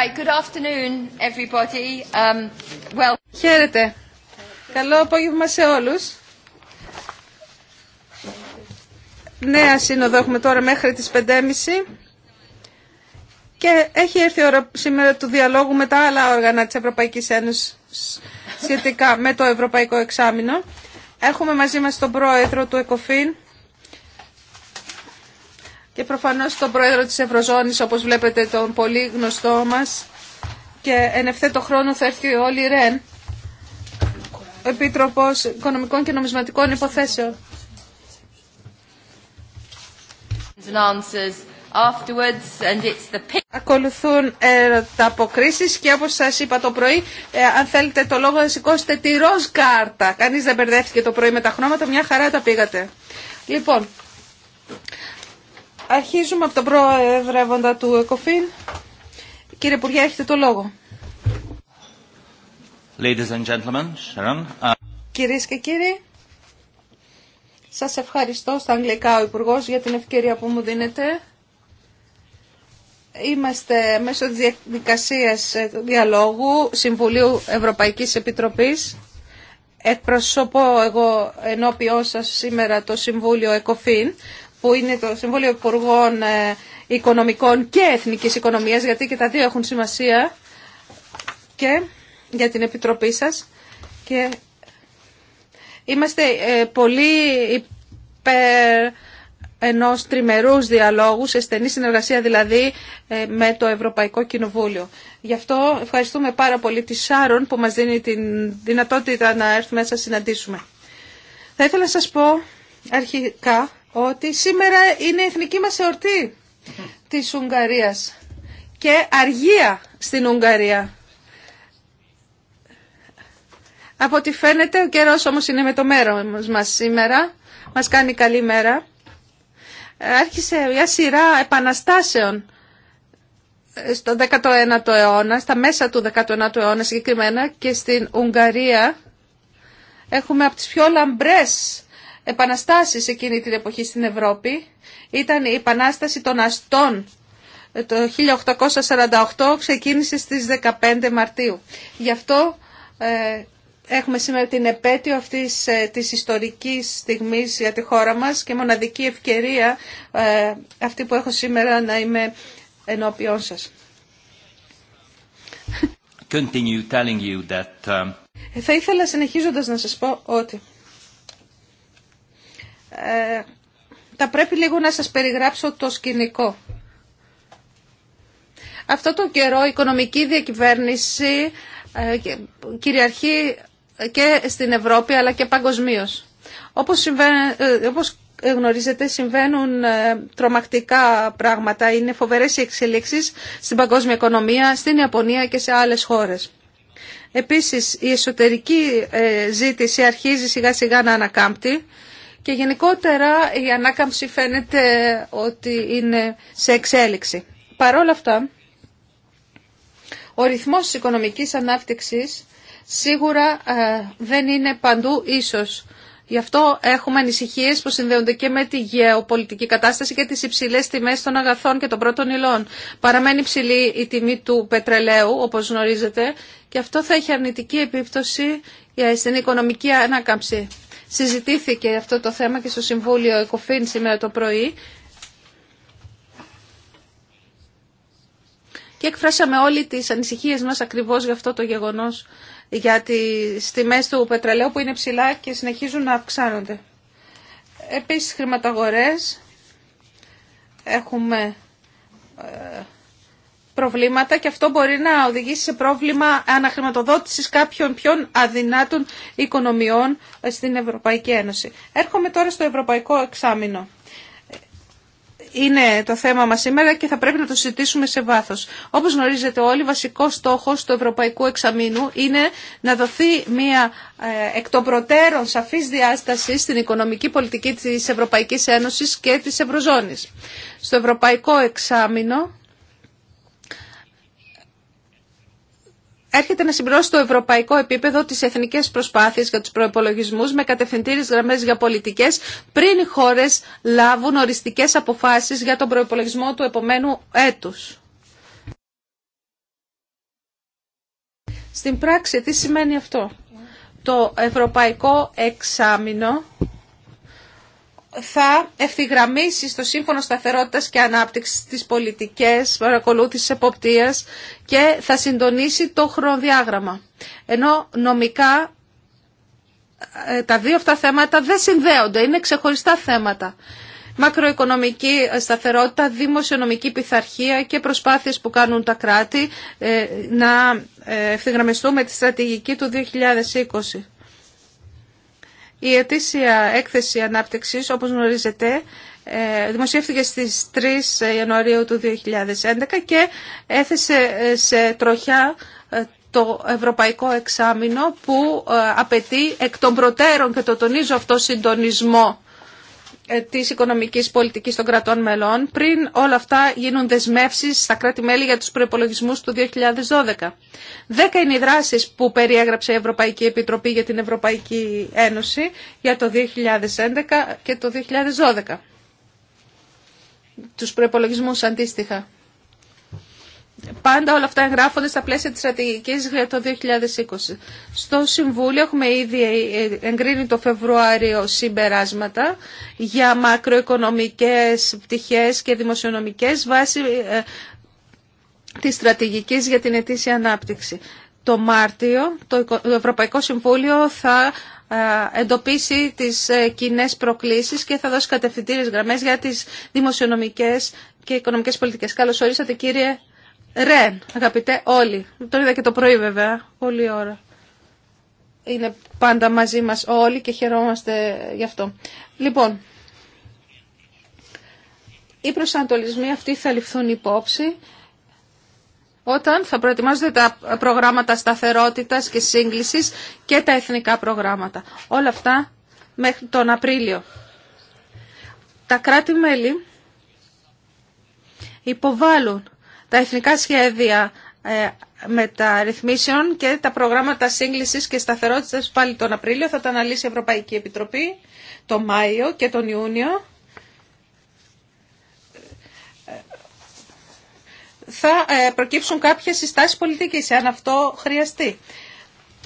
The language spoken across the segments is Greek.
Right, good afternoon everybody. Um, well... Χαίρετε. Καλό απόγευμα σε όλους. Νέα σύνοδο έχουμε τώρα μέχρι τις 5.30 και έχει έρθει η ώρα σήμερα του διαλόγου με τα άλλα όργανα της Ευρωπαϊκής Ένωσης σχετικά με το Ευρωπαϊκό Εξάμεινο. Έχουμε μαζί μας τον πρόεδρο του ΕΚΟΦΗΝ, και προφανώς τον πρόεδρο της Ευρωζώνης, όπως βλέπετε τον πολύ γνωστό μας και εν ευθέτω χρόνο θα έρθει όλη η ΡΕΝ, Επίτροπος Οικονομικών και Νομισματικών Υποθέσεων. Ακολουθούν τα αποκρίσει και όπως σας είπα το πρωί, ε, αν θέλετε το λόγο να σηκώσετε τη ροζ κάρτα. Κανείς δεν μπερδεύτηκε το πρωί με τα χρώματα, μια χαρά τα πήγατε. Λοιπόν, Αρχίζουμε από τον πρόεδρευοντα του ΕΚΟΦΗΝ. Κύριε Υπουργέ, έχετε το λόγο. Ladies and gentlemen, uh, Κυρίες και κύριοι, σας ευχαριστώ στα αγγλικά ο Υπουργός, για την ευκαιρία που μου δίνετε. Είμαστε μέσω της διαδικασίας διαλόγου Συμβουλίου Ευρωπαϊκής Επιτροπής. Εκπροσωπώ εγώ ενώπιό σας σήμερα το Συμβούλιο ΕΚΟΦΗΝ που είναι το Συμβούλιο Υπουργών ε, Οικονομικών και Εθνικής Οικονομίας, γιατί και τα δύο έχουν σημασία και για την Επιτροπή σας. Και είμαστε ε, πολύ υπέρ ενός τριμερούς διαλόγου, σε στενή συνεργασία δηλαδή ε, με το Ευρωπαϊκό Κοινοβούλιο. Γι' αυτό ευχαριστούμε πάρα πολύ τη Σάρων που μας δίνει τη δυνατότητα να έρθουμε να σας συναντήσουμε. Θα ήθελα να σας πω αρχικά ότι σήμερα είναι η εθνική μας εορτή της Ουγγαρίας και αργία στην Ουγγαρία. Από ό,τι φαίνεται ο καιρός όμως είναι με το μέρο μας σήμερα, μας κάνει καλή μέρα. Άρχισε μια σειρά επαναστάσεων στο 19ο αιώνα, στα μέσα του 19ου αιώνα συγκεκριμένα και στην Ουγγαρία έχουμε από τις πιο λαμπρές επαναστάσεις εκείνη την εποχή στην Ευρώπη. Ήταν η επανάσταση των αστών. Το 1848 ξεκίνησε στις 15 Μαρτίου. Γι' αυτό ε, έχουμε σήμερα την επέτειο αυτής ε, της ιστορικής στιγμής για τη χώρα μας και μοναδική ευκαιρία ε, αυτή που έχω σήμερα να είμαι ενώπιόν σας. Um, ε, θα ήθελα συνεχίζοντας να σας πω ότι ε, θα πρέπει λίγο να σας περιγράψω το σκηνικό. Αυτό το καιρό η οικονομική διακυβέρνηση ε, κυριαρχεί και στην Ευρώπη αλλά και παγκοσμίω. Όπως, ε, όπως γνωρίζετε συμβαίνουν ε, τρομακτικά πράγματα, είναι φοβερές οι εξελίξεις στην παγκόσμια οικονομία, στην Ιαπωνία και σε άλλες χώρες. Επίσης η εσωτερική ε, ζήτηση αρχίζει σιγά σιγά να ανακάμπτει και γενικότερα η ανάκαμψη φαίνεται ότι είναι σε εξέλιξη. Παρ' όλα αυτά, ο ρυθμός της οικονομικής ανάπτυξης σίγουρα ε, δεν είναι παντού ίσος. Γι' αυτό έχουμε ανησυχίες που συνδέονται και με τη γεωπολιτική κατάσταση και τις υψηλές τιμές των αγαθών και των πρώτων υλών. Παραμένει υψηλή η τιμή του πετρελαίου, όπως γνωρίζετε, και αυτό θα έχει αρνητική επίπτωση ε, στην οικονομική ανάκαμψη. Συζητήθηκε αυτό το θέμα και στο Συμβούλιο ΕΚΟΦΗΝ σήμερα το πρωί. Και εκφράσαμε όλοι τις ανησυχίες μας ακριβώς για αυτό το γεγονός, για τις τιμές του πετρελαίου που είναι ψηλά και συνεχίζουν να αυξάνονται. Επίσης, χρηματαγορές. Έχουμε ε, προβλήματα και αυτό μπορεί να οδηγήσει σε πρόβλημα αναχρηματοδότησης κάποιων πιο αδυνάτων οικονομιών στην Ευρωπαϊκή Ένωση. Έρχομαι τώρα στο Ευρωπαϊκό Εξάμεινο. Είναι το θέμα μας σήμερα και θα πρέπει να το συζητήσουμε σε βάθος. Όπως γνωρίζετε όλοι, βασικό στόχος του Ευρωπαϊκού Εξαμήνου είναι να δοθεί μια ε, εκ των προτέρων σαφής διάσταση στην οικονομική πολιτική της Ευρωπαϊκής Ένωσης και της Ευρωζώνης. Στο Ευρωπαϊκό Εξάμεινο έρχεται να συμπληρώσει το ευρωπαϊκό επίπεδο τις Εθνικέ προσπάθειες για τους προπολογισμού με κατευθυντήριες γραμμές για πολιτικές πριν οι χώρε λάβουν οριστικές αποφάσεις για τον προπολογισμό του επομένου έτους. Στην πράξη τι σημαίνει αυτό. Το ευρωπαϊκό εξάμεινο θα ευθυγραμμίσει στο Σύμφωνο Σταθερότητας και ανάπτυξη της πολιτικές παρακολούθησης εποπτείας και θα συντονίσει το χρονοδιάγραμμα. Ενώ νομικά ε, τα δύο αυτά θέματα δεν συνδέονται, είναι ξεχωριστά θέματα. Μακροοικονομική σταθερότητα, δημοσιονομική πειθαρχία και προσπάθειες που κάνουν τα κράτη ε, να ε, ευθυγραμμιστούν με τη στρατηγική του 2020. Η ετήσια έκθεση ανάπτυξης, όπως γνωρίζετε, ε, δημοσιεύτηκε στις 3 Ιανουαρίου του 2011 και έθεσε ε, σε τροχιά ε, το ευρωπαϊκό εξάμεινο που απαιτεί εκ των προτέρων και το τονίζω αυτό συντονισμό ε, τη οικονομικής πολιτικής των κρατών μελών πριν όλα αυτά γίνουν δεσμεύσει στα κράτη-μέλη για τους προπολογισμού του 2012. Δέκα είναι οι δράσει που περιέγραψε η Ευρωπαϊκή Επιτροπή για την Ευρωπαϊκή Ένωση για το 2011 και το 2012. Του προπολογισμού αντίστοιχα. Πάντα όλα αυτά εγγράφονται στα πλαίσια της στρατηγικής για το 2020. Στο Συμβούλιο έχουμε ήδη εγκρίνει το Φεβρουάριο συμπεράσματα για μακροοικονομικές πτυχές και δημοσιονομικές βάσει ε, της στρατηγικής για την ετήσια ανάπτυξη. Το Μάρτιο το Ευρωπαϊκό Συμβούλιο θα ε, εντοπίσει τις ε, κοινέ προκλήσεις και θα δώσει κατευθυντήριες γραμμές για τις δημοσιονομικές και οικονομικές πολιτικές. Καλώς ορίσατε κύριε Ρεν, αγαπητέ, όλοι. Το είδα και το πρωί βέβαια, όλη η ώρα. Είναι πάντα μαζί μας όλοι και χαιρόμαστε γι' αυτό. Λοιπόν, οι προσανατολισμοί αυτοί θα ληφθούν υπόψη όταν θα προετοιμάζονται τα προγράμματα σταθερότητας και σύγκλησης και τα εθνικά προγράμματα. Όλα αυτά μέχρι τον Απρίλιο. Τα κράτη-μέλη υποβάλλουν τα εθνικά σχέδια ε, μεταρρυθμίσεων και τα προγράμματα σύγκλησης και σταθερότητας πάλι τον Απρίλιο. Θα τα αναλύσει η Ευρωπαϊκή Επιτροπή τον Μάιο και τον Ιούνιο. Θα ε, προκύψουν κάποιες συστάσεις πολιτικής, αν αυτό χρειαστεί.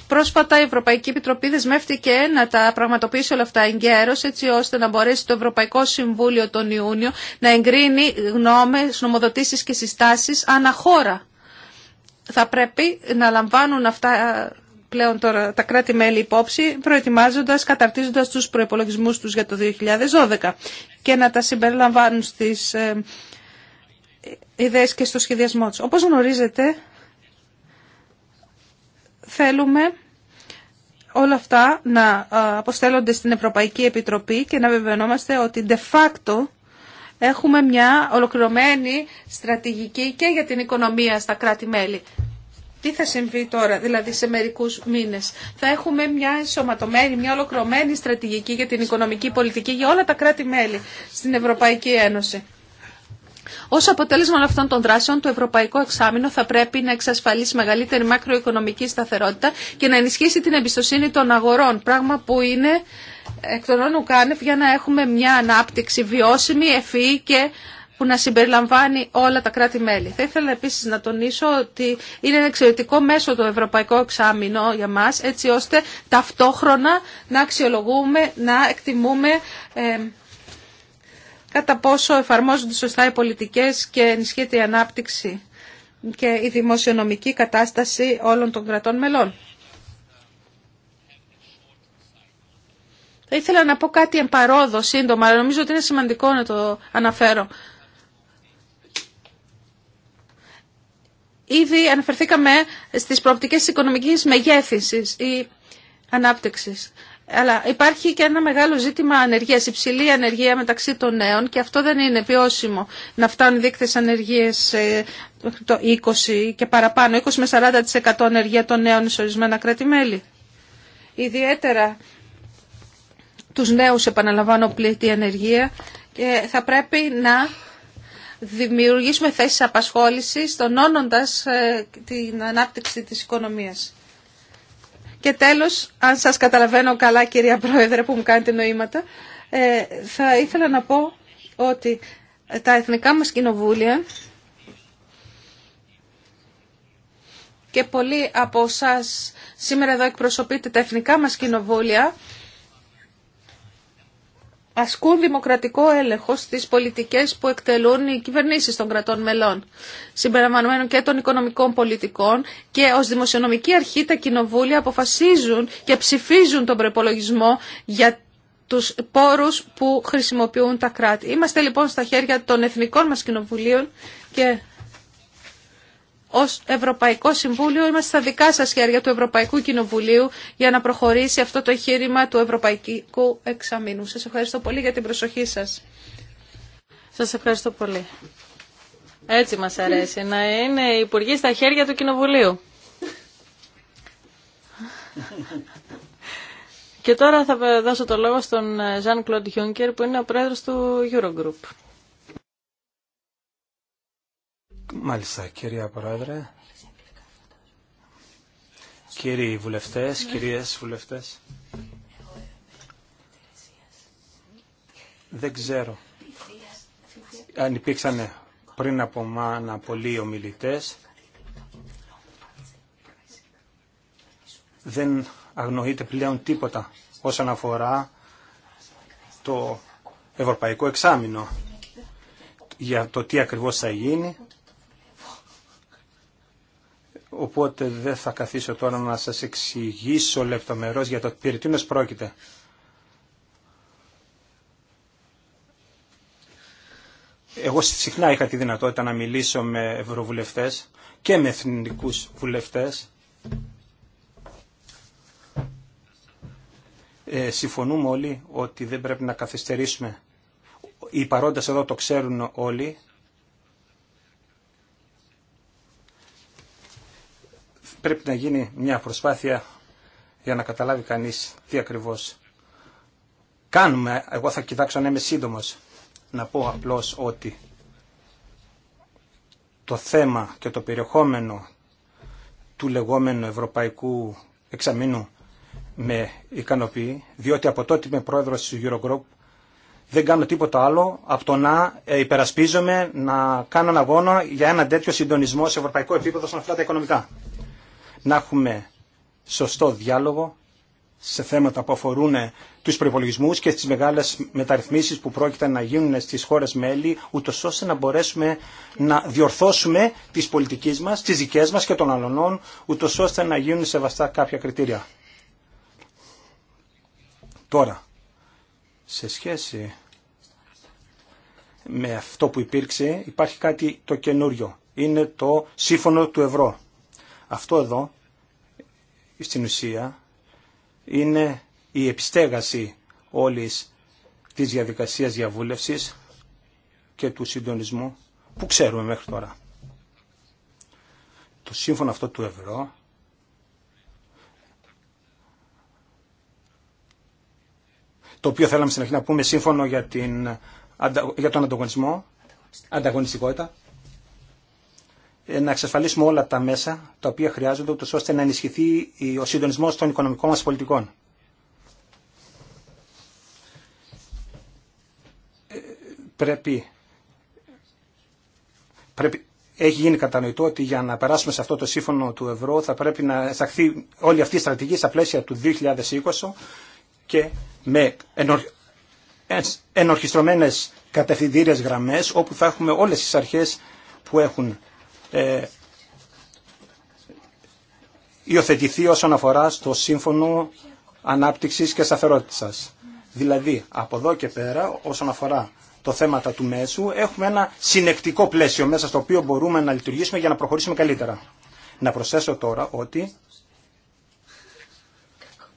Πρόσφατα η Ευρωπαϊκή Επιτροπή δεσμεύτηκε να τα πραγματοποιήσει όλα αυτά εγκαίρω, έτσι ώστε να μπορέσει το Ευρωπαϊκό Συμβούλιο τον Ιούνιο να εγκρίνει γνώμε, νομοδοτήσει και συστάσεις αναχώρα. Θα πρέπει να λαμβάνουν αυτά πλέον τώρα τα κράτη-μέλη υπόψη, προετοιμάζοντα, καταρτίζοντα του προπολογισμού του για το 2012 και να τα συμπεριλαμβάνουν στις ε, ε, ιδέες και στο σχεδιασμό τους. Όπως γνωρίζετε, Θέλουμε όλα αυτά να αποστέλλονται στην Ευρωπαϊκή Επιτροπή και να βεβαιωνόμαστε ότι de facto έχουμε μια ολοκληρωμένη στρατηγική και για την οικονομία στα κράτη-μέλη. Τι θα συμβεί τώρα, δηλαδή σε μερικούς μήνες. Θα έχουμε μια ενσωματωμένη, μια ολοκληρωμένη στρατηγική για την οικονομική πολιτική για όλα τα κράτη-μέλη στην Ευρωπαϊκή Ένωση. Ως αποτέλεσμα αυτών των δράσεων, το Ευρωπαϊκό Εξάμεινο θα πρέπει να εξασφαλίσει μεγαλύτερη μακροοικονομική σταθερότητα και να ενισχύσει την εμπιστοσύνη των αγορών, πράγμα που είναι εκ των όνων κάνευ για να έχουμε μια ανάπτυξη βιώσιμη, ευφυή και που να συμπεριλαμβάνει όλα τα κράτη-μέλη. Θα ήθελα επίσης να τονίσω ότι είναι ένα εξαιρετικό μέσο το Ευρωπαϊκό Εξάμεινο για μας, έτσι ώστε ταυτόχρονα να αξιολογούμε, να εκτιμούμε ε, κατά πόσο εφαρμόζονται σωστά οι πολιτικές και ενισχύεται η ανάπτυξη και η δημοσιονομική κατάσταση όλων των κρατών μελών. Θα ήθελα να πω κάτι εμπαρόδο, σύντομα, αλλά νομίζω ότι είναι σημαντικό να το αναφέρω. Ήδη αναφερθήκαμε στις προοπτικές της οικονομικής μεγέθυνσης ή ανάπτυξης. Αλλά υπάρχει και ένα μεγάλο ζήτημα ανεργίας, υψηλή ανεργία μεταξύ των νέων και αυτό δεν είναι βιώσιμο να φτάνουν δείκτες ανεργίες ε, το 20 και παραπάνω, 20 με 40% ανεργία των νέων σε ορισμένα Ιδιαίτερα τους νέους επαναλαμβάνω πλήττει ανεργία και θα πρέπει να δημιουργήσουμε θέσεις απασχόλησης τονώνοντας ε, την ανάπτυξη της οικονομίας. Και τέλος, αν σας καταλαβαίνω καλά κυρία Πρόεδρε που μου κάνετε νοήματα, ε, θα ήθελα να πω ότι τα εθνικά μας κοινοβούλια και πολλοί από εσά σήμερα εδώ εκπροσωπείτε τα εθνικά μας κοινοβούλια ασκούν δημοκρατικό έλεγχο στις πολιτικές που εκτελούν οι κυβερνήσεις των κρατών μελών, συμπεριλαμβανομένων και των οικονομικών πολιτικών και ως δημοσιονομική αρχή τα κοινοβούλια αποφασίζουν και ψηφίζουν τον προπολογισμό για τους πόρους που χρησιμοποιούν τα κράτη. Είμαστε λοιπόν στα χέρια των εθνικών μας κοινοβουλίων και ως Ευρωπαϊκό Συμβούλιο είμαστε στα δικά σας χέρια του Ευρωπαϊκού Κοινοβουλίου για να προχωρήσει αυτό το εγχείρημα του Ευρωπαϊκού Εξαμήνου. Σας ευχαριστώ πολύ για την προσοχή σας. Σας ευχαριστώ πολύ. Έτσι μας αρέσει να είναι οι υπουργοί στα χέρια του Κοινοβουλίου. Και τώρα θα δώσω το λόγο στον Ζαν Κλοντ Juncker που είναι ο πρόεδρος του Eurogroup. Μάλιστα, κυρία Πρόεδρε. Κύριοι βουλευτές, κυρίες βουλευτές. Δεν ξέρω αν υπήρξαν πριν από μάνα πολλοί ομιλητές. Δεν αγνοείται πλέον τίποτα όσον αφορά το ευρωπαϊκό εξάμεινο για το τι ακριβώς θα γίνει οπότε δεν θα καθίσω τώρα να σας εξηγήσω λεπτομερώς για το περί τίνος πρόκειται. Εγώ συχνά είχα τη δυνατότητα να μιλήσω με ευρωβουλευτές και με εθνικούς βουλευτές. Ε, συμφωνούμε όλοι ότι δεν πρέπει να καθυστερήσουμε. Οι παρόντες εδώ το ξέρουν όλοι πρέπει να γίνει μια προσπάθεια για να καταλάβει κανείς τι ακριβώς κάνουμε. Εγώ θα κοιτάξω να είμαι σύντομος να πω απλώς ότι το θέμα και το περιεχόμενο του λεγόμενου Ευρωπαϊκού Εξαμήνου με ικανοποιεί, διότι από τότε είμαι πρόεδρος του Eurogroup δεν κάνω τίποτα άλλο από το να ε, υπερασπίζομαι να κάνω αγώνα για ένα τέτοιο συντονισμό σε ευρωπαϊκό επίπεδο στον αυτά τα οικονομικά να έχουμε σωστό διάλογο σε θέματα που αφορούν τους προπολογισμού και τις μεγάλες μεταρρυθμίσεις που πρόκειται να γίνουν στις χώρες μέλη, ούτω ώστε να μπορέσουμε να διορθώσουμε τις πολιτικές μας, τι δικέ μα και των αλλωνών, ούτω ώστε να γίνουν σεβαστά κάποια κριτήρια. Τώρα, σε σχέση με αυτό που υπήρξε, υπάρχει κάτι το καινούριο. Είναι το σύμφωνο του ευρώ. Αυτό εδώ, στην ουσία, είναι η επιστέγαση όλης της διαδικασίας διαβούλευσης και του συντονισμού που ξέρουμε μέχρι τώρα. Το σύμφωνο αυτό του ευρώ το οποίο θέλαμε στην αρχή να πούμε σύμφωνο για, την, για τον ανταγωνισμό, ανταγωνιστικότητα, ε, να εξασφαλίσουμε όλα τα μέσα τα οποία χρειάζονται ώστε να ενισχυθεί ο συντονισμός των οικονομικών μας πολιτικών. Ε, πρέπει, πρέπει, έχει γίνει κατανοητό ότι για να περάσουμε σε αυτό το σύμφωνο του ευρώ θα πρέπει να εισαχθεί όλη αυτή η στρατηγική στα πλαίσια του 2020 και με ενορχιστρωμένες κατευθυντήριες γραμμές όπου θα έχουμε όλες τις αρχές που έχουν ε, υιοθετηθεί όσον αφορά στο σύμφωνο ανάπτυξης και σταθερότητας. Δηλαδή, από εδώ και πέρα, όσον αφορά το θέματα του μέσου, έχουμε ένα συνεκτικό πλαίσιο μέσα στο οποίο μπορούμε να λειτουργήσουμε για να προχωρήσουμε καλύτερα. Να προσθέσω τώρα ότι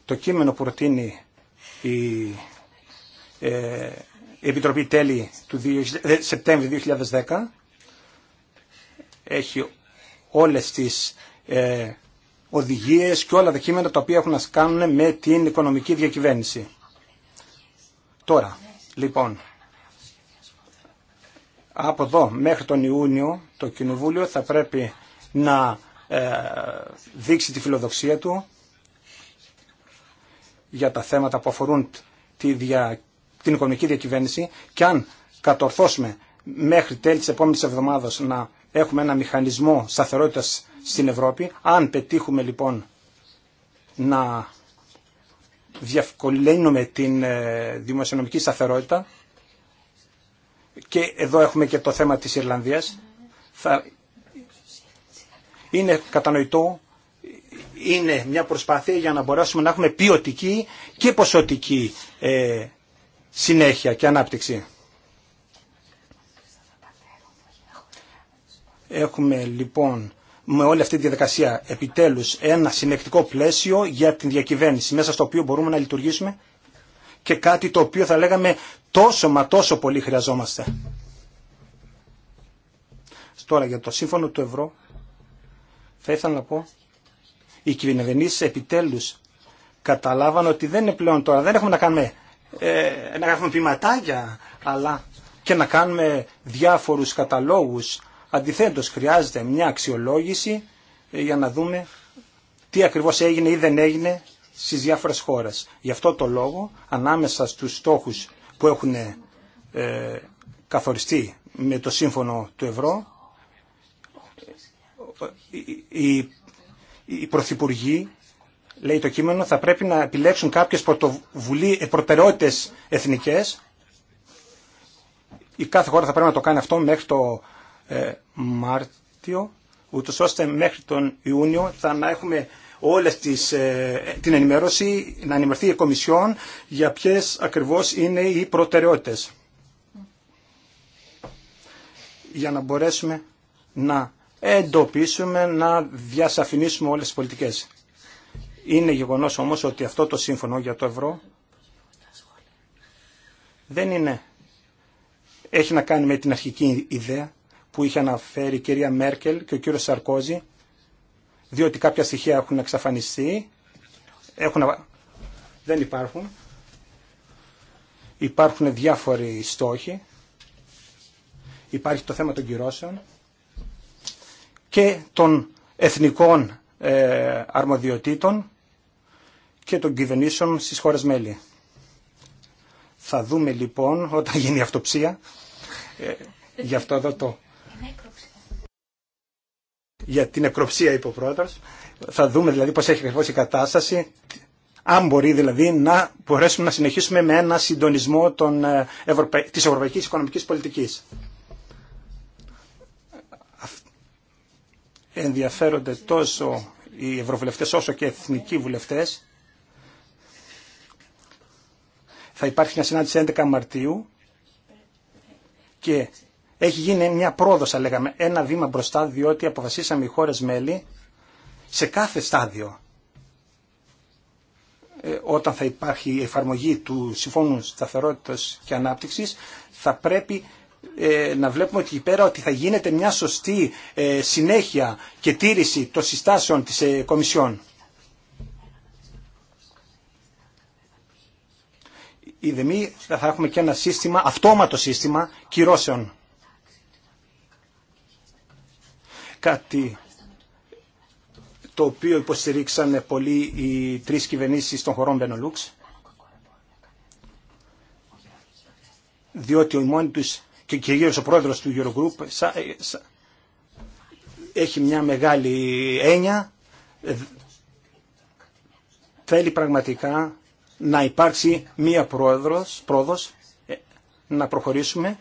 το κείμενο που προτείνει η, ε, Επιτροπή τέλη του ε, Σεπτέμβρη 2010 έχει όλες τις ε, οδηγίες και όλα τα κείμενα τα οποία έχουν να κάνουν με την οικονομική διακυβέρνηση. Τώρα, λοιπόν, από εδώ μέχρι τον Ιούνιο το Κοινοβούλιο θα πρέπει να ε, δείξει τη φιλοδοξία του για τα θέματα που αφορούν τη την οικονομική διακυβέρνηση και αν κατορθώσουμε μέχρι τέλη της επόμενης εβδομάδας να έχουμε ένα μηχανισμό σταθερότητας στην Ευρώπη. Αν πετύχουμε λοιπόν να διευκολύνουμε την ε, δημοσιονομική σταθερότητα και εδώ έχουμε και το θέμα της Ιρλανδίας είναι κατανοητό είναι μια προσπάθεια για να μπορέσουμε να έχουμε ποιοτική και ποσοτική ε, συνέχεια και ανάπτυξη. Έχουμε λοιπόν με όλη αυτή τη διαδικασία επιτέλους ένα συνεκτικό πλαίσιο για την διακυβέρνηση μέσα στο οποίο μπορούμε να λειτουργήσουμε και κάτι το οποίο θα λέγαμε τόσο μα τόσο πολύ χρειαζόμαστε. Τώρα για το σύμφωνο του ευρώ θα ήθελα να πω οι κυβερνήσεις επιτέλους καταλάβαν ότι δεν είναι πλέον τώρα, δεν έχουμε να κάνουμε, ε, να κάνουμε ποιηματάκια αλλά και να κάνουμε διάφορους καταλόγους Αντιθέτως, χρειάζεται μια αξιολόγηση ε, για να δούμε τι ακριβώς έγινε ή δεν έγινε στις διάφορες χώρες. Γι' αυτό το λόγο, ανάμεσα στους στόχους που έχουν ε, καθοριστεί με το σύμφωνο του ευρώ, οι, ε, οι πρωθυπουργοί, λέει το κείμενο, θα πρέπει να επιλέξουν κάποιες προτεραιότητες εθνικές. Η κάθε χώρα θα πρέπει να το κάνει αυτό μέχρι το ε, Μάρτιο, ούτως ώστε μέχρι τον Ιούνιο θα να έχουμε όλες τις, ε, την ενημέρωση, να ενημερωθεί η Κομισιόν για ποιες ακριβώς είναι οι προτεραιότητες. Για να μπορέσουμε να εντοπίσουμε, να διασαφηνίσουμε όλες τις πολιτικές. Είναι γεγονός όμως ότι αυτό το σύμφωνο για το ευρώ δεν είναι. Έχει να κάνει με την αρχική ιδέα που είχε αναφέρει η κυρία Μέρκελ και ο κύριος Σαρκόζη, διότι κάποια στοιχεία έχουν εξαφανιστεί, έχουν... δεν υπάρχουν. Υπάρχουν διάφοροι στόχοι. Υπάρχει το θέμα των κυρώσεων και των εθνικών ε, αρμοδιοτήτων και των κυβερνήσεων στις χώρες μέλη. Θα δούμε λοιπόν όταν γίνει η αυτοψία, ε, γι' αυτό εδώ το για την εκροψία είπε ο πρόεδρος. Θα δούμε δηλαδή πώς έχει ακριβώ η κατάσταση, αν μπορεί δηλαδή να μπορέσουμε να συνεχίσουμε με ένα συντονισμό των ε, της ευρωπαϊκής οικονομικής πολιτικής. Ενδιαφέρονται τόσο οι ευρωβουλευτές όσο και οι εθνικοί βουλευτές. Θα υπάρχει μια συνάντηση 11 Μαρτίου και έχει γίνει μια πρόοδο, θα λέγαμε, ένα βήμα μπροστά, διότι αποφασίσαμε οι χώρε μέλη σε κάθε στάδιο ε, όταν θα υπάρχει η εφαρμογή του Συμφώνου Σταθερότητας και Ανάπτυξης, θα πρέπει ε, να βλέπουμε εκεί πέρα ότι θα γίνεται μια σωστή ε, συνέχεια και τήρηση των συστάσεων της Κομισιόν. Η δεμοί θα έχουμε και ένα σύστημα, αυτόματο σύστημα κυρώσεων. κάτι το οποίο υποστηρίξαν πολύ οι τρεις κυβερνήσεις των χωρών Μπενολούξ, διότι ο μόνοι τους και κυρίως ο πρόεδρος του Eurogroup έχει μια μεγάλη έννοια, ε, θέλει πραγματικά να υπάρξει μία πρόεδρος πρόοδος ε, να προχωρήσουμε,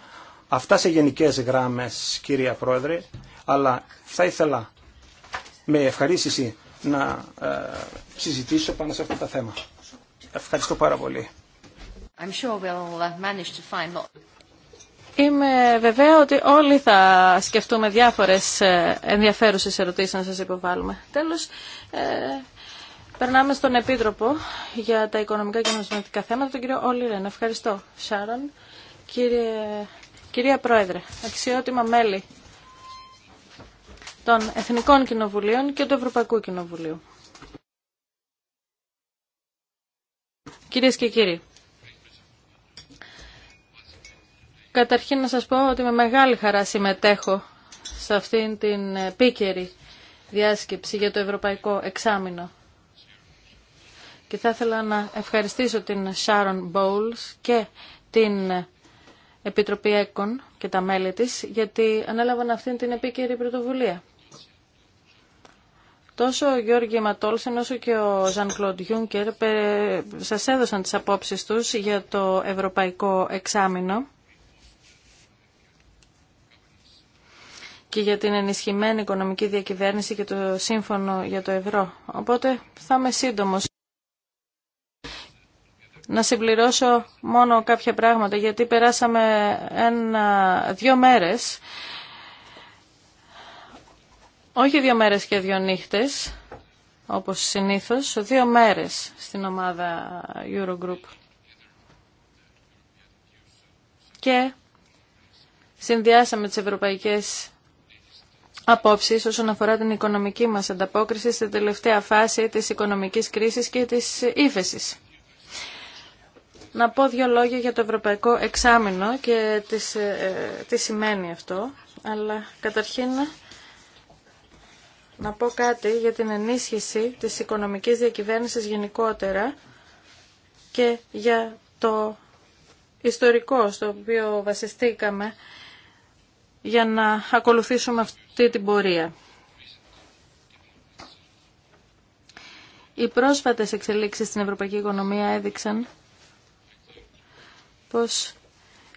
Αυτά σε γενικές γράμμες, κυρία Πρόεδρε, αλλά θα ήθελα με ευχαρίστηση να ε, συζητήσω πάνω σε αυτό το θέμα. Ευχαριστώ πάρα πολύ. Uh, Είμαι βεβαία ότι όλοι θα σκεφτούμε διάφορες ε, ενδιαφέρουσες ερωτήσεις να σας υποβάλουμε. Τέλος, ε, περνάμε στον Επίτροπο για τα οικονομικά και νομισματικά θέματα, τον κύριο Όλη Ευχαριστώ, Σάρον. Κύριε Κυρία Πρόεδρε, αξιότιμα μέλη των Εθνικών Κοινοβουλίων και του Ευρωπαϊκού Κοινοβουλίου. Κυρίες και κύριοι, καταρχήν να σας πω ότι με μεγάλη χαρά συμμετέχω σε αυτήν την επίκαιρη διάσκεψη για το Ευρωπαϊκό Εξάμεινο. Και θα ήθελα να ευχαριστήσω την Sharon Bowles και την Επιτροπή ΕΚΟΝ και τα μέλη της, γιατί ανέλαβαν αυτήν την επίκαιρη πρωτοβουλία. Τόσο ο Γιώργη Ματόλσεν όσο και ο Ζαν Κλοντ Γιούνκερ σας έδωσαν τις απόψεις τους για το ευρωπαϊκό εξάμεινο και για την ενισχυμένη οικονομική διακυβέρνηση και το σύμφωνο για το ευρώ. Οπότε θα είμαι σύντομος να συμπληρώσω μόνο κάποια πράγματα γιατί περάσαμε ένα, δύο μέρες όχι δύο μέρες και δύο νύχτες όπως συνήθως δύο μέρες στην ομάδα Eurogroup και συνδυάσαμε τις ευρωπαϊκές απόψεις όσον αφορά την οικονομική μας ανταπόκριση στην τελευταία φάση της οικονομικής κρίσης και της ύφεσης να πω δύο λόγια για το ευρωπαϊκό εξάμεινο και ε, τι σημαίνει αυτό. Αλλά καταρχήν να πω κάτι για την ενίσχυση της οικονομικής διακυβέρνησης γενικότερα και για το ιστορικό στο οποίο βασιστήκαμε για να ακολουθήσουμε αυτή την πορεία. Οι πρόσφατες εξελίξεις στην ευρωπαϊκή οικονομία έδειξαν πως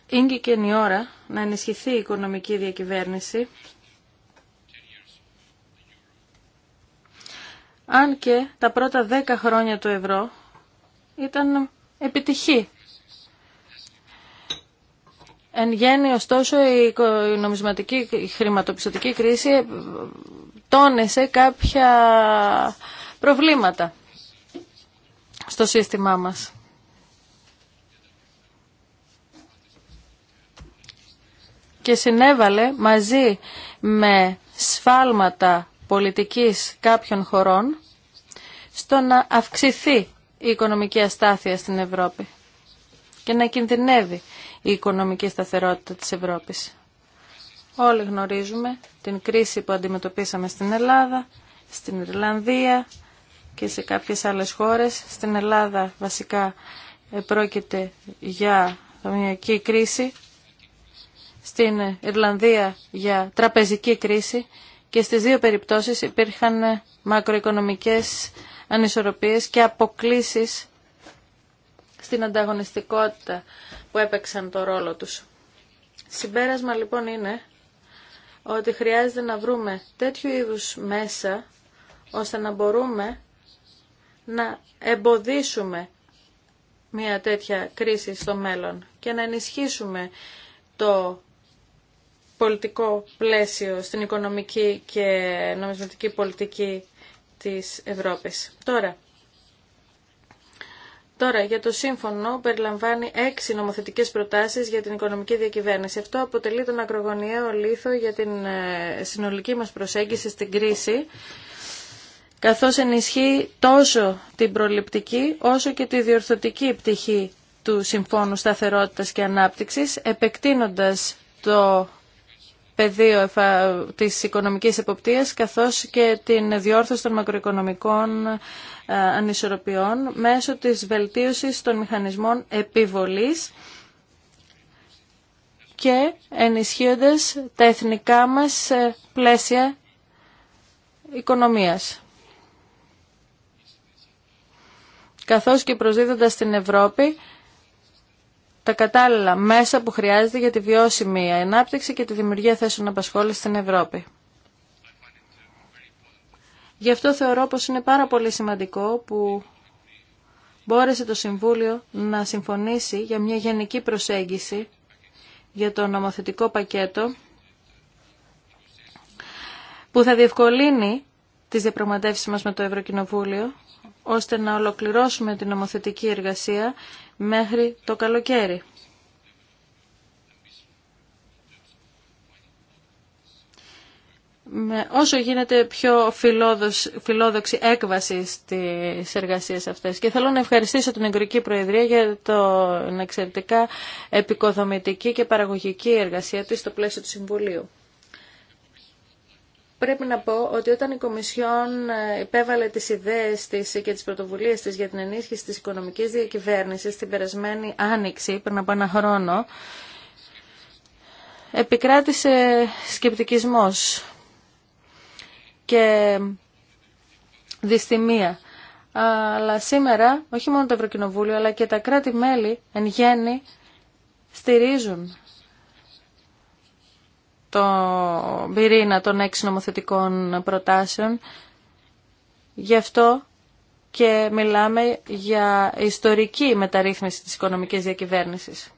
είναι και η ώρα να ενισχυθεί η οικονομική διακυβέρνηση αν και τα πρώτα δέκα χρόνια του ευρώ ήταν επιτυχή. Εν γέννη, ωστόσο, η νομισματική η χρηματοπιστωτική κρίση τόνεσε κάποια προβλήματα στο σύστημά μας. και συνέβαλε μαζί με σφάλματα πολιτικής κάποιων χωρών στο να αυξηθεί η οικονομική αστάθεια στην Ευρώπη και να κινδυνεύει η οικονομική σταθερότητα της Ευρώπης. Όλοι γνωρίζουμε την κρίση που αντιμετωπίσαμε στην Ελλάδα, στην Ιρλανδία και σε κάποιες άλλες χώρες. Στην Ελλάδα βασικά πρόκειται για μια κρίση στην Ιρλανδία για τραπεζική κρίση και στις δύο περιπτώσεις υπήρχαν μακροοικονομικές ανισορροπίες και αποκλίσεις στην ανταγωνιστικότητα που έπαιξαν το ρόλο τους. Συμπέρασμα λοιπόν είναι ότι χρειάζεται να βρούμε τέτοιου είδους μέσα ώστε να μπορούμε να εμποδίσουμε μια τέτοια κρίση στο μέλλον και να ενισχύσουμε το πολιτικό πλαίσιο στην οικονομική και νομισματική πολιτική της Ευρώπης. Τώρα, Τώρα, για το σύμφωνο περιλαμβάνει έξι νομοθετικές προτάσεις για την οικονομική διακυβέρνηση. Αυτό αποτελεί τον ακρογωνιαίο λίθο για την ε, συνολική μας προσέγγιση στην κρίση, καθώς ενισχύει τόσο την προληπτική όσο και τη διορθωτική πτυχή του Συμφώνου Σταθερότητας και Ανάπτυξης, επεκτείνοντας το πεδίο της οικονομικής εποπτείας καθώς και την διόρθωση των μακροοικονομικών ε, ανισορροπιών μέσω της βελτίωσης των μηχανισμών επιβολής και ενισχύοντας τα εθνικά μας ε, πλαίσια οικονομίας. Καθώς και προσδίδοντας στην Ευρώπη τα κατάλληλα μέσα που χρειάζεται για τη βιώσιμη ανάπτυξη και τη δημιουργία θέσεων απασχόλησης στην Ευρώπη. Γι' αυτό θεωρώ πως είναι πάρα πολύ σημαντικό που μπόρεσε το Συμβούλιο να συμφωνήσει για μια γενική προσέγγιση για το νομοθετικό πακέτο που θα διευκολύνει τις διαπραγματεύσεις μας με το Ευρωκοινοβούλιο ώστε να ολοκληρώσουμε την νομοθετική εργασία μέχρι το καλοκαίρι. με όσο γίνεται πιο φιλόδοξη, έκβαση στις εργασίες αυτές. Και θέλω να ευχαριστήσω την Εγκρική Προεδρία για την εξαιρετικά επικοδομητική και παραγωγική εργασία της στο πλαίσιο του Συμβουλίου. Πρέπει να πω ότι όταν η Κομισιόν ε, υπέβαλε τις ιδέες της και τις πρωτοβουλίες της για την ενίσχυση της οικονομικής διακυβέρνησης την περασμένη άνοιξη, πριν από ένα χρόνο, επικράτησε σκεπτικισμός και δυστημία. Αλλά σήμερα, όχι μόνο το Ευρωκοινοβούλιο, αλλά και τα κράτη-μέλη εν γέννη στηρίζουν το πυρήνα των έξι νομοθετικών προτάσεων. Γι' αυτό και μιλάμε για ιστορική μεταρρύθμιση της οικονομικής διακυβέρνησης.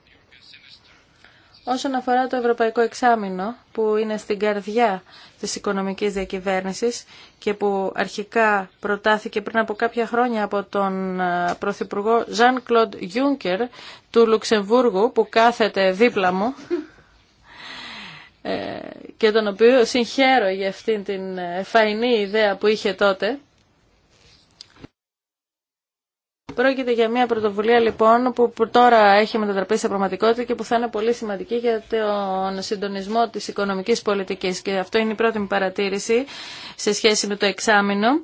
Όσον αφορά το Ευρωπαϊκό Εξάμεινο, που είναι στην καρδιά της οικονομικής διακυβέρνησης και που αρχικά προτάθηκε πριν από κάποια χρόνια από τον ε, πρωθυπουργο Ζαν Jean-Claude Juncker του Λουξεμβούργου, που κάθεται δίπλα μου, ε, και τον οποίο συγχαίρω για αυτήν την ε, φαϊνή ιδέα που είχε τότε. Πρόκειται για μια πρωτοβουλία λοιπόν που, που τώρα έχει μετατραπεί σε πραγματικότητα και που θα είναι πολύ σημαντική για τον συντονισμό της οικονομικής πολιτικής. Και αυτό είναι η πρώτη μου παρατήρηση σε σχέση με το εξάμεινο.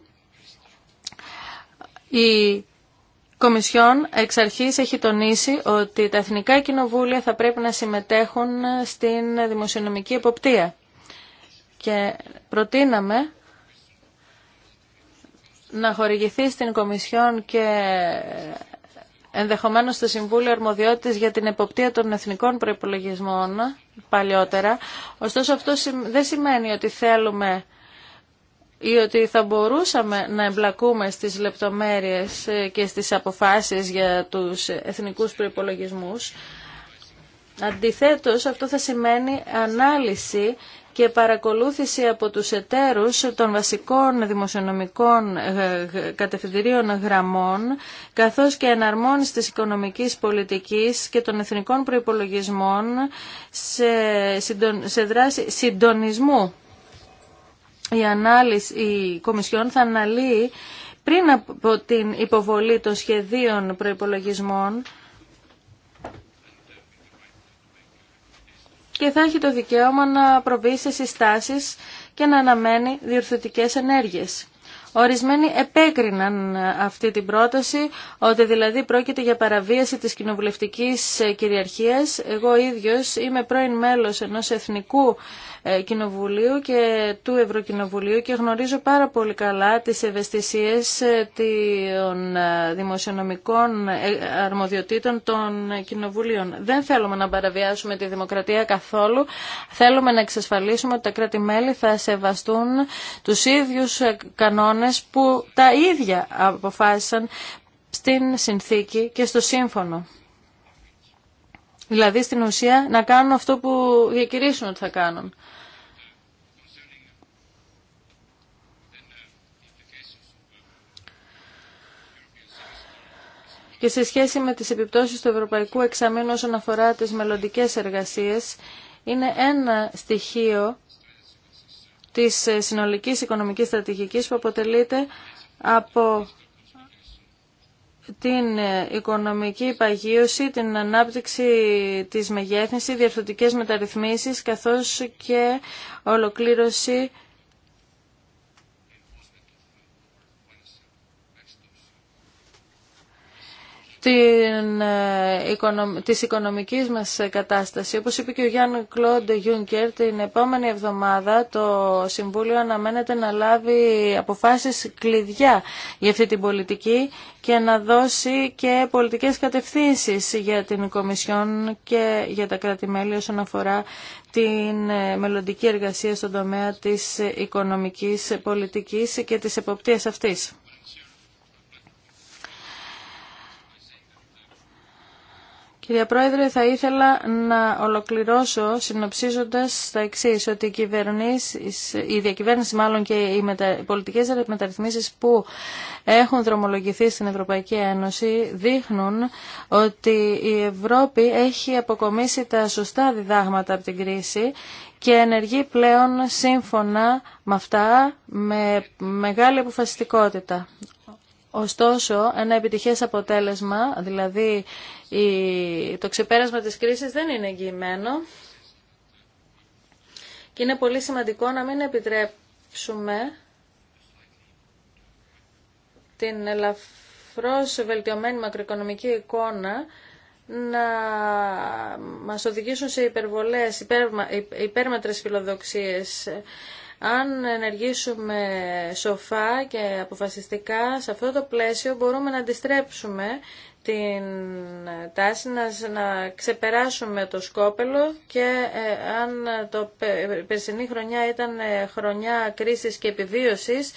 Η Κομισιόν εξ αρχής έχει τονίσει ότι τα εθνικά κοινοβούλια θα πρέπει να συμμετέχουν στην δημοσιονομική εποπτεία και προτείναμε να χορηγηθεί στην Κομισιόν και ενδεχομένως στο Συμβούλιο Αρμοδιότητες για την εποπτεία των εθνικών προϋπολογισμών παλιότερα. Ωστόσο αυτό δεν σημαίνει ότι θέλουμε ή ότι θα μπορούσαμε να εμπλακούμε στις λεπτομέρειες ε, και στις αποφάσεις για τους εθνικούς προϋπολογισμούς. Αντιθέτως, αυτό θα σημαίνει ανάλυση και παρακολούθηση από τους εταίρους των βασικών δημοσιονομικών ε, κατευθυντηρίων γραμμών, καθώς και εναρμόνιση της οικονομικής πολιτικής και των εθνικών προϋπολογισμών σε, σε δράση συντονισμού η, ανάλυση, η Κομισιόν θα αναλύει πριν από την υποβολή των σχεδίων προϋπολογισμών και θα έχει το δικαίωμα να προβεί σε συστάσεις και να αναμένει διορθωτικές ενέργειες. Ορισμένοι επέκριναν αυτή την πρόταση, ότι δηλαδή πρόκειται για παραβίαση της κοινοβουλευτικής κυριαρχίας. Εγώ ίδιος είμαι πρώην μέλος ενός εθνικού ε, Κοινοβουλίου και του Ευρωκοινοβουλίου και γνωρίζω πάρα πολύ καλά τις ευαισθησίες ε, των ε, δημοσιονομικών αρμοδιοτήτων των κοινοβουλίων. Δεν θέλουμε να παραβιάσουμε τη δημοκρατία καθόλου. Θέλουμε να εξασφαλίσουμε ότι τα κράτη-μέλη θα σεβαστούν τους ίδιους κανόνες που τα ίδια αποφάσισαν στην συνθήκη και στο σύμφωνο. Δηλαδή στην ουσία να κάνουν αυτό που διακηρύσουν ότι θα κάνουν. Και σε σχέση με τις επιπτώσεις του Ευρωπαϊκού Εξαμήνου όσον αφορά τις μελλοντικές εργασίες, είναι ένα στοιχείο της συνολικής οικονομικής στρατηγικής που αποτελείται από την ε, οικονομική παγίωση, την ανάπτυξη της μεγέθυνσης, διευθυντικές μεταρρυθμίσεις καθώς και ολοκλήρωση την, ε, της οικονομικής μας κατάσταση. Όπως είπε και ο Γιάννη Κλόντ Γιούνκερ, την επόμενη εβδομάδα το Συμβούλιο αναμένεται να λάβει αποφάσεις κλειδιά για αυτή την πολιτική και να δώσει και πολιτικές κατευθύνσεις για την Κομισιόν και για τα κράτη-μέλη όσον αφορά την ε, μελλοντική εργασία στον τομέα της οικονομικής πολιτικής και της εποπτείας αυτής. Κυρία Πρόεδρε, θα ήθελα να ολοκληρώσω συνοψίζοντας τα εξή ότι οι η διακυβέρνηση μάλλον και οι μετα... πολιτικές μεταρρυθμίσεις που έχουν δρομολογηθεί στην Ευρωπαϊκή Ένωση δείχνουν ότι η Ευρώπη έχει αποκομίσει τα σωστά διδάγματα από την κρίση και ενεργεί πλέον σύμφωνα με αυτά με μεγάλη αποφασιστικότητα. Ωστόσο, ένα επιτυχές αποτέλεσμα, δηλαδή το ξεπέρασμα της κρίσης δεν είναι εγγυημένο και είναι πολύ σημαντικό να μην επιτρέψουμε την ελαφρώς βελτιωμένη μακροοικονομική εικόνα να μας οδηγήσουν σε υπερβολές, υπέρματρες φιλοδοξίες. Αν ενεργήσουμε σοφά και αποφασιστικά σε αυτό το πλαίσιο μπορούμε να αντιστρέψουμε την τάση να, ξεπεράσουμε το σκόπελο και ε, αν το περσινή χρονιά ήταν ε, χρονιά κρίσης και επιβίωσης,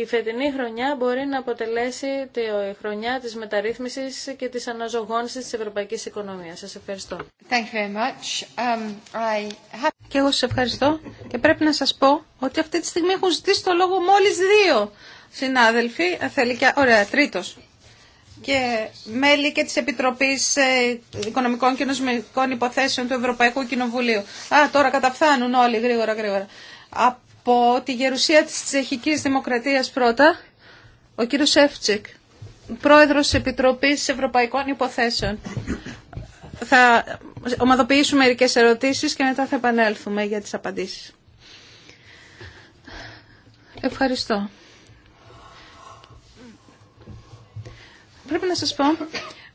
η φετινή χρονιά μπορεί να αποτελέσει τη χρονιά της μεταρρύθμισης και της αναζωογόνησης της ευρωπαϊκής οικονομίας. Σας ευχαριστώ. Thank you very much. Um, I have... Και εγώ σας ευχαριστώ και πρέπει να σας πω ότι αυτή τη στιγμή έχουν ζητήσει το λόγο μόλις δύο συνάδελφοι. Θέλει και... Ωραία, τρίτος και μέλη και της Επιτροπής ε, Οικονομικών και Νοσμικών Υποθέσεων του Ευρωπαϊκού Κοινοβουλίου. Α, τώρα καταφθάνουν όλοι γρήγορα, γρήγορα. Από τη γερουσία της Τσεχικής Δημοκρατίας πρώτα, ο κύριος Σεφτσικ, πρόεδρος της Επιτροπής Ευρωπαϊκών Υποθέσεων. Θα ομαδοποιήσουμε μερικές ερωτήσεις και μετά θα επανέλθουμε για τις απαντήσεις. Ευχαριστώ. Πρέπει να σας πω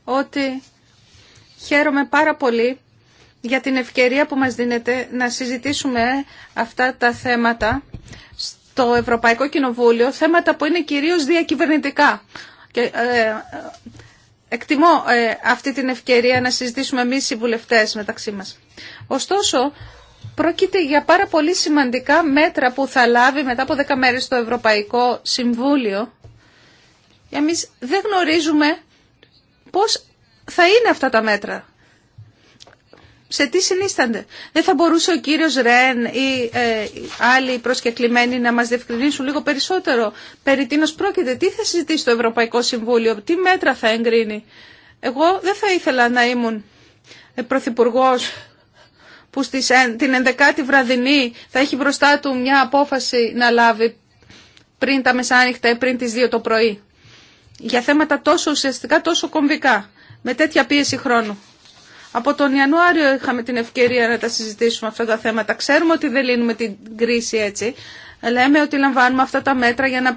ότι χαίρομαι πάρα πολύ για την ευκαιρία που μας δίνεται να συζητήσουμε αυτά τα θέματα στο Ευρωπαϊκό Κοινοβούλιο, θέματα που είναι κυρίως διακυβερνητικά. Και, ε, εκτιμώ ε, αυτή την ευκαιρία να συζητήσουμε εμείς οι βουλευτές μεταξύ μας. Ωστόσο, πρόκειται για πάρα πολύ σημαντικά μέτρα που θα λάβει μετά από 10 μέρες το Ευρωπαϊκό Συμβούλιο εμείς δεν γνωρίζουμε πώς θα είναι αυτά τα μέτρα. Σε τι συνίστανται. Δεν θα μπορούσε ο κύριος Ρεν ή ε, άλλοι προσκεκλημένοι να μας διευκρινίσουν λίγο περισσότερο περί τίνος πρόκειται, τι θα συζητήσει το Ευρωπαϊκό Συμβούλιο, τι μέτρα θα εγκρίνει. Εγώ δεν θα ήθελα να ήμουν Πρωθυπουργό που στις, την 11η βραδινή θα έχει μπροστά του μια απόφαση να λάβει πριν τα μεσάνυχτα ή πριν τις 2 το πρωί για θέματα τόσο ουσιαστικά, τόσο κομβικά, με τέτοια πίεση χρόνου. Από τον Ιανουάριο είχαμε την ευκαιρία να τα συζητήσουμε αυτά τα θέματα. Ξέρουμε ότι δεν λύνουμε την κρίση έτσι. Λέμε ότι λαμβάνουμε αυτά τα μέτρα για να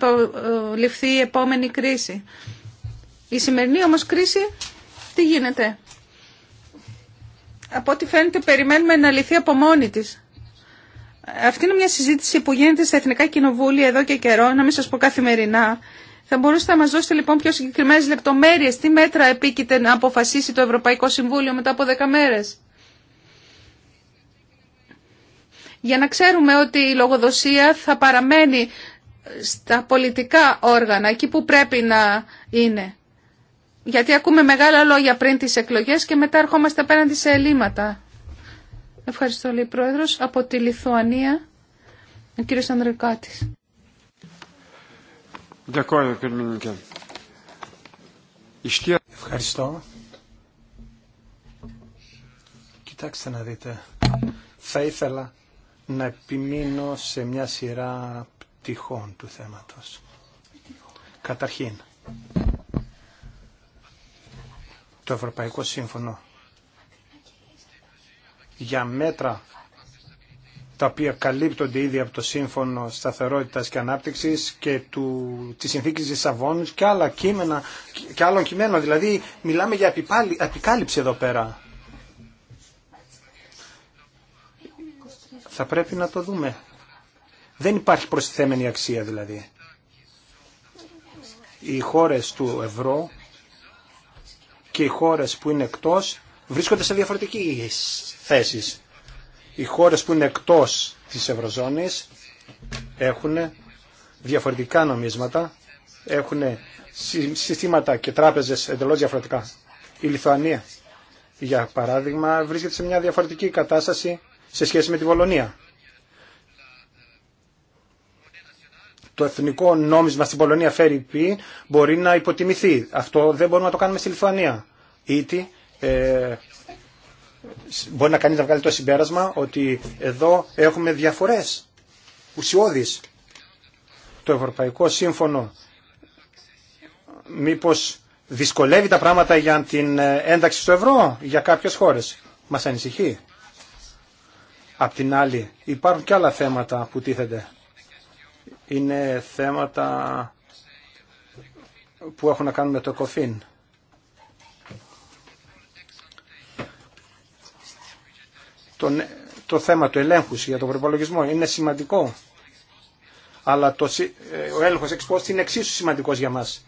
ληφθεί η επόμενη κρίση. Η σημερινή όμως κρίση, τι γίνεται. Από ό,τι φαίνεται περιμένουμε να λυθεί από μόνη της. Αυτή είναι μια συζήτηση που γίνεται στα Εθνικά Κοινοβούλια εδώ και καιρό, να μην σας πω καθημερινά, θα μπορούσατε να μα δώσετε λοιπόν πιο συγκεκριμένε λεπτομέρειε τι μέτρα επίκειται να αποφασίσει το Ευρωπαϊκό Συμβούλιο μετά από 10 μέρε. Για να ξέρουμε ότι η λογοδοσία θα παραμένει στα πολιτικά όργανα, εκεί που πρέπει να είναι. Γιατί ακούμε μεγάλα λόγια πριν τις εκλογές και μετά ερχόμαστε απέναντι σε ελλείμματα. Ευχαριστώ, λέει Πρόεδρος. Από τη Λιθουανία, ο κύριος Ανδρεκάτης. Ευχαριστώ. Κοιτάξτε να δείτε. Θα ήθελα να επιμείνω σε μια σειρά πτυχών του θέματος. Καταρχήν, το Ευρωπαϊκό Σύμφωνο για μέτρα τα οποία καλύπτονται ήδη από το Σύμφωνο Σταθερότητας και Ανάπτυξης και του, της Συνθήκης της και, άλλα και άλλων κειμένων. Δηλαδή μιλάμε για επικάλυψη εδώ πέρα. Θα πρέπει να το δούμε. Δεν υπάρχει προστιθέμενη αξία δηλαδή. Οι χώρες του ευρώ και οι χώρες που είναι εκτός βρίσκονται σε διαφορετικές θέσεις οι χώρες που είναι εκτός της Ευρωζώνης έχουν διαφορετικά νομίσματα, έχουν συστήματα και τράπεζες εντελώς διαφορετικά. Η Λιθουανία, για παράδειγμα, βρίσκεται σε μια διαφορετική κατάσταση σε σχέση με τη Πολωνία. Το εθνικό νόμισμα στην Πολωνία φέρει π μπορεί να υποτιμηθεί. Αυτό δεν μπορούμε να το κάνουμε στη Λιθουανία. Ήτι, ε, μπορεί να κάνει να βγάλει το συμπέρασμα ότι εδώ έχουμε διαφορές ουσιώδεις. Το Ευρωπαϊκό Σύμφωνο μήπως δυσκολεύει τα πράγματα για την ένταξη στο ευρώ για κάποιες χώρες. Μας ανησυχεί. Απ' την άλλη υπάρχουν και άλλα θέματα που τίθενται. Είναι θέματα που έχουν να κάνουν με το κοφίν. το θέμα του ελέγχου για τον προπολογισμό είναι σημαντικό. Αλλά το, ε, ο έλεγχο εξ είναι εξίσου σημαντικός για μας.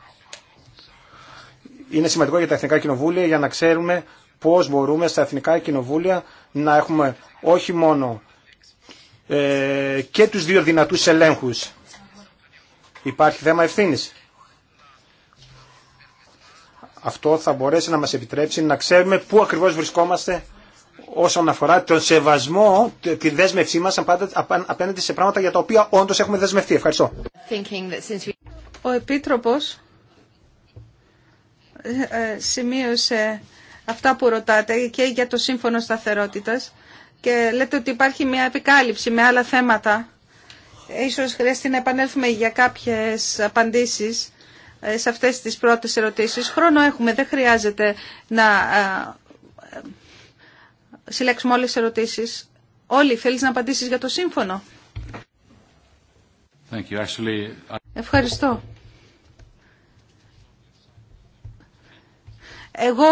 Είναι σημαντικό για τα εθνικά κοινοβούλια για να ξέρουμε πώς μπορούμε στα εθνικά κοινοβούλια να έχουμε όχι μόνο ε, και τους δύο δυνατού ελέγχους. Υπάρχει θέμα ευθύνη. Αυτό θα μπορέσει να μας επιτρέψει να ξέρουμε πού ακριβώς βρισκόμαστε όσον αφορά τον σεβασμό, τη δέσμευσή μας απέναντι σε πράγματα για τα οποία όντως έχουμε δεσμευτεί. Ευχαριστώ. Ο Επίτροπος ε, ε, σημείωσε αυτά που ρωτάτε και για το Σύμφωνο Σταθερότητας και λέτε ότι υπάρχει μια επικάλυψη με άλλα θέματα. Ίσως χρειάζεται να επανέλθουμε για κάποιες απαντήσεις ε, σε αυτές τις πρώτες ερωτήσεις. Χρόνο έχουμε, δεν χρειάζεται να συλλέξουμε όλες τις ερωτήσεις. Όλοι, θέλεις να απαντήσεις για το σύμφωνο. Thank you. Actually, Ευχαριστώ. Εγώ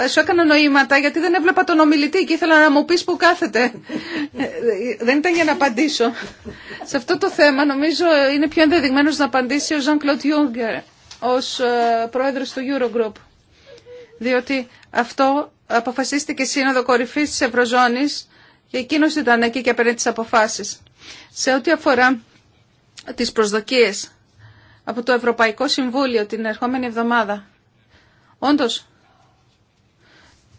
ε, σου έκανα νοήματα γιατί δεν έβλεπα τον ομιλητή και ήθελα να μου πεις που κάθεται. Ε, δεν ήταν για να απαντήσω. Σε αυτό το θέμα νομίζω είναι πιο ενδεδειγμένος να απαντήσει ο Ζαν Κλοντ Ιούγκερ ως ε, πρόεδρος του Eurogroup. Διότι αυτό αποφασίστηκε Σύνοδο Κορυφής τη Ευρωζώνης και εκείνο ήταν εκεί και έπαιρνε τι αποφάσεις. Σε ό,τι αφορά τις προσδοκίες από το Ευρωπαϊκό Συμβούλιο την ερχόμενη εβδομάδα, όντω,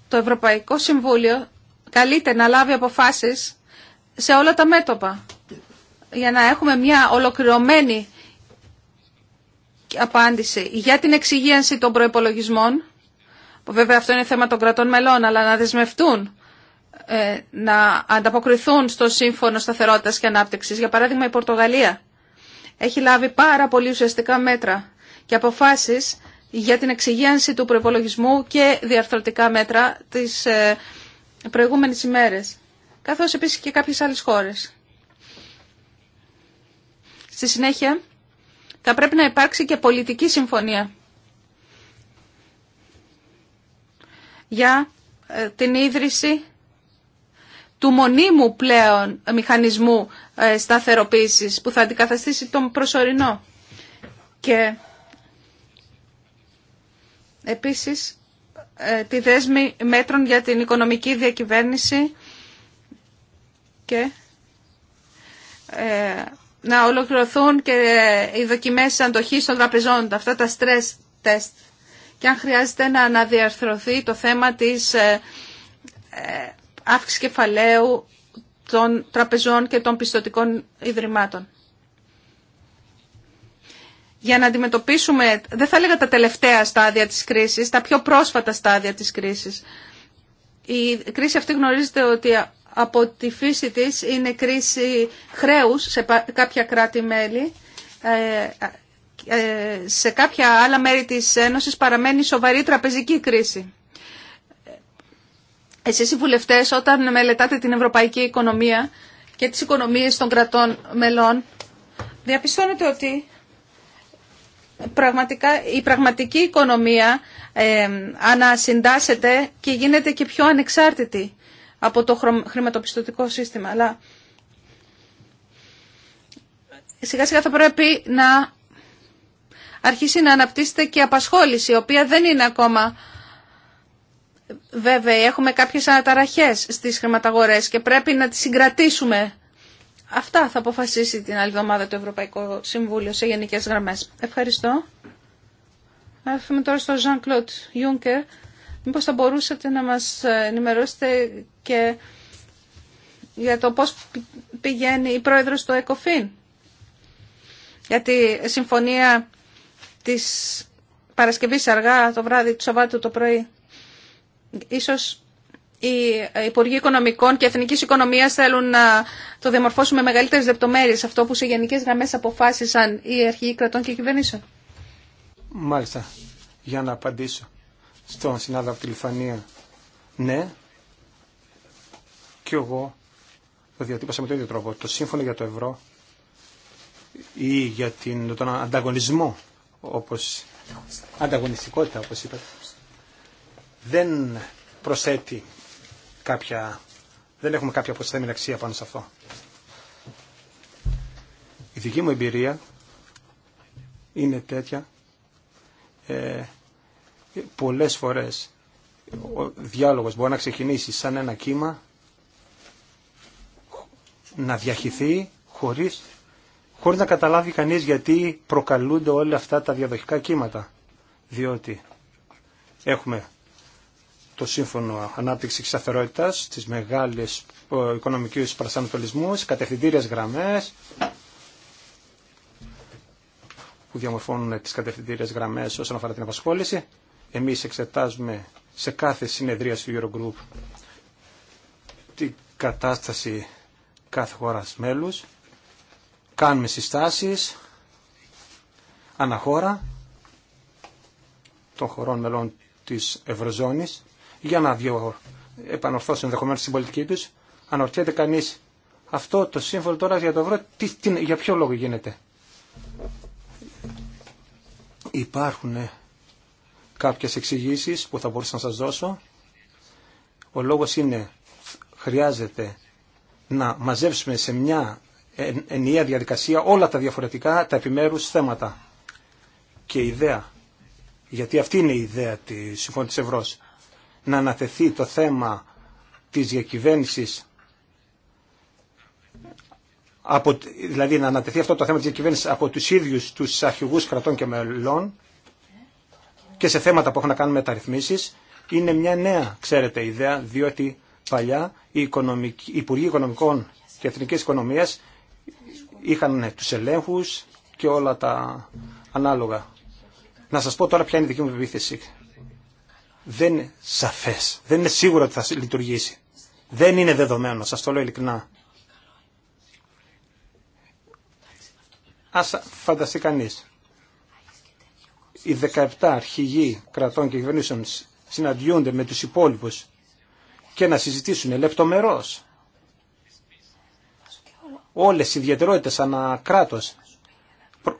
το Ευρωπαϊκό Συμβούλιο καλείται να λάβει αποφάσεις σε όλα τα μέτωπα για να έχουμε μια ολοκληρωμένη απάντηση για την εξυγίανση των προϋπολογισμών Βέβαια αυτό είναι θέμα των κρατών μελών, αλλά να δεσμευτούν ε, να ανταποκριθούν στο Σύμφωνο Σταθερότητας και Ανάπτυξης. Για παράδειγμα η Πορτογαλία έχει λάβει πάρα πολύ ουσιαστικά μέτρα και αποφάσεις για την εξυγίανση του προπολογισμού και διαρθρωτικά μέτρα τις ε, προηγούμενες ημέρες, καθώς επίσης και κάποιες άλλες χώρες. Στη συνέχεια θα πρέπει να υπάρξει και πολιτική συμφωνία για ε, την ίδρυση του μονίμου πλέον μηχανισμού ε, σταθεροποίησης που θα αντικαταστήσει τον προσωρινό. Και επίσης ε, τη δέσμη μέτρων για την οικονομική διακυβέρνηση και να ολοκληρωθούν και οι δοκιμές αντοχής των τραπεζών, αυτά τα stress test και αν χρειάζεται να αναδιαρθρωθεί το θέμα της ε, ε, αύξησης κεφαλαίου των τραπεζών και των πιστοτικών ιδρυμάτων. Για να αντιμετωπίσουμε, δεν θα έλεγα τα τελευταία στάδια της κρίσης, τα πιο πρόσφατα στάδια της κρίσης. Η κρίση αυτή γνωρίζετε ότι από τη φύση της είναι κρίση χρέους σε κάποια κράτη-μέλη ε, ε, σε κάποια άλλα μέρη της Ένωσης παραμένει σοβαρή τραπεζική κρίση. Εσείς οι βουλευτές όταν μελετάτε την ευρωπαϊκή οικονομία και τις οικονομίες των κρατών μελών διαπιστώνετε ότι πραγματικά, η πραγματική οικονομία ε, ανασυντάσσεται και γίνεται και πιο ανεξάρτητη από το χρηματοπιστωτικό σύστημα. Αλλά σιγά σιγά θα πρέπει να αρχίσει να αναπτύσσεται και απασχόληση, η οποία δεν είναι ακόμα βέβαια. Έχουμε κάποιες αναταραχές στις χρηματαγορές και πρέπει να τις συγκρατήσουμε. Αυτά θα αποφασίσει την άλλη εβδομάδα το Ευρωπαϊκό Συμβούλιο σε γενικές γραμμές. Ευχαριστώ. Έρθουμε τώρα στο Jean-Claude Juncker. Μήπως θα μπορούσατε να μας ενημερώσετε και για το πώς πηγαίνει η πρόεδρος του ΕΚΟΦΗΝ. Γιατί συμφωνία της Παρασκευής αργά το βράδυ, του Σαββάτου το πρωί. Ίσως οι Υπουργοί Οικονομικών και Εθνικής Οικονομίας θέλουν να το διαμορφώσουμε με μεγαλύτερες λεπτομέρειες αυτό που σε γενικές γραμμές αποφάσισαν οι αρχηγοί κρατών και κυβερνήσεων. Μάλιστα, για να απαντήσω στον συνάδελφο από τη Λιθανία. Ναι, και εγώ το διατύπωσα με τον ίδιο τρόπο. Το σύμφωνο για το ευρώ ή για τον ανταγωνισμό όπως ανταγωνιστικότητα όπως είπατε δεν προσθέτει κάποια δεν έχουμε κάποια προσθέμενη αξία πάνω σε αυτό. Η δική μου εμπειρία είναι τέτοια ε, πολλές φορές ο διάλογος μπορεί να ξεκινήσει σαν ένα κύμα να διαχυθεί χωρίς χωρίς να καταλάβει κανείς γιατί προκαλούνται όλα αυτά τα διαδοχικά κύματα. Διότι έχουμε το Σύμφωνο ανάπτυξης και τις μεγάλες μεγάλε οικονομικού προσανατολισμού, κατευθυντήριε γραμμέ που διαμορφώνουν τις κατευθυντήριες γραμμές όσον αφορά την απασχόληση. Εμείς εξετάζουμε σε κάθε συνεδρία του Eurogroup την κατάσταση κάθε χώρας μέλους κάνουμε συστάσεις αναχώρα των χωρών μελών της Ευρωζώνης για να επανορθώσουν επανορθώσει ενδεχομένως την πολιτική τους. Αναρωτιέται κανείς αυτό το σύμβολο τώρα για το ευρώ τι, για ποιο λόγο γίνεται. Υπάρχουν ε, κάποιες εξηγήσεις που θα μπορούσα να σας δώσω. Ο λόγος είναι χρειάζεται να μαζέψουμε σε μια ενιαία διαδικασία όλα τα διαφορετικά, τα επιμέρους θέματα και ιδέα. Γιατί αυτή είναι η ιδέα της Συμφώνης της Ευρώς. Να ανατεθεί το θέμα της διακυβέρνησης από, δηλαδή να ανατεθεί αυτό το θέμα της διακυβέρνησης από τους ίδιους τους αρχηγούς κρατών και μελών και σε θέματα που έχουν να κάνουν μεταρρυθμίσεις είναι μια νέα, ξέρετε, ιδέα διότι παλιά οι, οι Υπουργοί Οικονομικών και Εθνικής Οικονομίας είχαν τους ελέγχους και όλα τα ανάλογα. Να σας πω τώρα ποια είναι η δική μου επιθεση. Δεν είναι σαφές, δεν είναι σίγουρο ότι θα λειτουργήσει. Δεν είναι δεδομένο, σας το λέω ειλικρινά. Ας φανταστεί κανείς. Οι 17 αρχηγοί κρατών και κυβερνήσεων συναντιούνται με τους υπόλοιπους και να συζητήσουν λεπτομερώς όλες οι ιδιαιτερότητες προ,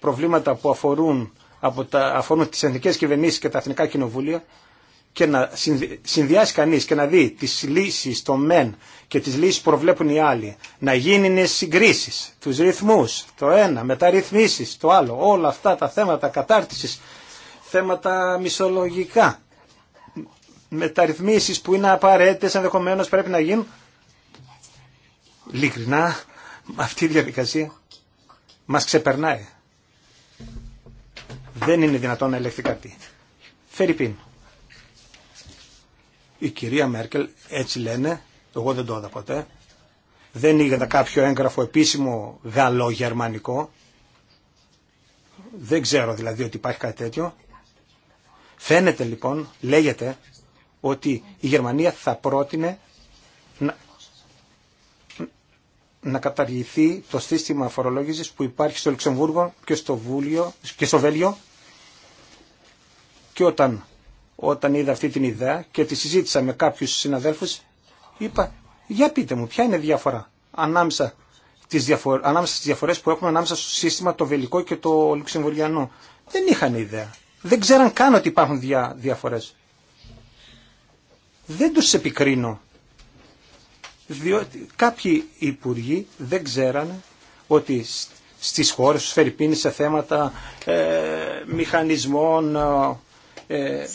προβλήματα που αφορούν, από τα, αφορούν τις εθνικές κυβερνήσεις και τα εθνικά κοινοβούλια και να συνδυάσει κανείς και να δει τις λύσεις των μεν και τις λύσεις που προβλέπουν οι άλλοι, να γίνουν συγκρίσεις, τους ρυθμούς, το ένα, μεταρρυθμίσεις, το άλλο, όλα αυτά τα θέματα κατάρτισης, θέματα μισολογικά, μεταρρυθμίσεις που είναι απαραίτητες ενδεχομένως πρέπει να γίνουν, ειλικρινά αυτή η διαδικασία μας ξεπερνάει. Δεν είναι δυνατόν να ελεγχθεί κάτι. Φερρυπίν. Η κυρία Μέρκελ, έτσι λένε, εγώ δεν το είδα ποτέ, δεν είδα κάποιο έγγραφο επίσημο γαλλογερμανικό, δεν ξέρω δηλαδή ότι υπάρχει κάτι τέτοιο. Φαίνεται λοιπόν, λέγεται, ότι η Γερμανία θα πρότεινε να καταργηθεί το σύστημα φορολόγησης που υπάρχει στο Λουξεμβούργο και στο, Βούλιο, και στο βελιό. και όταν, όταν είδα αυτή την ιδέα και τη συζήτησα με κάποιους συναδέλφους είπα για πείτε μου ποια είναι η διαφορά ανάμεσα τις, ανάμεσα στις διαφορές που έχουμε ανάμεσα στο σύστημα το βελικό και το λουξεμβουργιανό. Δεν είχαν ιδέα. Δεν ξέραν καν ότι υπάρχουν διαφορέ. διαφορές. Δεν τους επικρίνω διότι κάποιοι υπουργοί δεν ξέρανε ότι στις χώρες τους Φερρυπίνη σε θέματα ε, μηχανισμών ε, ε,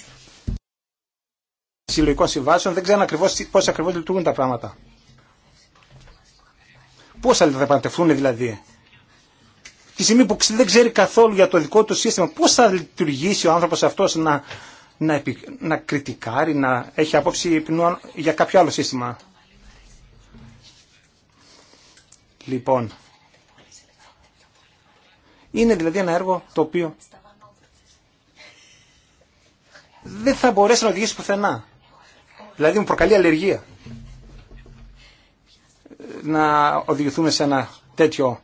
συλλογικών συμβάσεων δεν ξέρανε ακριβώς πώς ακριβώς λειτουργούν τα πράγματα. Πώς θα διαπραγματευτούν δηλαδή. Τη στιγμή που δεν ξέρει καθόλου για το δικό του σύστημα πώς θα λειτουργήσει ο άνθρωπος αυτός να, να, επι, να κριτικάρει, να έχει απόψη για κάποιο άλλο σύστημα. Λοιπόν, είναι δηλαδή ένα έργο το οποίο δεν θα μπορέσει να οδηγήσει πουθενά. Δηλαδή μου προκαλεί αλλεργία ε, να οδηγηθούμε σε ένα τέτοιο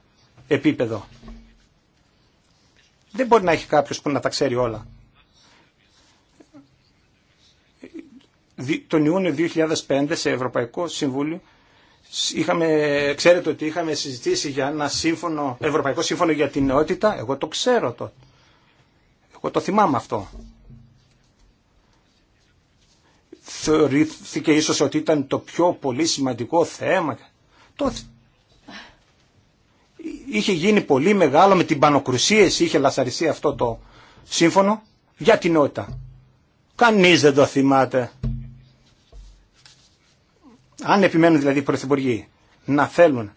επίπεδο. Δεν μπορεί να έχει κάποιος που να τα ξέρει όλα. Τον Ιούνιο 2005 σε Ευρωπαϊκό Συμβούλιο Είχαμε, ξέρετε ότι είχαμε συζητήσει για ένα σύμφωνο, Ευρωπαϊκό Σύμφωνο για την Νεότητα. Εγώ το ξέρω το. Εγώ το θυμάμαι αυτό. Θεωρήθηκε ίσως ότι ήταν το πιο πολύ σημαντικό θέμα. Το... Είχε γίνει πολύ μεγάλο με την πανοκρουσίαση, είχε λασαριστεί αυτό το σύμφωνο για την νεότητα. Κανείς δεν το θυμάται. Αν επιμένουν δηλαδή οι πρωθυπουργοί να θέλουν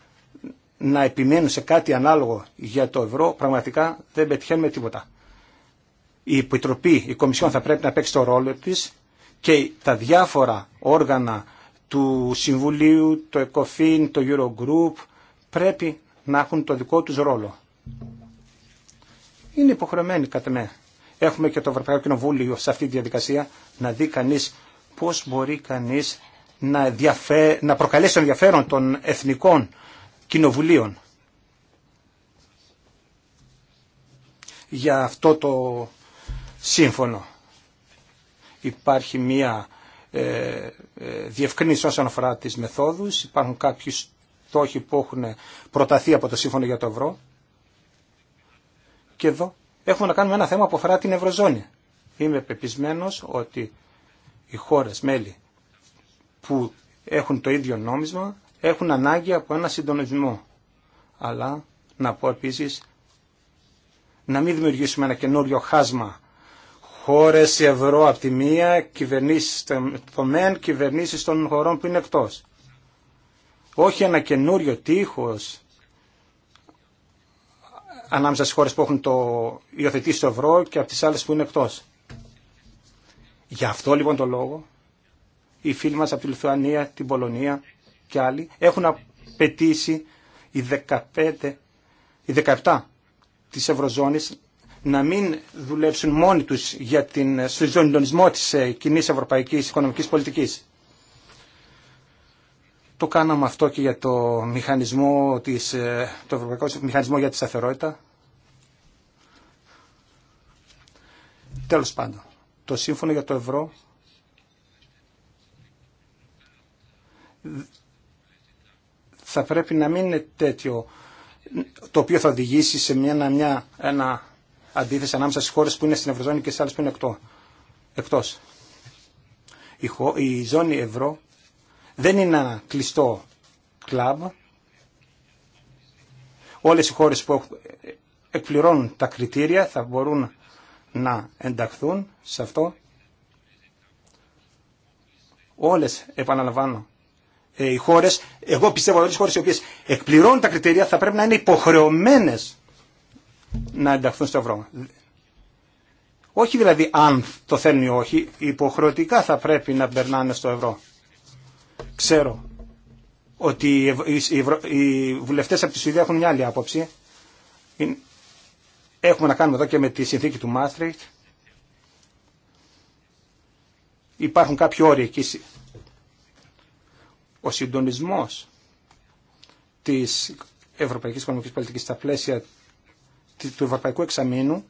να επιμένουν σε κάτι ανάλογο για το ευρώ, πραγματικά δεν πετυχαίνουμε τίποτα. Η Επιτροπή, η Κομισιόν θα πρέπει να παίξει το ρόλο της και τα διάφορα όργανα του Συμβουλίου, το ΕΚΟΦΗΝ, το Eurogroup πρέπει να έχουν το δικό τους ρόλο. Είναι υποχρεωμένοι κατά με. Έχουμε και το Ευρωπαϊκό Κοινοβούλιο σε αυτή τη διαδικασία να δει κανείς πώς μπορεί κανείς να, διαφε... να προκαλέσει ενδιαφέρον των εθνικών κοινοβουλίων για αυτό το σύμφωνο. Υπάρχει μία ε, ε, διευκρίνηση όσον αφορά τις μεθόδους, υπάρχουν κάποιοι στόχοι που έχουν προταθεί από το σύμφωνο για το ευρώ και εδώ έχουμε να κάνουμε ένα θέμα που αφορά την Ευρωζώνη. Είμαι πεπισμένος ότι οι χώρες μέλη που έχουν το ίδιο νόμισμα έχουν ανάγκη από ένα συντονισμό. Αλλά να πω επίσης να μην δημιουργήσουμε ένα καινούριο χάσμα χώρες ευρώ από τη μία, κυβερνήσεις των μεν, κυβερνήσεις των χωρών που είναι εκτός. Όχι ένα καινούριο τείχος ανάμεσα στις χώρες που έχουν το υιοθετήσει το ευρώ και από τις άλλες που είναι εκτός. Γι' αυτό λοιπόν το λόγο οι φίλοι μας από τη Λιθουανία, την Πολωνία και άλλοι έχουν απαιτήσει οι 15, οι 17 της Ευρωζώνης να μην δουλέψουν μόνοι τους για την, συντονισμό της ε, κοινή ευρωπαϊκής οικονομικής πολιτικής. Το κάναμε αυτό και για το, μηχανισμό της, ε, το Ευρωπαϊκό Μηχανισμό για τη Σταθερότητα. Τέλος πάντων, το σύμφωνο για το ευρώ θα πρέπει να μην είναι τέτοιο το οποίο θα οδηγήσει σε μια, μια ένα αντίθεση ανάμεσα στις χώρες που είναι στην Ευρωζώνη και σε άλλες που είναι εκτό, εκτός. Η, η ζώνη ευρώ δεν είναι ένα κλειστό κλαμπ. Όλες οι χώρες που εκπληρώνουν τα κριτήρια θα μπορούν να ενταχθούν σε αυτό. Όλες, επαναλαμβάνω, ε, οι εγώ πιστεύω ότι οι χώρε οι οποίε εκπληρώνουν τα κριτήρια θα πρέπει να είναι υποχρεωμένες να ενταχθούν στο ευρώ. Όχι δηλαδή αν το θέλουν ή όχι, υποχρεωτικά θα πρέπει να περνάνε στο ευρώ. Ξέρω ότι οι βουλευτέ από τη Σουηδία έχουν μια άλλη άποψη. Έχουμε να κάνουμε εδώ και με τη συνθήκη του Μάστριχτ. Υπάρχουν κάποιοι όροι εκεί ο συντονισμός της Ευρωπαϊκής Οικονομικής Πολιτικής στα πλαίσια του Ευρωπαϊκού Εξαμήνου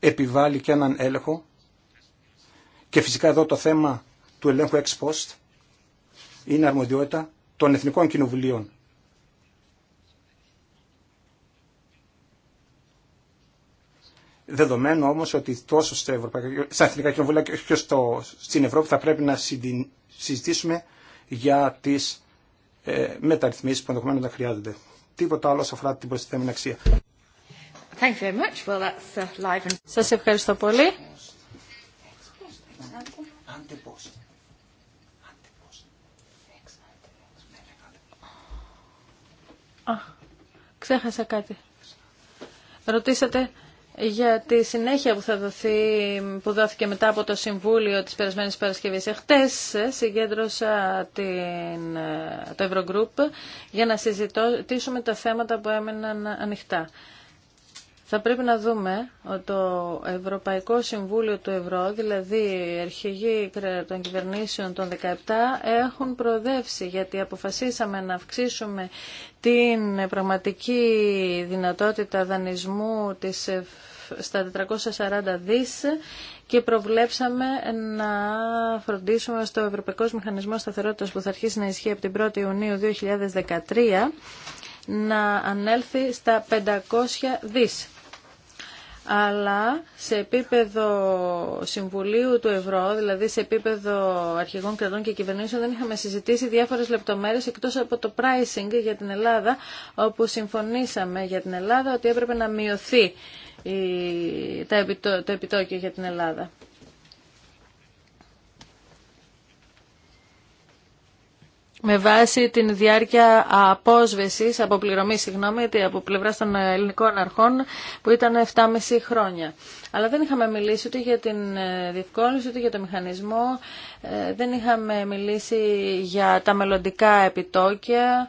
επιβάλλει και έναν έλεγχο και φυσικά εδώ το θέμα του ελέγχου ex post είναι αρμοδιότητα των Εθνικών Κοινοβουλίων Δεδομένου όμως ότι τόσο στα, Ευρωπαϊκά, στα Εθνικά Κοινοβούλια και στο, στην Ευρώπη θα πρέπει να συζητήσουμε για τις ε, μεταρρυθμίσεις που ενδεχομένω να χρειάζονται. Τίποτα άλλο όσον αφορά την προστιθέμενη αξία. Thank Well, uh, and... Σας ευχαριστώ πολύ. ξέχασα κάτι. Ρωτήσατε για τη συνέχεια που θα δοθεί, που δόθηκε μετά από το Συμβούλιο της περασμένης Παρασκευής. Εχθές ε, συγκέντρωσα την, ε, το Eurogroup για να συζητήσουμε τα θέματα που έμεναν ανοιχτά θα πρέπει να δούμε ότι το Ευρωπαϊκό Συμβούλιο του Ευρώ, δηλαδή οι αρχηγοί των κυβερνήσεων των 17, έχουν προοδεύσει γιατί αποφασίσαμε να αυξήσουμε την πραγματική δυνατότητα δανεισμού της στα 440 δις και προβλέψαμε να φροντίσουμε στο Ευρωπαϊκό Μηχανισμό Σταθερότητας που θα αρχίσει να ισχύει από την 1η Ιουνίου 2013 να ανέλθει στα 500 δις αλλά σε επίπεδο Συμβουλίου του Ευρώ, δηλαδή σε επίπεδο αρχηγών κρατών και κυβερνήσεων, δεν είχαμε συζητήσει διάφορες λεπτομέρειες εκτός από το pricing για την Ελλάδα, όπου συμφωνήσαμε για την Ελλάδα ότι έπρεπε να μειωθεί το επιτόκιο για την Ελλάδα. με βάση την διάρκεια απόσβεσης, αποπληρωμής, συγγνώμη, από πλευρά των ε, ελληνικών αρχών που ήταν 7,5 χρόνια. Αλλά δεν είχαμε μιλήσει ούτε για την ε, διευκόλυνση, ούτε για το μηχανισμό, ε, δεν είχαμε μιλήσει για τα μελλοντικά επιτόκια,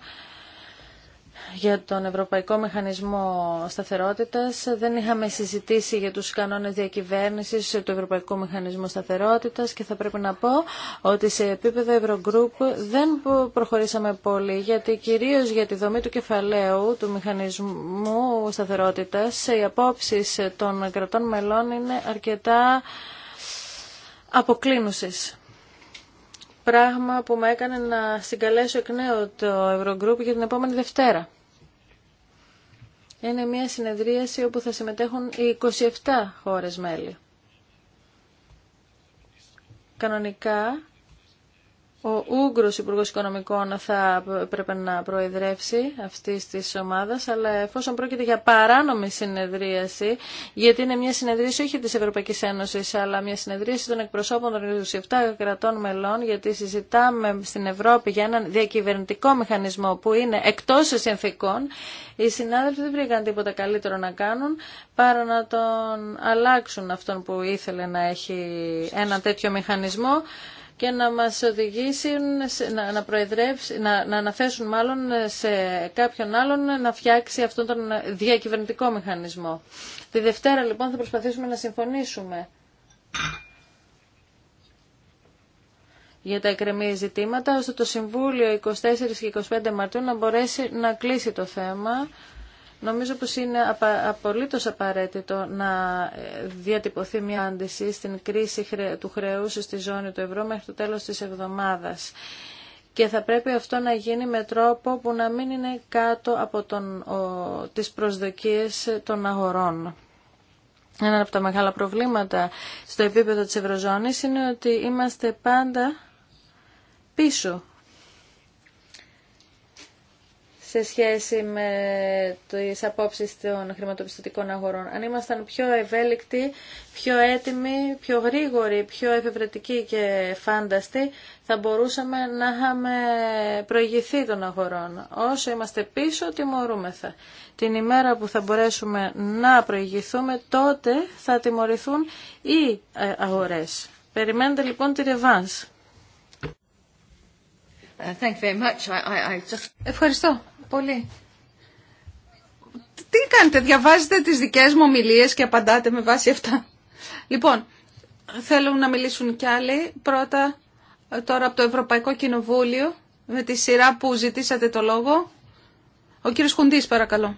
για τον Ευρωπαϊκό Μηχανισμό Σταθερότητας. Δεν είχαμε συζητήσει για τους κανόνες διακυβέρνησης του Ευρωπαϊκού Μηχανισμού Σταθερότητας και θα πρέπει να πω ότι σε επίπεδο Eurogroup δεν προχωρήσαμε πολύ γιατί κυρίως για τη δομή του κεφαλαίου του Μηχανισμού Σταθερότητας οι απόψεις των κρατών μελών είναι αρκετά αποκλίνουσες πράγμα που με έκανε να συγκαλέσω εκ νέου το Eurogroup για την επόμενη Δευτέρα είναι μια συνεδρίαση όπου θα συμμετέχουν οι 27 χώρες μέλη. Κανονικά ο Ούγκρος Υπουργός Οικονομικών θα πρέπει να προεδρεύσει αυτή τη ομάδα, αλλά εφόσον πρόκειται για παράνομη συνεδρίαση, γιατί είναι μια συνεδρίαση όχι της Ευρωπαϊκής Ένωσης, αλλά μια συνεδρίαση των εκπροσώπων των 27 κρατών μελών, γιατί συζητάμε στην Ευρώπη για έναν διακυβερνητικό μηχανισμό που είναι εκτός συνθήκων, οι συνάδελφοι δεν βρήκαν τίποτα καλύτερο να κάνουν παρά να τον αλλάξουν αυτόν που ήθελε να έχει ένα τέτοιο μηχανισμό και να μας οδηγήσουν να, να, να, να αναθέσουν μάλλον σε κάποιον άλλον να φτιάξει αυτόν τον διακυβερνητικό μηχανισμό. Τη Δευτέρα λοιπόν θα προσπαθήσουμε να συμφωνήσουμε για τα εκκρεμή ζητήματα, ώστε το Συμβούλιο 24 και 25 Μαρτίου να μπορέσει να κλείσει το θέμα Νομίζω πως είναι απολύτως απαραίτητο να ε, διατυπωθεί μια άντιση στην κρίση του χρέους στη ζώνη του ευρώ μέχρι το τέλος της εβδομάδας. Και θα πρέπει αυτό να γίνει με τρόπο που να μην είναι κάτω από τον, ο, τις προσδοκίες των αγορών. Ένα από τα μεγάλα προβλήματα στο επίπεδο της Ευρωζώνης είναι ότι είμαστε πάντα πίσω σε σχέση με τις απόψεις των χρηματοπιστωτικών αγορών. Αν ήμασταν πιο ευέλικτοι, πιο έτοιμοι, πιο γρήγοροι, πιο εφευρετικοί και φάνταστοι, θα μπορούσαμε να είχαμε προηγηθεί των αγορών. Όσο είμαστε πίσω, τιμωρούμεθα. Την ημέρα που θα μπορέσουμε να προηγηθούμε, τότε θα τιμωρηθούν οι ε, αγορές. Περιμένετε λοιπόν τη ρεβάνση. Ευχαριστώ πολύ. Τι κάνετε, διαβάζετε τις δικές μου ομιλίες και απαντάτε με βάση αυτά. Λοιπόν, θέλω να μιλήσουν κι άλλοι. Πρώτα, τώρα από το Ευρωπαϊκό Κοινοβούλιο, με τη σειρά που ζητήσατε το λόγο. Ο κύριος Χουντής, παρακαλώ.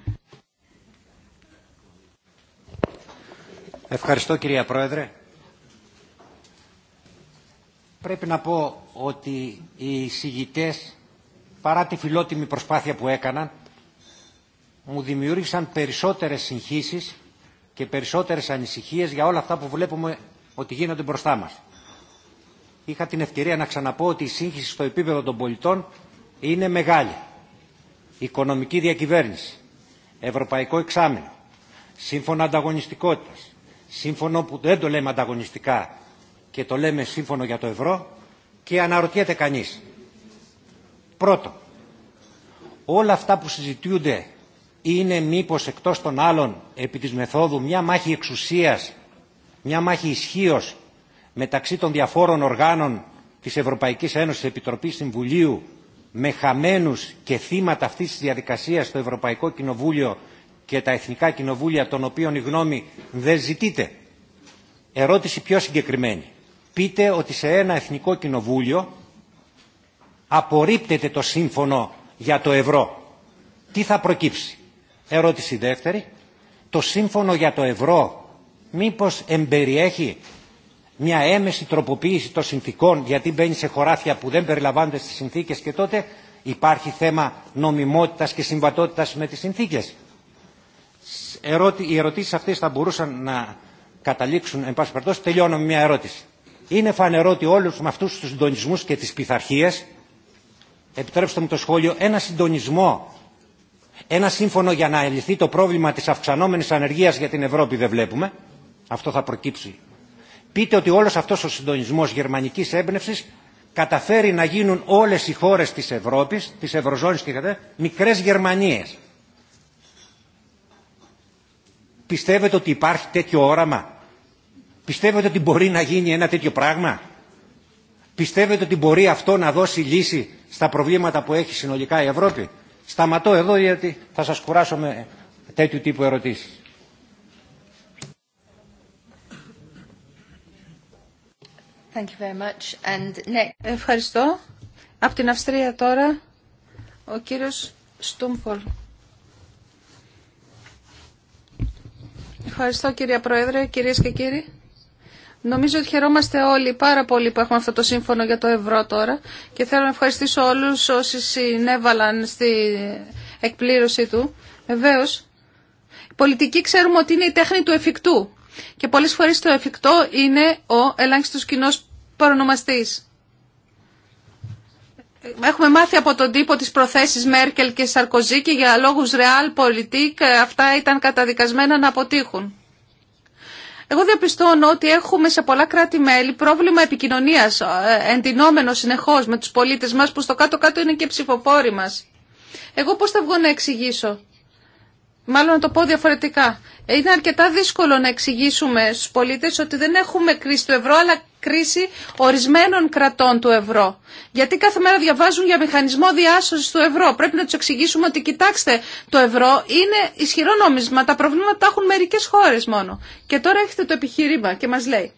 Ευχαριστώ κυρία Πρόεδρε. Πρέπει να πω ότι οι συγητές, παρά τη φιλότιμη προσπάθεια που έκαναν, μου δημιούργησαν περισσότερες συγχύσεις και περισσότερες ανησυχίες για όλα αυτά που βλέπουμε ότι γίνονται μπροστά μας. Είχα την ευκαιρία να ξαναπώ ότι η σύγχυση στο επίπεδο των πολιτών είναι μεγάλη. Οικονομική διακυβέρνηση, ευρωπαϊκό εξάμεινο, σύμφωνα ανταγωνιστικότητας, σύμφωνο που δεν το λέμε ανταγωνιστικά και το λέμε σύμφωνο για το ευρώ και αναρωτιέται κανείς. Πρώτο, όλα αυτά που συζητούνται είναι μήπως εκτός των άλλων επί της μεθόδου μια μάχη εξουσίας, μια μάχη ισχύω μεταξύ των διαφόρων οργάνων της Ευρωπαϊκής Ένωσης Επιτροπής Συμβουλίου με χαμένους και θύματα αυτής της διαδικασίας στο Ευρωπαϊκό Κοινοβούλιο και τα Εθνικά Κοινοβούλια των οποίων η γνώμη δεν ζητείται. Ερώτηση πιο συγκεκριμένη πείτε ότι σε ένα εθνικό κοινοβούλιο απορρίπτεται το σύμφωνο για το ευρώ. Τι θα προκύψει. Ερώτηση δεύτερη. Το σύμφωνο για το ευρώ μήπως εμπεριέχει μια έμεση τροποποίηση των συνθήκων γιατί μπαίνει σε χωράφια που δεν περιλαμβάνονται στις συνθήκες και τότε υπάρχει θέμα νομιμότητας και συμβατότητας με τις συνθήκες. Οι ερωτήσεις αυτές θα μπορούσαν να καταλήξουν, εν πάση περιπτώσει, τελειώνω με μια ερώτηση είναι φανερό ότι όλους με αυτούς τους συντονισμούς και τις πειθαρχίε, επιτρέψτε μου το σχόλιο, ένα συντονισμό, ένα σύμφωνο για να λυθεί το πρόβλημα της αυξανόμενης ανεργίας για την Ευρώπη δεν βλέπουμε. Αυτό θα προκύψει. Πείτε ότι όλος αυτός ο συντονισμός γερμανικής έμπνευσης καταφέρει να γίνουν όλες οι χώρες της Ευρώπης, της Ευρωζώνης και κατά, μικρές Γερμανίες. Πιστεύετε ότι υπάρχει τέτοιο όραμα. Πιστεύετε ότι μπορεί να γίνει ένα τέτοιο πράγμα. Πιστεύετε ότι μπορεί αυτό να δώσει λύση στα προβλήματα που έχει συνολικά η Ευρώπη. Σταματώ εδώ γιατί θα σας κουράσω με τέτοιου τύπου ερωτήσεις. Thank you very much. And next... Ευχαριστώ. Από την Αυστρία τώρα ο κύριος Στούμπολ. Ευχαριστώ κύριε Πρόεδρε, κυρίες και κύριοι. Νομίζω ότι χαιρόμαστε όλοι πάρα πολύ που έχουμε αυτό το σύμφωνο για το ευρώ τώρα και θέλω να ευχαριστήσω όλους όσοι συνέβαλαν στη εκπλήρωση του. Βεβαίω. η πολιτική ξέρουμε ότι είναι η τέχνη του εφικτού και πολλές φορές το εφικτό είναι ο ελάχιστος κοινό παρονομαστής. Έχουμε μάθει από τον τύπο τις προθέσεις Μέρκελ και Σαρκοζή και για λόγους ρεάλ αυτά ήταν καταδικασμένα να αποτύχουν. Εγώ διαπιστώνω ότι έχουμε σε πολλά κράτη-μέλη πρόβλημα επικοινωνίας, ε, εντυνόμενο συνεχώς με τους πολίτες μας που στο κάτω-κάτω είναι και ψηφοφόροι μας. Εγώ πώς θα βγω να εξηγήσω. Μάλλον να το πω διαφορετικά. Είναι αρκετά δύσκολο να εξηγήσουμε στους πολίτες ότι δεν έχουμε κρίση του ευρώ αλλά κρίση ορισμένων κρατών του ευρώ. Γιατί κάθε μέρα διαβάζουν για μηχανισμό διάσωση του ευρώ. Πρέπει να του εξηγήσουμε ότι κοιτάξτε, το ευρώ είναι ισχυρό νόμισμα. Τα προβλήματα τα έχουν μερικέ χώρε μόνο. Και τώρα έχετε το επιχείρημα και μα λέει.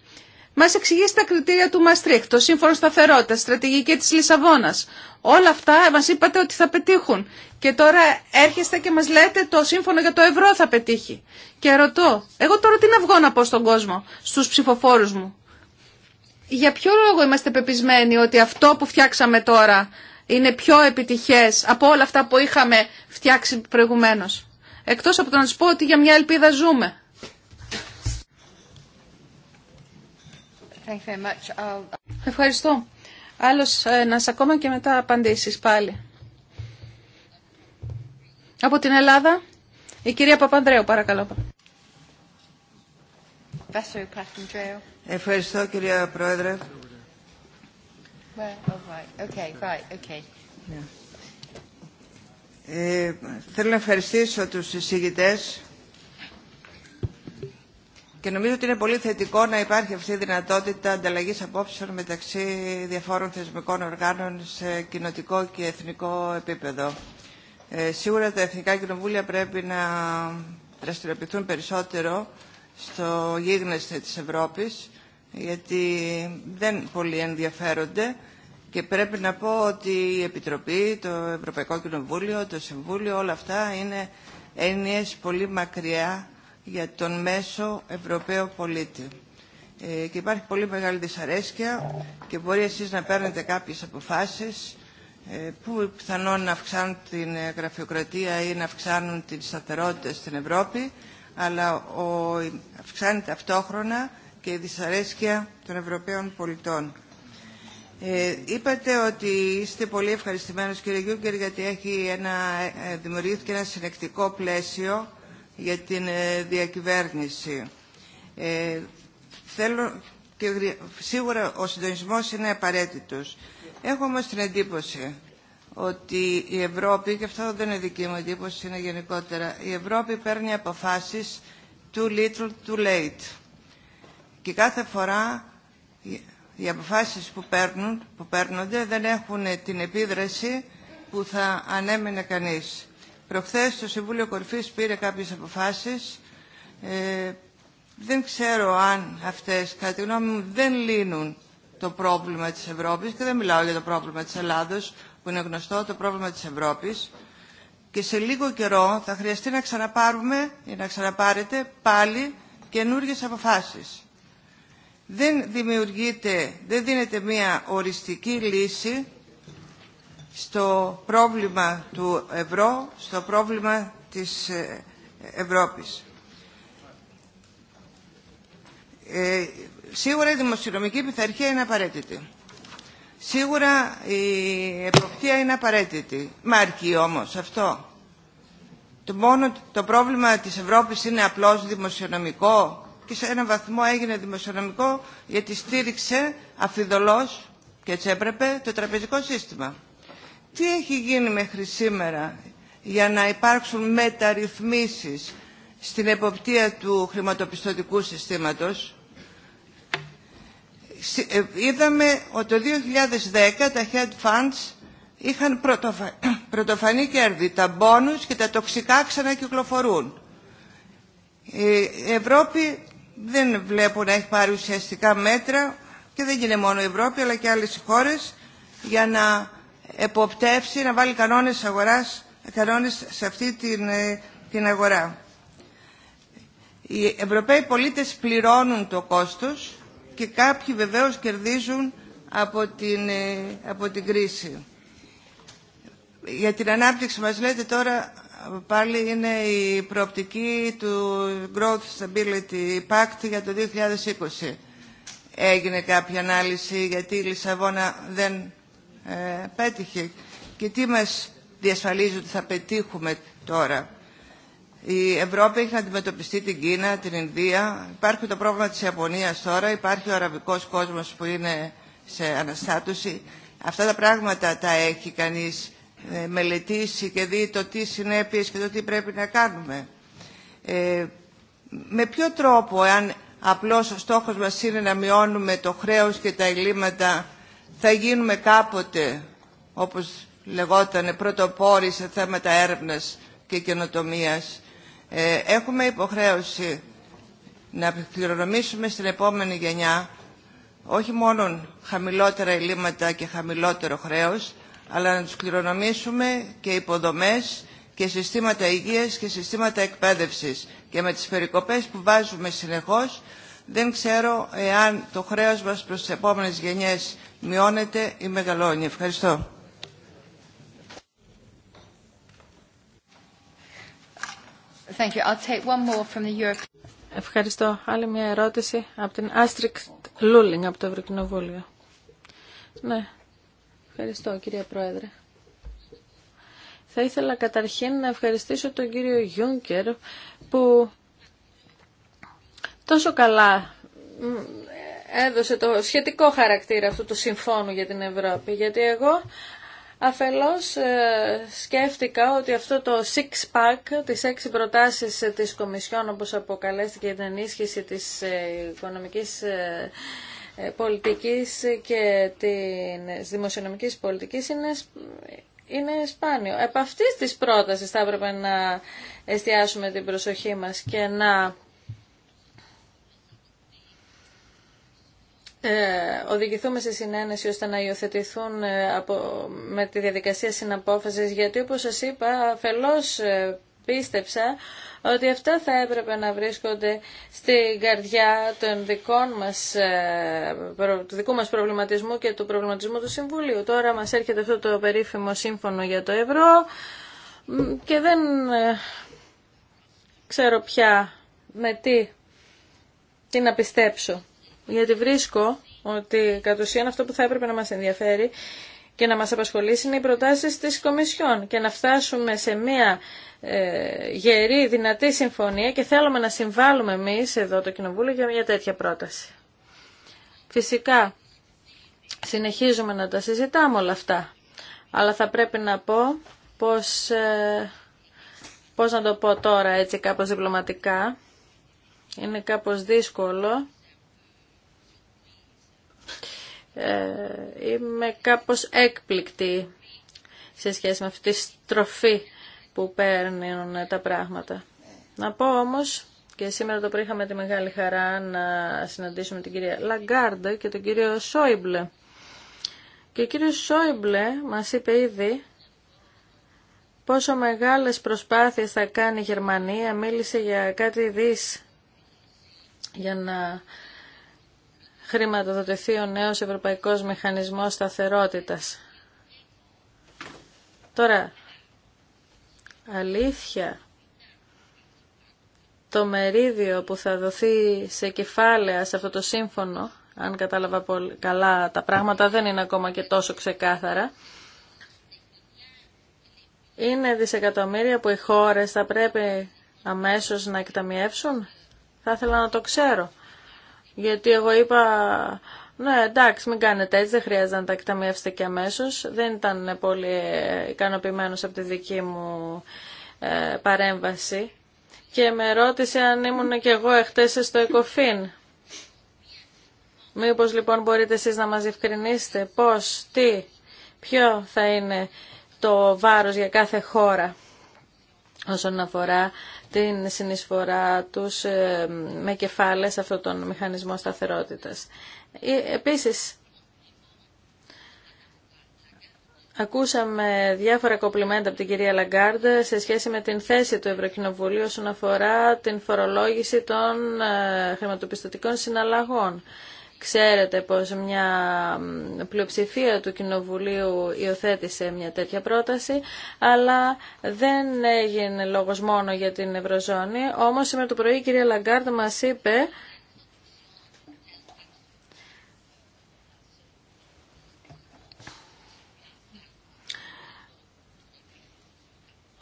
Μα εξηγήσει τα κριτήρια του Μαστρίχ, το σύμφωνο σταθερότητα, στρατηγική τη Λισαβόνα. Όλα αυτά μα είπατε ότι θα πετύχουν. Και τώρα έρχεστε και μα λέτε το σύμφωνο για το ευρώ θα πετύχει. Και ρωτώ, εγώ τώρα τι να βγω να πω στον κόσμο, στου ψηφοφόρου μου για ποιο λόγο είμαστε πεπισμένοι ότι αυτό που φτιάξαμε τώρα είναι πιο επιτυχές από όλα αυτά που είχαμε φτιάξει προηγουμένως. Εκτός από το να σας πω ότι για μια ελπίδα ζούμε. Ευχαριστώ. Άλλος ένας ακόμα και μετά απαντήσεις πάλι. Από την Ελλάδα, η κυρία Παπανδρέου, παρακαλώ. Ευχαριστώ κυρία Πρόεδρε. Ε, θέλω να ευχαριστήσω τους συζητητέ. και νομίζω ότι είναι πολύ θετικό να υπάρχει αυτή η δυνατότητα ανταλλαγή απόψεων μεταξύ διαφόρων θεσμικών οργάνων σε κοινοτικό και εθνικό επίπεδο. Ε, σίγουρα τα εθνικά κοινοβούλια πρέπει να δραστηριοποιηθούν περισσότερο στο γίγνεσθε της Ευρώπης γιατί δεν πολύ ενδιαφέρονται και πρέπει να πω ότι η Επιτροπή, το Ευρωπαϊκό Κοινοβούλιο, το Συμβούλιο, όλα αυτά είναι έννοιες πολύ μακριά για τον μέσο Ευρωπαίο πολίτη. Ε, και υπάρχει πολύ μεγάλη δυσαρέσκεια και μπορεί εσείς να παίρνετε κάποιες αποφάσεις ε, που πιθανόν να αυξάνουν την γραφειοκρατία ή να αυξάνουν την σταθερότητα στην Ευρώπη αλλά αυξάνει αυτόχρονα και η δυσαρέσκεια των Ευρωπαίων πολιτών. Ε, είπατε ότι είστε πολύ ευχαριστημένος κύριε Γιούγκερ γιατί έχει ένα, ε, δημιουργήθηκε ένα συνεκτικό πλαίσιο για την ε, διακυβέρνηση. Ε, θέλω σίγουρα ο συντονισμός είναι απαραίτητος. Έχω όμως την εντύπωση ότι η Ευρώπη, και αυτό δεν είναι δική μου εντύπωση, είναι γενικότερα, η Ευρώπη παίρνει αποφάσεις too little, too late. Και κάθε φορά οι αποφάσεις που, παίρνουν, που παίρνονται δεν έχουν την επίδραση που θα ανέμενε κανείς. Προχθές το Συμβούλιο Κορφής πήρε κάποιες αποφάσεις. Ε, δεν ξέρω αν αυτές, κατά τη γνώμη μου, δεν λύνουν το πρόβλημα της Ευρώπης και δεν μιλάω για το πρόβλημα της Ελλάδος που είναι γνωστό, το πρόβλημα της Ευρώπης και σε λίγο καιρό θα χρειαστεί να ξαναπάρουμε ή να ξαναπάρετε πάλι καινούριε αποφάσεις. Δεν δημιουργείται, δεν δίνεται μία οριστική λύση στο πρόβλημα του ευρώ, στο πρόβλημα της ε, Ευρώπης. Ε, σίγουρα η δημοσιονομική πειθαρχία είναι απαραίτητη. Σίγουρα η εποπτεία είναι απαραίτητη. Μα αρκεί όμως αυτό. Το μόνο το πρόβλημα της Ευρώπης είναι απλώς δημοσιονομικό και σε έναν βαθμό έγινε δημοσιονομικό γιατί στήριξε αφιδωλώς και έτσι έπρεπε το τραπεζικό σύστημα. Τι έχει γίνει μέχρι σήμερα για να υπάρξουν μεταρρυθμίσεις στην εποπτεία του χρηματοπιστωτικού συστήματος ε, είδαμε ότι το 2010 τα head funds είχαν πρωτοφανή κέρδη. Τα bonus και τα τοξικά ξανακυκλοφορούν. Η Ευρώπη δεν βλέπω να έχει πάρει ουσιαστικά μέτρα και δεν γίνεται μόνο η Ευρώπη αλλά και άλλες χώρες για να εποπτεύσει, να βάλει κανόνες, αγοράς, κανόνες σε αυτή την, ε, την αγορά. Οι Ευρωπαίοι πολίτες πληρώνουν το κόστος και κάποιοι βεβαίως κερδίζουν από την, ε, από την κρίση. Για την ανάπτυξη μας λέτε τώρα πάλι είναι η προοπτική του Growth Stability Pact για το 2020. Έγινε κάποια ανάλυση γιατί η Λισαβόνα δεν ε, πέτυχε. Και τι μας διασφαλίζει ότι θα πετύχουμε τώρα. Η Ευρώπη έχει να αντιμετωπιστεί την Κίνα, την Ινδία. Υπάρχει το πρόβλημα της Ιαπωνίας τώρα, υπάρχει ο αραβικός κόσμος που είναι σε αναστάτωση. Αυτά τα πράγματα τα έχει κανείς ε, μελετήσει και δει το τι συνέπειες και το τι πρέπει να κάνουμε. Ε, με ποιο τρόπο, αν απλώς ο στόχος μας είναι να μειώνουμε το χρέος και τα ελλείμματα, θα γίνουμε κάποτε, όπως λέγόταν πρωτοπόροι σε θέματα έρευνας και καινοτομίας ε, έχουμε υποχρέωση να πληρονομήσουμε στην επόμενη γενιά όχι μόνο χαμηλότερα ελλείμματα και χαμηλότερο χρέος, αλλά να τους κληρονομήσουμε και υποδομές και συστήματα υγείας και συστήματα εκπαίδευσης. Και με τις περικοπές που βάζουμε συνεχώς, δεν ξέρω εάν το χρέος μας προς τις επόμενες γενιές μειώνεται ή μεγαλώνει. Ευχαριστώ. Ευχαριστώ. Άλλη μια ερώτηση από την Άστρικ Λούλινγκ από το Ευρωκοινοβούλιο. Ναι. Ευχαριστώ κύριε Πρόεδρε. Θα ήθελα καταρχήν να ευχαριστήσω τον κύριο Γιούνκερ που τόσο καλά έδωσε το σχετικό χαρακτήρα αυτού του συμφώνου για την Ευρώπη. Γιατί εγώ Αφελώς ε, σκέφτηκα ότι αυτό το six pack, τις έξι προτάσεις της Κομισιόν όπως αποκαλέστηκε την ενίσχυση της ε, οικονομικής ε, πολιτικής και της δημοσιονομικής πολιτικής είναι, είναι σπάνιο. Επ' αυτής της πρότασης θα έπρεπε να εστιάσουμε την προσοχή μας και να Ε, οδηγηθούμε σε συνένεση ώστε να υιοθετηθούν ε, από, με τη διαδικασία συναπόφασης γιατί όπως σας είπα αφελώς ε, πίστεψα ότι αυτά θα έπρεπε να βρίσκονται στην καρδιά των δικών μας, του δικού μας προβληματισμού και του προβληματισμού του Συμβουλίου. Τώρα μας έρχεται αυτό το περίφημο σύμφωνο για το ευρώ και δεν ξέρω πια με τι, τι να πιστέψω γιατί βρίσκω ότι κατ' ουσίαν αυτό που θα έπρεπε να μας ενδιαφέρει και να μας απασχολήσει είναι οι προτάσεις της Κομισιόν και να φτάσουμε σε μια ε, γερή, δυνατή συμφωνία και θέλουμε να συμβάλλουμε εμείς εδώ το Κοινοβούλιο για μια τέτοια πρόταση. Φυσικά, συνεχίζουμε να τα συζητάμε όλα αυτά, αλλά θα πρέπει να πω πως, ε, πώς να το πω τώρα έτσι κάπως διπλωματικά, είναι κάπως δύσκολο ε, είμαι κάπως έκπληκτη σε σχέση με αυτή τη στροφή που παίρνουν τα πράγματα. Να πω όμως, και σήμερα το πρωί είχαμε τη μεγάλη χαρά να συναντήσουμε την κυρία Λαγκάρντα και τον κύριο Σόιμπλε. Και ο κύριος Σόιμπλε μας είπε ήδη πόσο μεγάλες προσπάθειες θα κάνει η Γερμανία. Μίλησε για κάτι δις για να χρηματοδοτηθεί ο νέος Ευρωπαϊκός Μηχανισμός Σταθερότητας. Τώρα, αλήθεια, το μερίδιο που θα δοθεί σε κεφάλαια σε αυτό το σύμφωνο, αν κατάλαβα πολύ καλά τα πράγματα δεν είναι ακόμα και τόσο ξεκάθαρα, είναι δισεκατομμύρια που οι χώρες θα πρέπει αμέσως να εκταμιεύσουν. Θα ήθελα να το ξέρω. Γιατί εγώ είπα, ναι εντάξει μην κάνετε έτσι, δεν χρειάζεται να τα εκταμιεύσετε και αμέσω. Δεν ήταν πολύ ικανοποιημένος από τη δική μου ε, παρέμβαση και με ρώτησε αν ήμουν και εγώ εχθές στο ΕΚΟΦΗΝ. Μήπως λοιπόν μπορείτε εσείς να μας διευκρινίσετε πώς, τι, ποιο θα είναι το βάρος για κάθε χώρα όσον αφορά την συνεισφορά τους ε, με κεφάλαια σε αυτόν τον μηχανισμό σταθερότητας. Ε, επίσης, Ακούσαμε διάφορα κοπλιμέντα από την κυρία Λαγκάρντ σε σχέση με την θέση του Ευρωκοινοβουλίου όσον αφορά την φορολόγηση των ε, χρηματοπιστωτικών συναλλαγών. Ξέρετε πως μια πλειοψηφία του Κοινοβουλίου υιοθέτησε μια τέτοια πρόταση, αλλά δεν έγινε λόγος μόνο για την Ευρωζώνη. Όμως σήμερα το πρωί η κυρία Λαγκάρντ μας είπε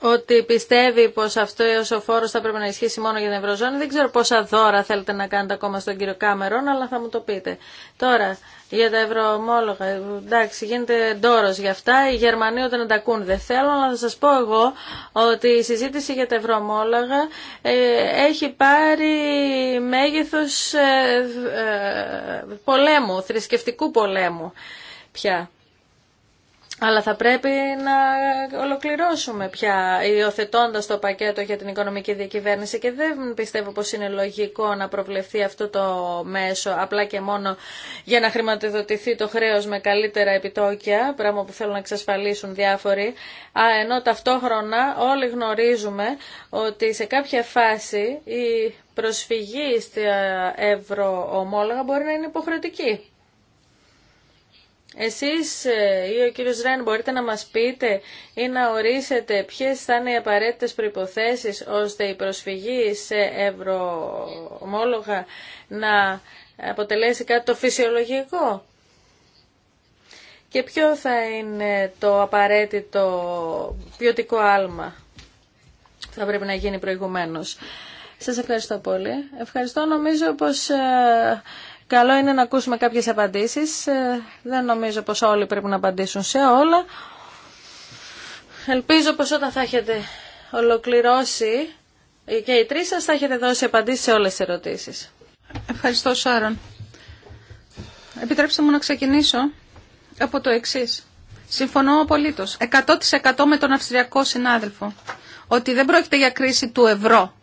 ότι πιστεύει πως αυτό ο φόρος θα πρέπει να ισχύσει μόνο για την Ευρωζώνη. Δεν ξέρω πόσα δώρα θέλετε να κάνετε ακόμα στον κύριο Κάμερον, αλλά θα μου το πείτε. Τώρα, για τα ευρωομόλογα, εντάξει, γίνεται ντόρο για αυτά. Οι Γερμανοί όταν τα ακούν δεν θέλω αλλά θα σα πω εγώ ότι η συζήτηση για τα ευρωομόλογα ε, έχει πάρει μέγεθο ε, ε, πολέμου, θρησκευτικού πολέμου πια. Αλλά θα πρέπει να ολοκληρώσουμε πια υιοθετώντα το πακέτο για την οικονομική διακυβέρνηση και δεν πιστεύω πως είναι λογικό να προβλεφθεί αυτό το μέσο απλά και μόνο για να χρηματοδοτηθεί το χρέος με καλύτερα επιτόκια, πράγμα που θέλουν να εξασφαλίσουν διάφοροι, ενώ ταυτόχρονα όλοι γνωρίζουμε ότι σε κάποια φάση η προσφυγή στα ευρωομόλογα μπορεί να είναι υποχρεωτική. Εσείς ε, ή ο κύριος Ρέν μπορείτε να μας πείτε ή να ορίσετε ποιες θα είναι οι απαραίτητες προϋποθέσεις ώστε η προσφυγή σε ευρωομόλογα να αποτελέσει κάτι το φυσιολογικό και ποιο θα είναι το απαραίτητο ποιοτικό άλμα που θα πρέπει να γίνει προηγουμένως. Σας ευχαριστώ πολύ. Ευχαριστώ. Νομίζω πως ε, Καλό είναι να ακούσουμε κάποιες απαντήσεις. Ε, δεν νομίζω πως όλοι πρέπει να απαντήσουν σε όλα. Ελπίζω πως όταν θα έχετε ολοκληρώσει ε, και οι τρεις σας θα έχετε δώσει απαντήσεις σε όλες τις ερωτήσεις. Ευχαριστώ Σάρων. Επιτρέψτε μου να ξεκινήσω από το εξή. Συμφωνώ απολύτως. 100% με τον Αυστριακό συνάδελφο ότι δεν πρόκειται για κρίση του ευρώ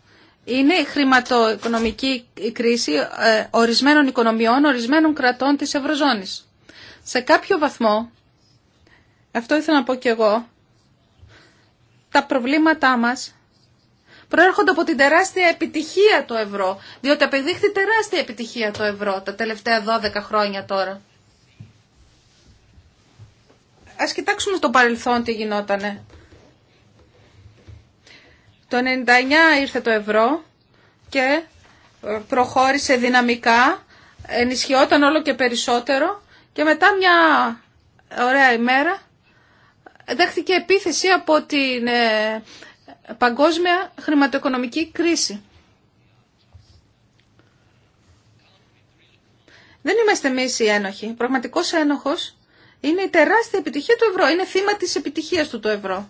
είναι η χρηματοοικονομική κρίση ε, ορισμένων οικονομιών, ορισμένων κρατών της Ευρωζώνης. Σε κάποιο βαθμό, αυτό ήθελα να πω και εγώ, τα προβλήματά μας προέρχονται από την τεράστια επιτυχία του ευρώ, διότι απεδείχθη τεράστια επιτυχία του ευρώ τα τελευταία 12 χρόνια τώρα. Ας κοιτάξουμε στο παρελθόν τι γινότανε. Το 99 ήρθε το ευρώ και προχώρησε δυναμικά, ενισχυόταν όλο και περισσότερο και μετά μια ωραία ημέρα δέχτηκε επίθεση από την ε, παγκόσμια χρηματοοικονομική κρίση. Δεν είμαστε εμεί οι ένοχοι. Ο πραγματικό ένοχο είναι η τεράστια επιτυχία του ευρώ. Είναι θύμα τη επιτυχία του το ευρώ.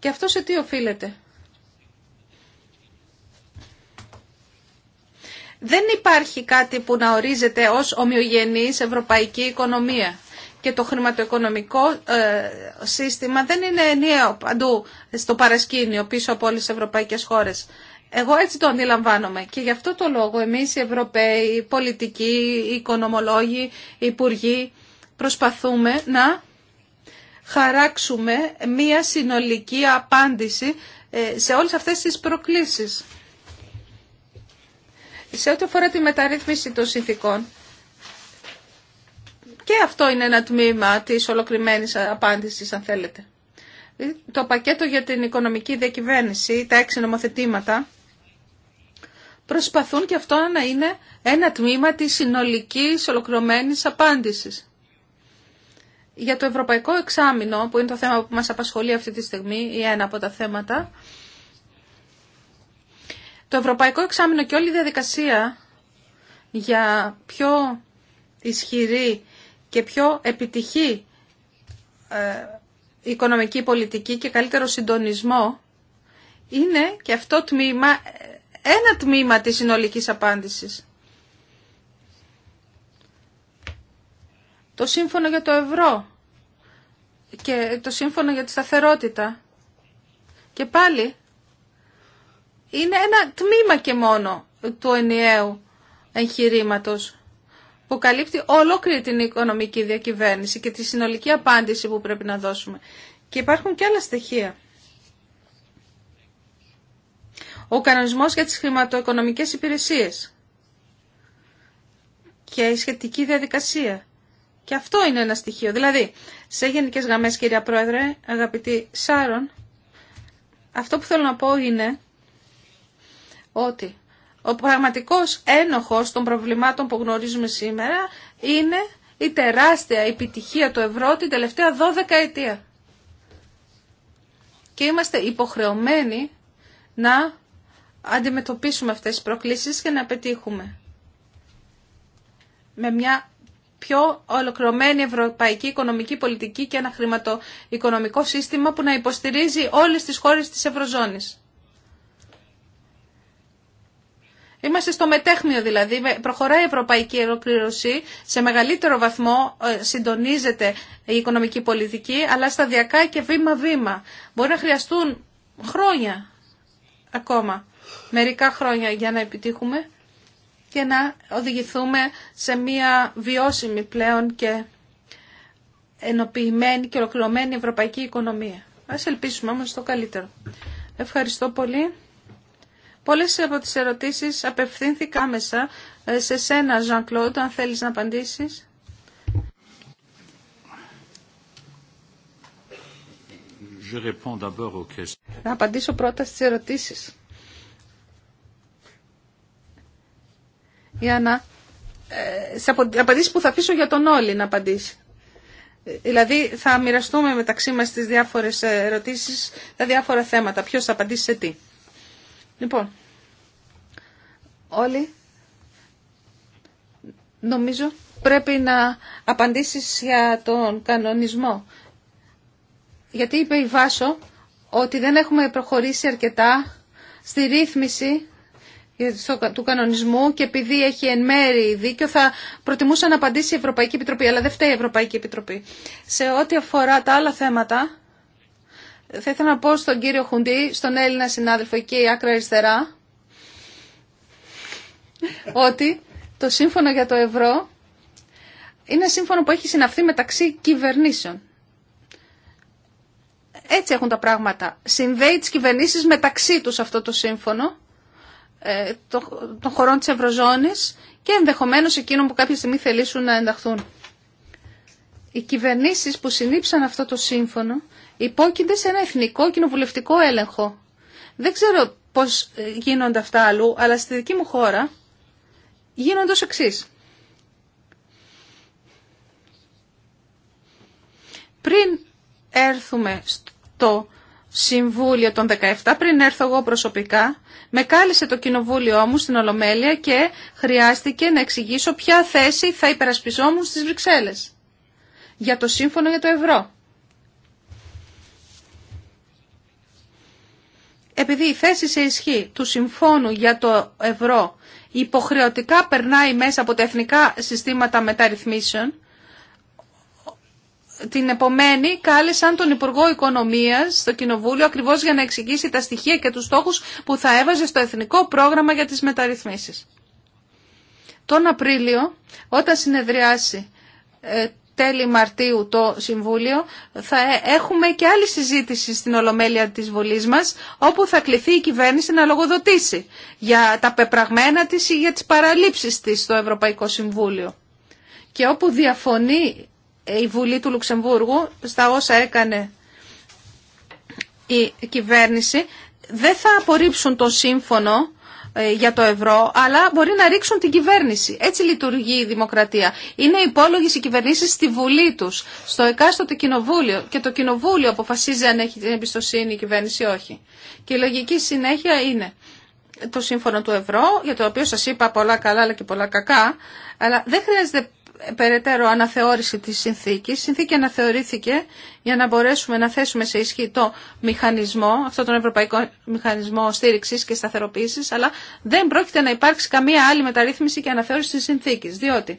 Και αυτό σε τι οφείλεται. Δεν υπάρχει κάτι που να ορίζεται ως ομοιογενής ευρωπαϊκή οικονομία. Και το χρηματοοικονομικό ε, σύστημα δεν είναι ενιαίο παντού στο παρασκήνιο πίσω από όλες τις ευρωπαϊκές χώρες. Εγώ έτσι το αντιλαμβάνομαι και γι' αυτό το λόγο εμείς οι Ευρωπαίοι, οι πολιτικοί, οι οικονομολόγοι, οι υπουργοί προσπαθούμε να χαράξουμε μία συνολική απάντηση ε, σε όλες αυτές τις προκλήσεις. Σε ό,τι αφορά τη μεταρρύθμιση των συνθήκων, και αυτό είναι ένα τμήμα της ολοκληρωμένης απάντησης, αν θέλετε. Το πακέτο για την οικονομική διακυβέρνηση, τα έξι νομοθετήματα, προσπαθούν και αυτό να είναι ένα τμήμα της συνολικής ολοκληρωμένης απάντησης για το ευρωπαϊκό εξάμεινο, που είναι το θέμα που μας απασχολεί αυτή τη στιγμή ή ένα από τα θέματα, το ευρωπαϊκό εξάμεινο και όλη η διαδικασία για πιο ισχυρή και πιο επιτυχή ε, οικονομική πολιτική και καλύτερο συντονισμό είναι και αυτό τμήμα, ένα τμήμα της συνολικής απάντησης. Το σύμφωνο για το ευρώ και το σύμφωνο για τη σταθερότητα. Και πάλι είναι ένα τμήμα και μόνο του ενιαίου εγχειρήματο που καλύπτει ολόκληρη την οικονομική διακυβέρνηση και τη συνολική απάντηση που πρέπει να δώσουμε. Και υπάρχουν και άλλα στοιχεία. Ο κανονισμός για τις χρηματοοικονομικές υπηρεσίες και η σχετική διαδικασία και αυτό είναι ένα στοιχείο. Δηλαδή, σε γενικές γραμμές, κυρία Πρόεδρε, αγαπητή Σάρων, αυτό που θέλω να πω είναι ότι ο πραγματικός ένοχος των προβλημάτων που γνωρίζουμε σήμερα είναι η τεράστια επιτυχία του ευρώ την τελευταία 12 ετία. Και είμαστε υποχρεωμένοι να αντιμετωπίσουμε αυτές τις προκλήσεις και να πετύχουμε. Με μια πιο ολοκληρωμένη ευρωπαϊκή οικονομική πολιτική και ένα χρηματοοικονομικό σύστημα που να υποστηρίζει όλες τις χώρες της Ευρωζώνης. Είμαστε στο μετέχνιο δηλαδή. Προχωράει η ευρωπαϊκή ολοκλήρωση. Σε μεγαλύτερο βαθμό ε, συντονίζεται η οικονομική πολιτική, αλλά σταδιακά και βήμα-βήμα. Μπορεί να χρειαστούν χρόνια ακόμα, μερικά χρόνια για να επιτύχουμε και να οδηγηθούμε σε μια βιώσιμη πλέον και ενοποιημένη και ολοκληρωμένη ευρωπαϊκή οικονομία. Ας ελπίσουμε όμως το καλύτερο. Ευχαριστώ πολύ. Πολλές από τις ερωτήσεις απευθύνθηκα άμεσα ε, σε σένα, Ζαν Κλόντ, αν θέλεις να απαντήσεις. Να απαντήσω πρώτα στις ερωτήσεις. για να ε, που θα αφήσω για τον Όλη να απαντήσει. Δηλαδή θα μοιραστούμε μεταξύ μας τις διάφορες ερωτήσεις, τα διάφορα θέματα, ποιος θα απαντήσει σε τι. Λοιπόν, Όλοι, νομίζω πρέπει να απαντήσεις για τον κανονισμό. Γιατί είπε η Βάσο ότι δεν έχουμε προχωρήσει αρκετά στη ρύθμιση του κανονισμού και επειδή έχει εν μέρη δίκιο θα προτιμούσα να απαντήσει η Ευρωπαϊκή Επιτροπή, αλλά δεν φταίει η Ευρωπαϊκή Επιτροπή. Σε ό,τι αφορά τα άλλα θέματα, θα ήθελα να πω στον κύριο Χουντή, στον Έλληνα συνάδελφο εκεί, η άκρα αριστερά, ότι το σύμφωνο για το ευρώ είναι σύμφωνο που έχει συναυθεί μεταξύ κυβερνήσεων. Έτσι έχουν τα πράγματα. Συνδέει τις κυβερνήσεις μεταξύ τους αυτό το σύμφωνο ε, των χωρών της Ευρωζώνης και ενδεχομένως εκείνων που κάποια στιγμή θελήσουν να ενταχθούν. Οι κυβερνήσεις που συνήψαν αυτό το σύμφωνο υπόκεινται σε ένα εθνικό κοινοβουλευτικό έλεγχο. Δεν ξέρω πώς ε, γίνονται αυτά αλλού, αλλά στη δική μου χώρα γίνονται ως εξής. Πριν έρθουμε στο Συμβούλιο των 17, πριν έρθω εγώ προσωπικά, με κάλεσε το κοινοβούλιο μου στην Ολομέλεια και χρειάστηκε να εξηγήσω ποια θέση θα υπερασπιζόμουν στις Βρυξέλλες για το σύμφωνο για το ευρώ. Επειδή η θέση σε ισχύ του συμφώνου για το ευρώ υποχρεωτικά περνάει μέσα από τα εθνικά συστήματα μεταρρυθμίσεων, την επομένη κάλεσαν τον Υπουργό Οικονομίας στο Κοινοβούλιο ακριβώς για να εξηγήσει τα στοιχεία και τους στόχους που θα έβαζε στο Εθνικό Πρόγραμμα για τις Μεταρρυθμίσεις. Τον Απρίλιο, όταν συνεδριάσει ε, τέλη Μαρτίου το Συμβούλιο, θα ε, έχουμε και άλλη συζήτηση στην Ολομέλεια της Βουλής μας, όπου θα κληθεί η κυβέρνηση να λογοδοτήσει για τα πεπραγμένα της ή για τις παραλήψεις της στο Ευρωπαϊκό Συμβούλιο. Και όπου διαφωνεί η Βουλή του Λουξεμβούργου στα όσα έκανε η κυβέρνηση δεν θα απορρίψουν το σύμφωνο ε, για το ευρώ, αλλά μπορεί να ρίξουν την κυβέρνηση. Έτσι λειτουργεί η δημοκρατία. Είναι υπόλογε οι κυβερνήσει στη Βουλή του, στο εκάστοτε κοινοβούλιο. Και το κοινοβούλιο αποφασίζει αν έχει την εμπιστοσύνη η κυβέρνηση ή όχι. Και η λογική συνέχεια είναι το σύμφωνο του ευρώ, για το οποίο σα είπα πολλά καλά αλλά και πολλά κακά, αλλά δεν χρειάζεται περαιτέρω αναθεώρηση της συνθήκης. Η συνθήκη αναθεωρήθηκε για να μπορέσουμε να θέσουμε σε ισχύ το μηχανισμό, αυτό τον Ευρωπαϊκό Μηχανισμό Στήριξης και Σταθεροποίησης, αλλά δεν πρόκειται να υπάρξει καμία άλλη μεταρρύθμιση και αναθεώρηση της συνθήκης, διότι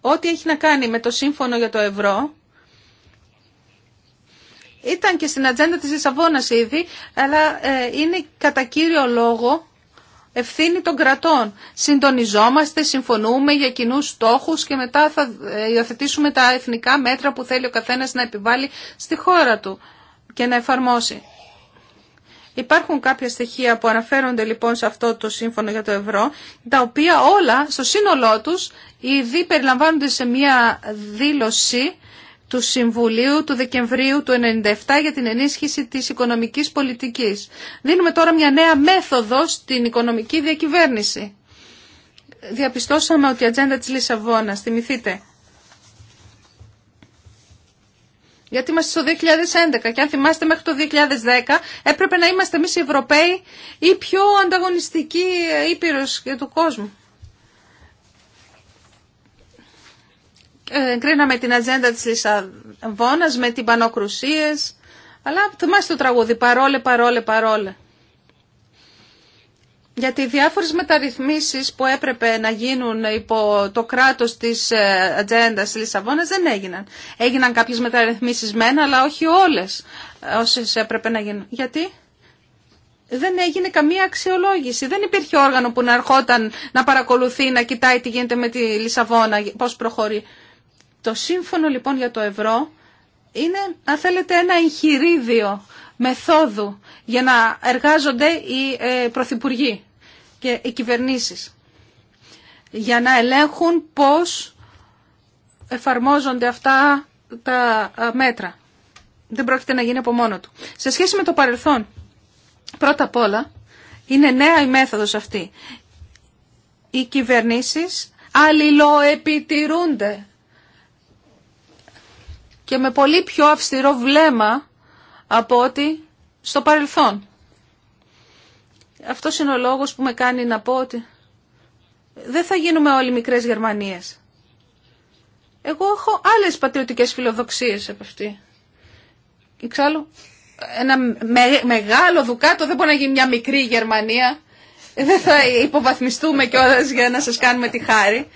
ό,τι έχει να κάνει με το σύμφωνο για το ευρώ, ήταν και στην ατζέντα της Λισαβόνας ήδη, αλλά ε, είναι κατά κύριο λόγο ευθύνη των κρατών. Συντονιζόμαστε, συμφωνούμε για κοινού στόχους και μετά θα ε, υιοθετήσουμε τα εθνικά μέτρα που θέλει ο καθένας να επιβάλλει στη χώρα του και να εφαρμόσει. Υπάρχουν κάποια στοιχεία που αναφέρονται λοιπόν σε αυτό το σύμφωνο για το ευρώ, τα οποία όλα στο σύνολό τους ήδη περιλαμβάνονται σε μια δήλωση του Συμβουλίου του Δεκεμβρίου του 1997 για την ενίσχυση της οικονομικής πολιτικής. Δίνουμε τώρα μια νέα μέθοδο στην οικονομική διακυβέρνηση. Διαπιστώσαμε ότι η ατζέντα της Λισαβόνας, θυμηθείτε, γιατί είμαστε στο 2011 και αν θυμάστε μέχρι το 2010 έπρεπε να είμαστε εμείς οι Ευρωπαίοι ή πιο ανταγωνιστική ε, ήπειρος του κόσμου. Εγκρίναμε την ατζέντα της Λισαβόνας με την Πανοκρουσίες. Αλλά θυμάστε το τραγούδι «Παρόλε, παρόλε, παρόλε». Γιατί οι διάφορες μεταρρυθμίσεις που έπρεπε να γίνουν υπό το κράτος της ε, ατζέντα της Λισαβόνας δεν έγιναν. Έγιναν κάποιες μεταρρυθμίσεις μένα, αλλά όχι όλες όσες έπρεπε να γίνουν. Γιατί δεν έγινε καμία αξιολόγηση. Δεν υπήρχε όργανο που να ερχόταν να παρακολουθεί, να κοιτάει τι γίνεται με τη Λισαβόνα, πώς προχωρεί. Το σύμφωνο λοιπόν για το ευρώ είναι, αν θέλετε, ένα εγχειρίδιο μεθόδου για να εργάζονται οι ε, πρωθυπουργοί και οι κυβερνήσεις για να ελέγχουν πώς εφαρμόζονται αυτά τα ε, μέτρα. Δεν πρόκειται να γίνει από μόνο του. Σε σχέση με το παρελθόν, πρώτα απ' όλα, είναι νέα η μέθοδος αυτή. Οι κυβερνήσεις αλληλοεπιτηρούνται και με πολύ πιο αυστηρό βλέμμα από ό,τι στο παρελθόν. αυτός είναι ο λόγος που με κάνει να πω ότι δεν θα γίνουμε όλοι μικρές Γερμανίες. Εγώ έχω άλλες πατριωτικές φιλοδοξίες από αυτή. Εξάλλου, ένα μεγάλο δουκάτο δεν μπορεί να γίνει μια μικρή Γερμανία. Δεν θα υποβαθμιστούμε κιόλα για να σας κάνουμε τη χάρη.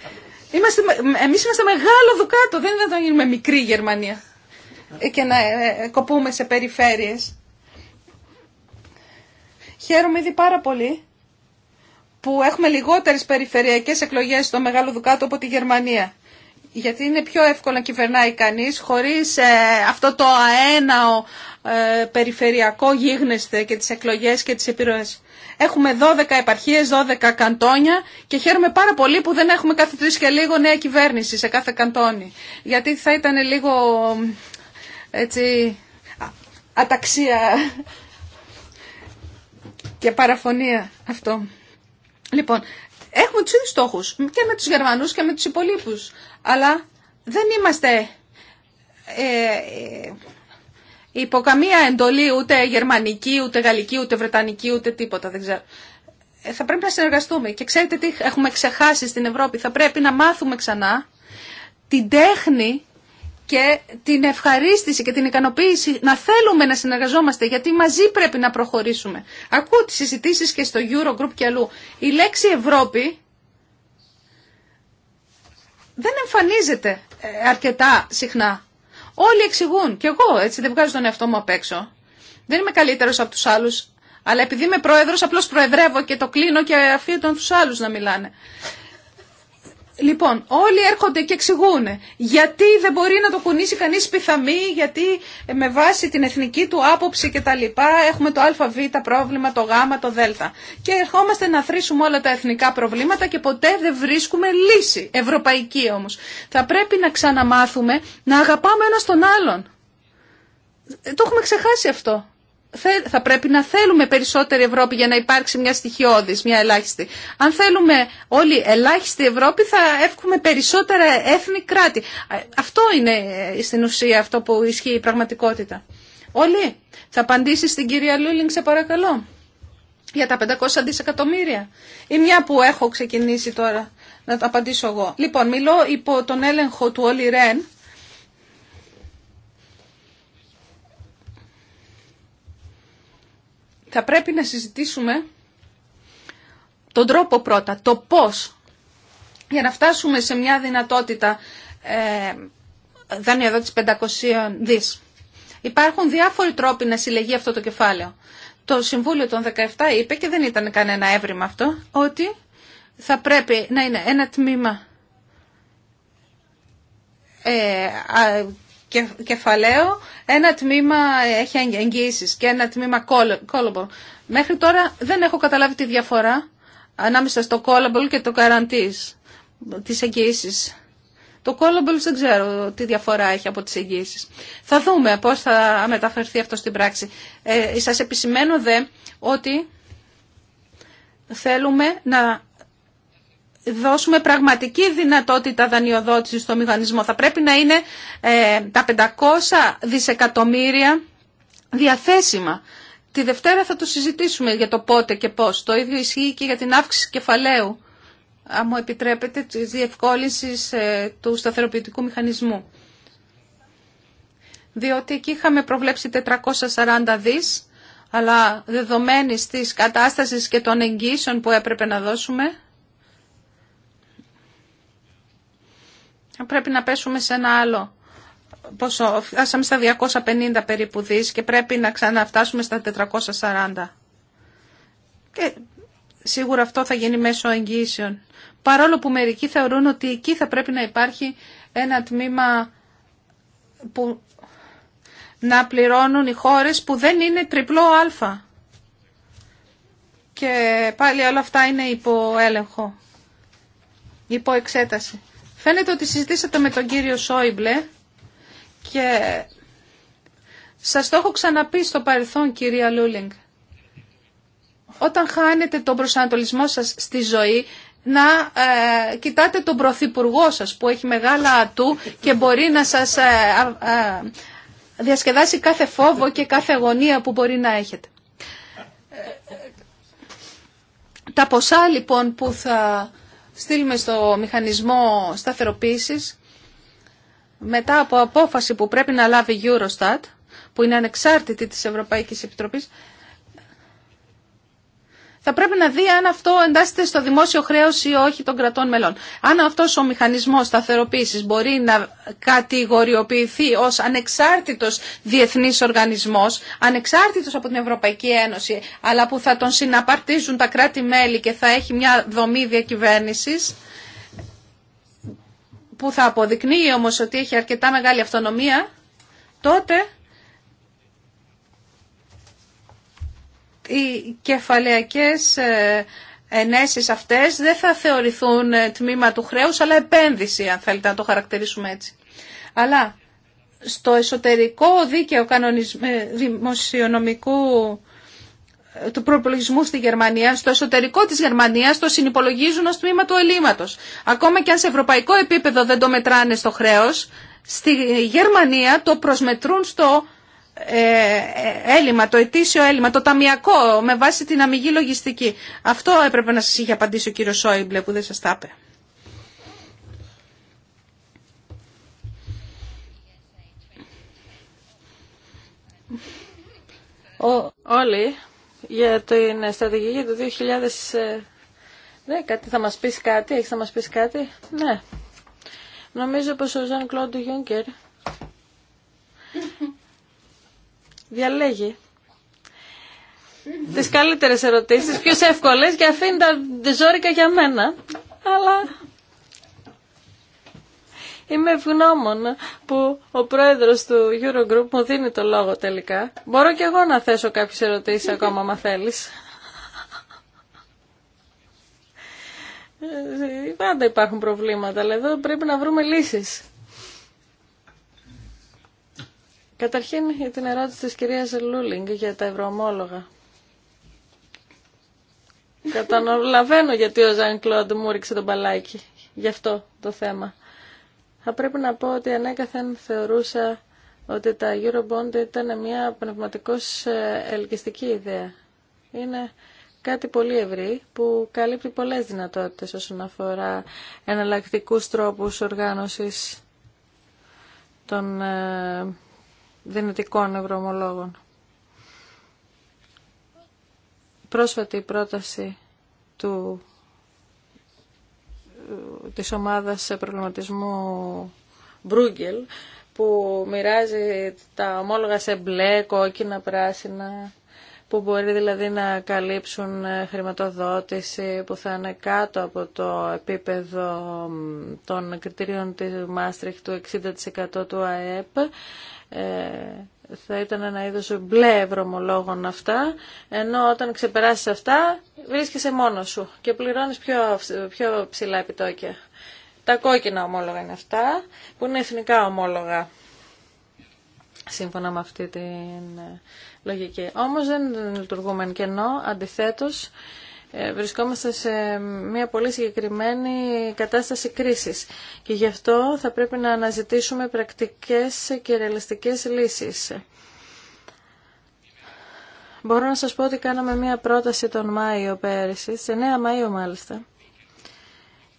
Είμαστε, εμείς είμαστε μεγάλο δουκάτο, δεν θα γίνουμε μικρή Γερμανία και να ε, ε, κοπούμε σε περιφέρειες. Χαίρομαι ήδη πάρα πολύ που έχουμε λιγότερες περιφερειακές εκλογές στο Μεγάλο Δουκάτο από τη Γερμανία. Γιατί είναι πιο εύκολο να κυβερνάει κανείς χωρίς ε, αυτό το αέναο ε, περιφερειακό γίγνεσθε και τις εκλογές και τις επιρροές. Έχουμε 12 επαρχίες, 12 καντόνια και χαίρομαι πάρα πολύ που δεν έχουμε κάθε τρεις και λίγο νέα κυβέρνηση σε κάθε καντόνι. Γιατί θα ήταν λίγο έτσι αταξία και παραφωνία αυτό. Λοιπόν, έχουμε τους ίδιους στόχους και με τους Γερμανούς και με τους υπολείπους, αλλά δεν είμαστε ε, ε υπό καμία εντολή ούτε γερμανική, ούτε γαλλική, ούτε βρετανική, ούτε τίποτα, δεν ξέρω. Ε, θα πρέπει να συνεργαστούμε και ξέρετε τι έχουμε ξεχάσει στην Ευρώπη. Θα πρέπει να μάθουμε ξανά την τέχνη και την ευχαρίστηση και την ικανοποίηση να θέλουμε να συνεργαζόμαστε γιατί μαζί πρέπει να προχωρήσουμε. Ακούω τις συζητήσεις και στο Eurogroup και αλλού. Η λέξη Ευρώπη δεν εμφανίζεται ε, αρκετά συχνά. Όλοι εξηγούν και εγώ έτσι δεν βγάζω τον εαυτό μου απ' έξω. Δεν είμαι καλύτερος από τους άλλους αλλά επειδή είμαι πρόεδρος απλώς προεδρεύω και το κλείνω και αφήνω τους άλλους να μιλάνε. Λοιπόν, όλοι έρχονται και εξηγούν γιατί δεν μπορεί να το κουνήσει κανείς πιθαμή, γιατί με βάση την εθνική του άποψη και τα λοιπά έχουμε το αβ πρόβλημα, το γ, το δ. Και ερχόμαστε να θρήσουμε όλα τα εθνικά προβλήματα και ποτέ δεν βρίσκουμε λύση, ευρωπαϊκή όμως. Θα πρέπει να ξαναμάθουμε να αγαπάμε ένα τον άλλον. Ε, το έχουμε ξεχάσει αυτό θα πρέπει να θέλουμε περισσότερη Ευρώπη για να υπάρξει μια στοιχειώδης, μια ελάχιστη. Αν θέλουμε όλη ελάχιστη Ευρώπη θα εύχομαι περισσότερα έθνη κράτη. Ε, αυτό είναι ε, στην ουσία αυτό που ισχύει η πραγματικότητα. Όλοι, θα απαντήσεις στην κυρία Λούλινγκ σε παρακαλώ για τα 500 δισεκατομμύρια ή μια που έχω ξεκινήσει τώρα να τα απαντήσω εγώ. Λοιπόν, μιλώ υπό τον έλεγχο του Όλη Ρεν θα πρέπει να συζητήσουμε τον τρόπο πρώτα, το πώς, για να φτάσουμε σε μια δυνατότητα ε, δάνεια εδώ της 500 δις. Υπάρχουν διάφοροι τρόποι να συλλεγεί αυτό το κεφάλαιο. Το Συμβούλιο των 17 είπε, και δεν ήταν κανένα έβριμα αυτό, ότι θα πρέπει να είναι ένα τμήμα ε, κεφαλαίο, ένα τμήμα έχει εγγύησεις και ένα τμήμα callable. Μέχρι τώρα δεν έχω καταλάβει τη διαφορά ανάμεσα στο callable και το guarantees, τις εγγύησεις. Το callable δεν ξέρω τι διαφορά έχει από τις εγγύησεις. Θα δούμε πώς θα μεταφερθεί αυτό στην πράξη. Ε, σας επισημαίνω δε ότι θέλουμε να δώσουμε πραγματική δυνατότητα δανειοδότησης στο μηχανισμό. Θα πρέπει να είναι ε, τα 500 δισεκατομμύρια διαθέσιμα. Τη Δευτέρα θα το συζητήσουμε για το πότε και πώς. Το ίδιο ισχύει και για την αύξηση κεφαλαίου, αν μου επιτρέπετε, της διευκόλυνσης ε, του σταθεροποιητικού μηχανισμού. Διότι εκεί είχαμε προβλέψει 440 δις, αλλά δεδομένης της κατάστασης και των εγγύσεων που έπρεπε να δώσουμε, πρέπει να πέσουμε σε ένα άλλο πόσο, φτάσαμε στα 250 περίπου δις και πρέπει να ξαναφτάσουμε στα 440. Και σίγουρα αυτό θα γίνει μέσω εγγύησεων. Παρόλο που μερικοί θεωρούν ότι εκεί θα πρέπει να υπάρχει ένα τμήμα που να πληρώνουν οι χώρες που δεν είναι τριπλό α. Και πάλι όλα αυτά είναι υπό έλεγχο, υπό εξέταση. Φαίνεται ότι συζητήσατε με τον κύριο Σόιμπλε και σας το έχω ξαναπεί στο παρελθόν κυρία Λούλινγκ. Όταν χάνετε τον προσανατολισμό σας στη ζωή, να ε, κοιτάτε τον Πρωθυπουργό σας που έχει μεγάλα ατού και μπορεί να σας ε, διασκεδάσει κάθε φόβο και κάθε αγωνία που μπορεί να έχετε. Τα ποσά λοιπόν που θα στείλουμε στο μηχανισμό σταθεροποίησης μετά από απόφαση που πρέπει να λάβει Eurostat, που είναι ανεξάρτητη της Ευρωπαϊκής Επιτροπής, θα πρέπει να δει αν αυτό εντάσσεται στο δημόσιο χρέο ή όχι των κρατών μελών. Αν αυτό ο μηχανισμός σταθεροποίηση μπορεί να κατηγοριοποιηθεί ως ανεξάρτητος διεθνής οργανισμός, ανεξάρτητος από την Ευρωπαϊκή Ένωση, αλλά που θα τον συναπαρτίζουν τα κράτη-μέλη και θα έχει μια δομή διακυβέρνηση, που θα αποδεικνύει όμως ότι έχει αρκετά μεγάλη αυτονομία, τότε οι κεφαλαιακές ε, ενέσεις αυτές δεν θα θεωρηθούν ε, τμήμα του χρέους, αλλά επένδυση, αν θέλετε να το χαρακτηρίσουμε έτσι. Αλλά στο εσωτερικό δίκαιο ε, δημοσιονομικού του προπολογισμού στη Γερμανία, στο εσωτερικό της Γερμανίας το συνυπολογίζουν ως τμήμα του ελλείμματος. Ακόμα και αν σε ευρωπαϊκό επίπεδο δεν το μετράνε στο χρέος, στη Γερμανία το προσμετρούν στο ε, ε, έλλειμμα, το ετήσιο έλλειμμα, το ταμιακό με βάση την αμυγή λογιστική. Αυτό έπρεπε να σας είχε απαντήσει ο κύριος Σόιμπλε που δεν σας τα είπε. Όλοι για την στρατηγική για το 2010 θα μας πεις κάτι, έχεις να μας πεις κάτι. Ναι. Νομίζω πως ο Ζαν Κλοντ Γιούγκερ διαλέγει τις καλύτερες ερωτήσεις, πιο εύκολες και αφήνει τα ζώρικα για μένα. Αλλά είμαι ευγνώμων που ο πρόεδρος του Eurogroup μου δίνει το λόγο τελικά. Μπορώ κι εγώ να θέσω κάποιες ερωτήσεις ακόμα, μα θέλεις. Ε, πάντα υπάρχουν προβλήματα, αλλά εδώ πρέπει να βρούμε λύσεις. Καταρχήν για την ερώτηση της κυρίας Λούλινγκ για τα ευρωομόλογα. Καταλαβαίνω γιατί ο Ζαν Κλόντ μου ρίξε τον μπαλάκι γι' αυτό το θέμα. Θα πρέπει να πω ότι ανέκαθεν θεωρούσα ότι τα Eurobond ήταν μια πνευματικώς ε, ελκυστική ιδέα. Είναι κάτι πολύ ευρύ που καλύπτει πολλές δυνατότητες όσον αφορά εναλλακτικούς τρόπους οργάνωσης των ε, δυνητικών ευρωομολόγων. Πρόσφατη πρόταση του, της ομάδας προβληματισμού Μπρούγκελ που μοιράζει τα ομόλογα σε μπλε, κόκκινα, πράσινα που μπορεί δηλαδή να καλύψουν ε, χρηματοδότηση που θα είναι κάτω από το επίπεδο των κριτήριων της Μάστριχ του 60% του ΑΕΠ ε, θα ήταν ένα είδος μπλε ευρωμολόγων αυτά, ενώ όταν ξεπεράσει αυτά βρίσκεσαι μόνος σου και πληρώνεις πιο, πιο ψηλά επιτόκια. Τα κόκκινα ομόλογα είναι αυτά, που είναι εθνικά ομόλογα, σύμφωνα με αυτή την ε, λογική. Όμως δεν λειτουργούμε εν κενό, αντιθέτως ε, βρισκόμαστε σε μια πολύ συγκεκριμένη κατάσταση κρίσης και γι' αυτό θα πρέπει να αναζητήσουμε πρακτικές και ρεαλιστικές λύσεις. Μπορώ να σας πω ότι κάναμε μια πρόταση τον Μάιο πέρυσι, σε 9 Μαΐου μάλιστα,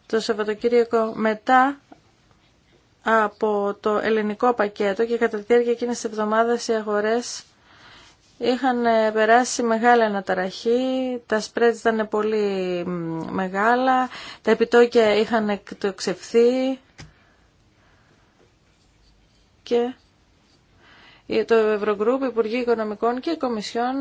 το Σαββατοκύριακο μετά από το ελληνικό πακέτο και κατά τη διάρκεια εκείνης της εβδομάδας οι αγορές Είχαν ε, περάσει μεγάλη αναταραχή, τα σπρέτ ήταν πολύ μεγάλα, τα επιτόκια είχαν εκτοξευθεί και το Ευρωγκρούπ, Υπουργοί Οικονομικών και Κομισιόν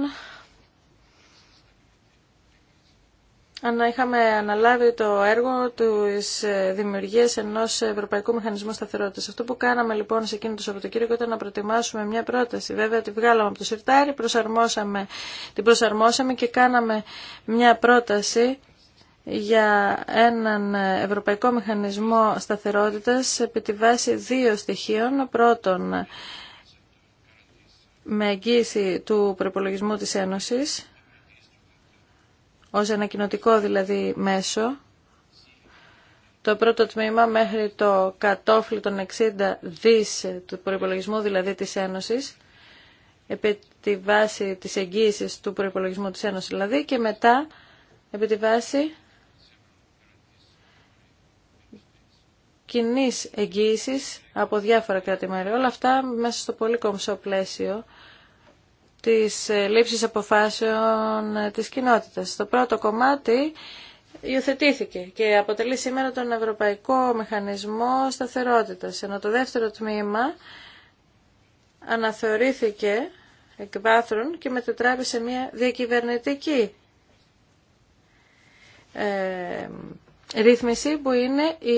αν είχαμε αναλάβει το έργο της ε, δημιουργίας ενός Ευρωπαϊκού Μηχανισμού Σταθερότητας. Αυτό που κάναμε λοιπόν σε εκείνο το Σαββατοκύριακο ήταν να προετοιμάσουμε μια πρόταση. Βέβαια τη βγάλαμε από το σιρτάρι, προσαρμόσαμε, την προσαρμόσαμε και κάναμε μια πρόταση για έναν Ευρωπαϊκό Μηχανισμό Σταθερότητας επί τη βάση δύο στοιχείων. Πρώτον, με εγγύηση του προπολογισμού της Ένωσης, ως ένα κοινοτικό δηλαδή μέσο, το πρώτο τμήμα μέχρι το κατόφλι των 60 δις του προϋπολογισμού δηλαδή της Ένωσης, επί τη βάση της εγγύησης του προϋπολογισμού της Ένωσης δηλαδή και μετά επί τη βάση κοινή εγγύησης από διάφορα κράτη-μέρη. Όλα αυτά μέσα στο πολύ κομψό πλαίσιο της ε, λήψης αποφάσεων ε, της κοινότητας. Το πρώτο κομμάτι υιοθετήθηκε και αποτελεί σήμερα τον Ευρωπαϊκό Μηχανισμό Σταθερότητας. Ενώ το δεύτερο τμήμα αναθεωρήθηκε εκ βάθρων και μετετράπη σε μια διακυβερνητική ε, ρύθμιση που είναι η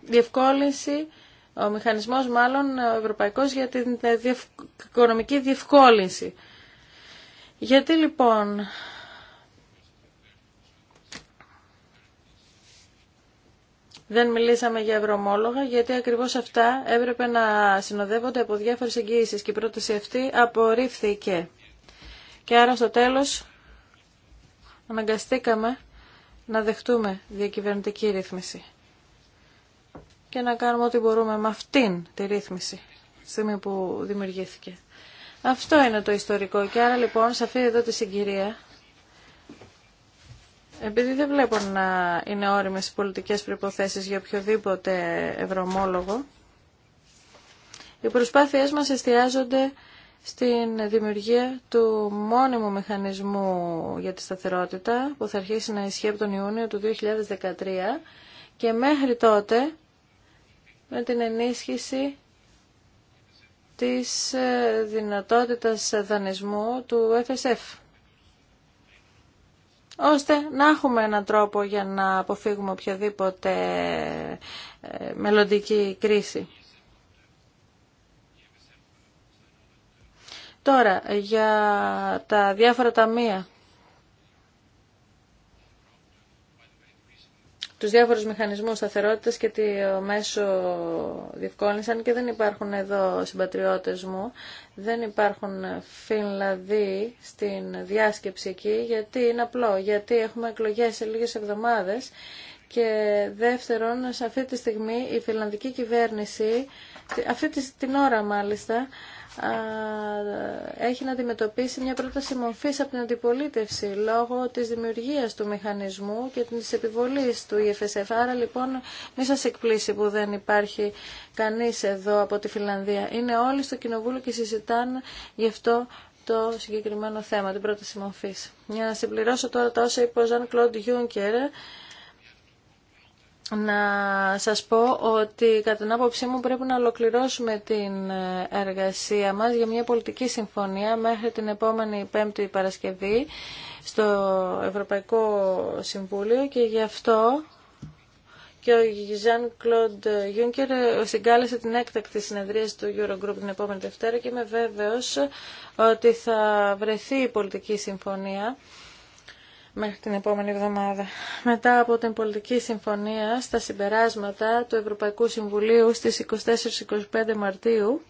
διευκόλυνση ο μηχανισμός μάλλον ο ευρωπαϊκός για την ε, οικονομική διευκόλυνση. Γιατί λοιπόν δεν μιλήσαμε για ευρωομόλογα, γιατί ακριβώς αυτά έπρεπε να συνοδεύονται από διάφορες εγγύησεις και η πρόταση αυτή απορρίφθηκε. Και άρα στο τέλος αναγκαστήκαμε να δεχτούμε διακυβερνητική ρύθμιση και να κάνουμε ό,τι μπορούμε με αυτήν τη ρύθμιση στιγμή που δημιουργήθηκε. Αυτό είναι το ιστορικό και άρα λοιπόν σε αυτή εδώ τη συγκυρία επειδή δεν βλέπω να είναι όριμες οι πολιτικές προϋποθέσεις για οποιοδήποτε ευρωμόλογο, οι προσπάθειές μας εστιάζονται στην δημιουργία του μόνιμου μηχανισμού για τη σταθερότητα που θα αρχίσει να ισχύει από τον Ιούνιο του 2013 και μέχρι τότε με την ενίσχυση της ε, δυνατότητας δανεισμού του FSF ώστε να έχουμε έναν τρόπο για να αποφύγουμε οποιαδήποτε ε, μελλοντική κρίση. Τώρα, για τα διάφορα ταμεία τους διάφορους μηχανισμούς σταθερότητα, και τη ε, μέσο διευκόλυνσαν και δεν υπάρχουν εδώ συμπατριώτες μου, δεν υπάρχουν Φινλαδοί στην διάσκεψη εκεί, γιατί είναι απλό, γιατί έχουμε εκλογές σε λίγες εβδομάδες και δεύτερον, σε αυτή τη στιγμή η φιλανδική κυβέρνηση αυτή την ώρα μάλιστα έχει να αντιμετωπίσει μια πρόταση μορφής από την αντιπολίτευση λόγω της δημιουργίας του μηχανισμού και της επιβολής του EFSF. Άρα λοιπόν μη σας εκπλήσει που δεν υπάρχει κανείς εδώ από τη Φιλανδία. Είναι όλοι στο Κοινοβούλιο και συζητάνε γι' αυτό το συγκεκριμένο θέμα, την πρόταση μορφής. Για να συμπληρώσω τώρα τα όσα είπε ο Ζαν Κλοντ Γιούνκερ, να σας πω ότι κατά την άποψή μου πρέπει να ολοκληρώσουμε την εργασία μας για μια πολιτική συμφωνία μέχρι την επόμενη Πέμπτη Παρασκευή στο Ευρωπαϊκό Συμβούλιο και γι' αυτό και ο Ζαν Κλοντ Γιούνκερ συγκάλεσε την έκτακτη συνεδρία του Eurogroup την επόμενη Δευτέρα και είμαι βέβαιος ότι θα βρεθεί η πολιτική συμφωνία μέχρι την επόμενη εβδομάδα. Μετά από την πολιτική συμφωνία στα συμπεράσματα του Ευρωπαϊκού Συμβουλίου στις 24-25 Μαρτίου,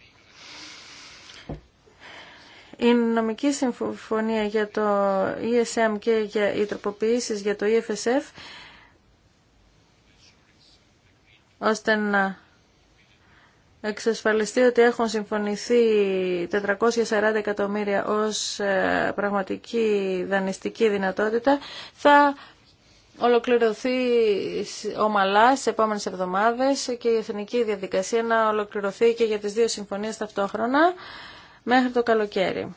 η νομική συμφωνία για το ESM και για οι τροποποιήσεις για το EFSF, ώστε να εξασφαλιστεί ότι έχουν συμφωνηθεί 440 εκατομμύρια ως ε, πραγματική δανειστική δυνατότητα, θα ολοκληρωθεί ομαλά στις επόμενες εβδομάδες και η εθνική διαδικασία να ολοκληρωθεί και για τις δύο συμφωνίες ταυτόχρονα μέχρι το καλοκαίρι.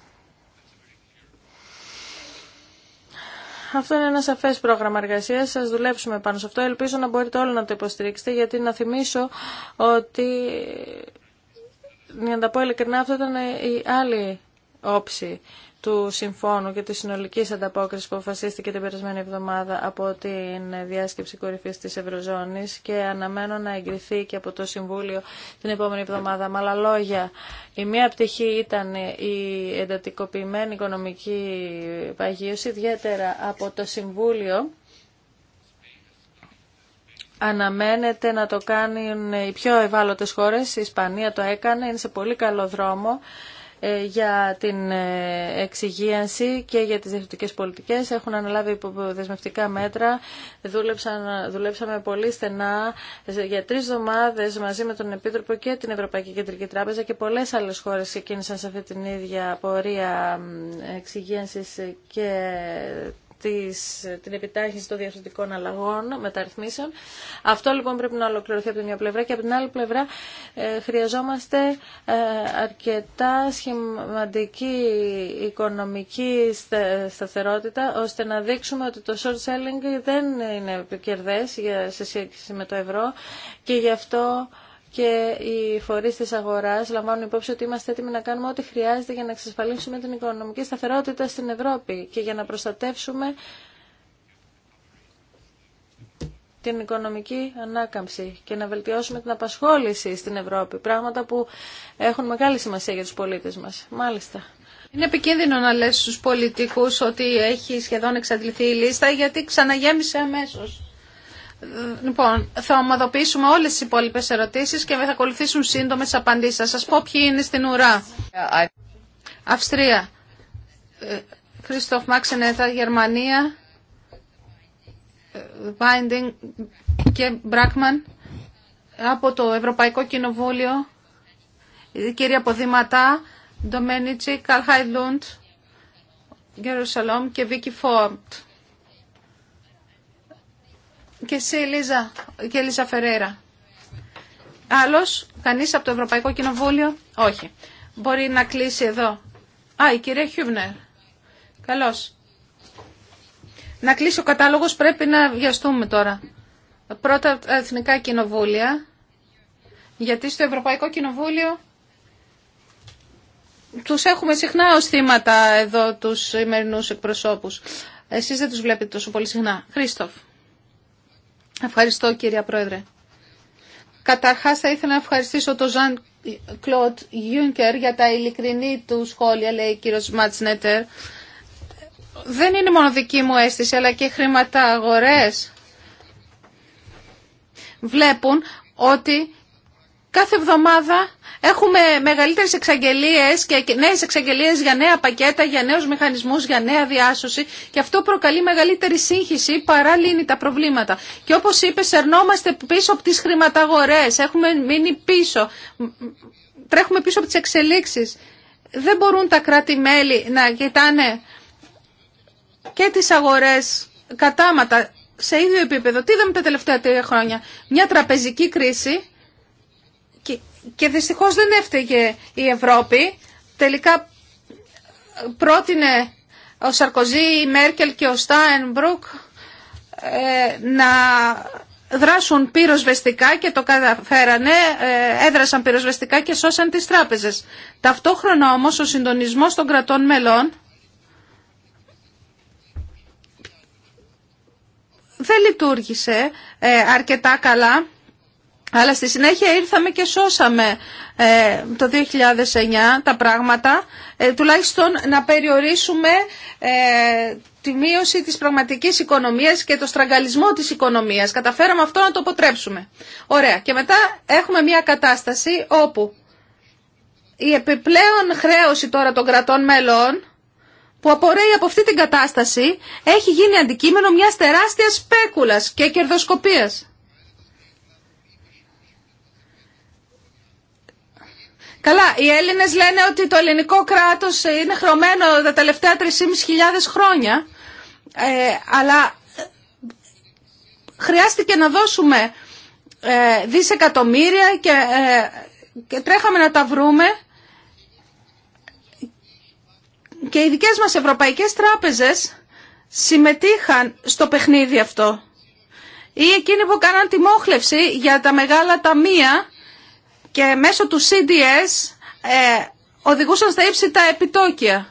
Αυτό είναι ένα σαφέ πρόγραμμα εργασία. Σα δουλέψουμε πάνω σε αυτό. Ελπίζω να μπορείτε όλοι να το υποστηρίξετε, γιατί να θυμίσω ότι. Για να τα πω ειλικρινά, αυτό ήταν η άλλη όψη του συμφώνου και της συνολικής ανταπόκρισης που αποφασίστηκε την περασμένη εβδομάδα από την διάσκεψη κορυφής της Ευρωζώνης και αναμένω να εγκριθεί και από το Συμβούλιο την επόμενη εβδομάδα. Με άλλα λόγια, η μία πτυχή ήταν η εντατικοποιημένη οικονομική παγίωση, ιδιαίτερα από το Συμβούλιο αναμένεται να το κάνουν οι πιο ευάλωτες χώρες. Η Ισπανία το έκανε, είναι σε πολύ καλό δρόμο. Ε, για την ε, εξυγίανση και για τις διευθυντικές πολιτικές. Έχουν αναλάβει υποδεσμευτικά μέτρα. Δούλεψαν, δουλέψαμε πολύ στενά για τρεις εβδομάδε μαζί με τον Επίτροπο και την Ευρωπαϊκή Κεντρική Τράπεζα και πολλές άλλες χώρες ξεκίνησαν σε αυτή την ίδια πορεία εξυγίανσης και την επιτάχυνση των διαφορετικών αλλαγών, μεταρρυθμίσεων. Αυτό λοιπόν πρέπει να ολοκληρωθεί από την μια πλευρά και από την άλλη πλευρά ε, χρειαζόμαστε ε, αρκετά σχηματική οικονομική σταθερότητα ώστε να δείξουμε ότι το short selling δεν είναι επικερδές σε σχέση με το ευρώ και γι' αυτό και οι φορείς της αγοράς λαμβάνουν υπόψη ότι είμαστε έτοιμοι να κάνουμε ό,τι χρειάζεται για να εξασφαλίσουμε την οικονομική σταθερότητα στην Ευρώπη και για να προστατεύσουμε την οικονομική ανάκαμψη και να βελτιώσουμε την απασχόληση στην Ευρώπη. Πράγματα που έχουν μεγάλη σημασία για τους πολίτες μα. Μάλιστα. Είναι επικίνδυνο να λες στους πολιτικούς ότι έχει σχεδόν εξαντληθεί η λίστα γιατί ξαναγέμισε αμέσως. Λοιπόν, θα ομαδοποιήσουμε όλες τις υπόλοιπες ερωτήσεις και θα ακολουθήσουν σύντομες απαντήσεις. Θα σας πω ποιοι είναι στην ουρά. Αυστρία. Χριστόφ Μάξενέτα, Γερμανία. Βάιντινγκ και Μπράκμαν από το Ευρωπαϊκό Κοινοβούλιο. Η κυρία Ποδηματά, Ντομένιτσι, Καλχάιντ Λούντ, Γερουσαλόμ και Βίκυ Φόρτ. Και εσύ, Λίζα, και Λίζα Φερέρα. Άλλος, κανείς από το Ευρωπαϊκό Κοινοβούλιο, όχι. Μπορεί να κλείσει εδώ. Α, η κυρία Χιούβνερ. Καλώς. Να κλείσει ο κατάλογος, πρέπει να βιαστούμε τώρα. Πρώτα εθνικά κοινοβούλια, γιατί στο Ευρωπαϊκό Κοινοβούλιο τους έχουμε συχνά ως θύματα εδώ τους ημερινούς εκπροσώπους. Εσείς δεν τους βλέπετε τόσο πολύ συχνά. Χρήστοφ. Ευχαριστώ κυρία Πρόεδρε. Καταρχάς θα ήθελα να ευχαριστήσω τον Ζαν Κλοντ Γιούνκερ για τα ειλικρινή του σχόλια, λέει ο κύριος Ματσνέτερ. Δεν είναι μόνο δική μου αίσθηση, αλλά και χρήματα αγορές βλέπουν ότι κάθε εβδομάδα Έχουμε μεγαλύτερε εξαγγελίε και νέε εξαγγελίε για νέα πακέτα, για νέους μηχανισμούς, για νέα διάσωση και αυτό προκαλεί μεγαλύτερη σύγχυση παρά λύνει τα προβλήματα. Και όπως είπε, σερνόμαστε πίσω από τις χρηματαγορές, έχουμε μείνει πίσω, τρέχουμε πίσω από τις εξελίξεις. Δεν μπορούν τα κράτη-μέλη να κοιτάνε και τι αγορές κατάματα σε ίδιο επίπεδο. Τι είδαμε τα τελευταία τρία χρόνια. Μια τραπεζική κρίση και δυστυχώς δεν έφταιγε η Ευρώπη. Τελικά πρότεινε ο Σαρκοζή, η Μέρκελ και ο Στάινμπρουκ ε, να δράσουν πυροσβεστικά και το καταφέρανε, ε, έδρασαν πυροσβεστικά και σώσαν τις τράπεζες. Ταυτόχρονα όμως ο συντονισμός των κρατών μελών δεν λειτουργήσε ε, αρκετά καλά αλλά στη συνέχεια ήρθαμε και σώσαμε ε, το 2009 τα πράγματα, ε, τουλάχιστον να περιορίσουμε ε, τη μείωση της πραγματικής οικονομίας και το στραγγαλισμό της οικονομίας. Καταφέραμε αυτό να το αποτρέψουμε. Ωραία. Και μετά έχουμε μια κατάσταση όπου η επιπλέον χρέωση τώρα των κρατών μελών που απορρέει από αυτή την κατάσταση έχει γίνει αντικείμενο μιας τεράστιας σπέκουλας και κερδοσκοπίας. Καλά, οι Έλληνες λένε ότι το ελληνικό κράτος είναι χρωμένο τα τελευταία 3.500 χρόνια, ε, αλλά ε, χρειάστηκε να δώσουμε ε, δισεκατομμύρια και, ε, και τρέχαμε να τα βρούμε και οι δικές μας ευρωπαϊκές τράπεζες συμμετείχαν στο παιχνίδι αυτό. Ή εκείνοι που κάναν τη μόχλευση για τα μεγάλα ταμεία και μέσω του CDS ε, οδηγούσαν στα τα επιτόκια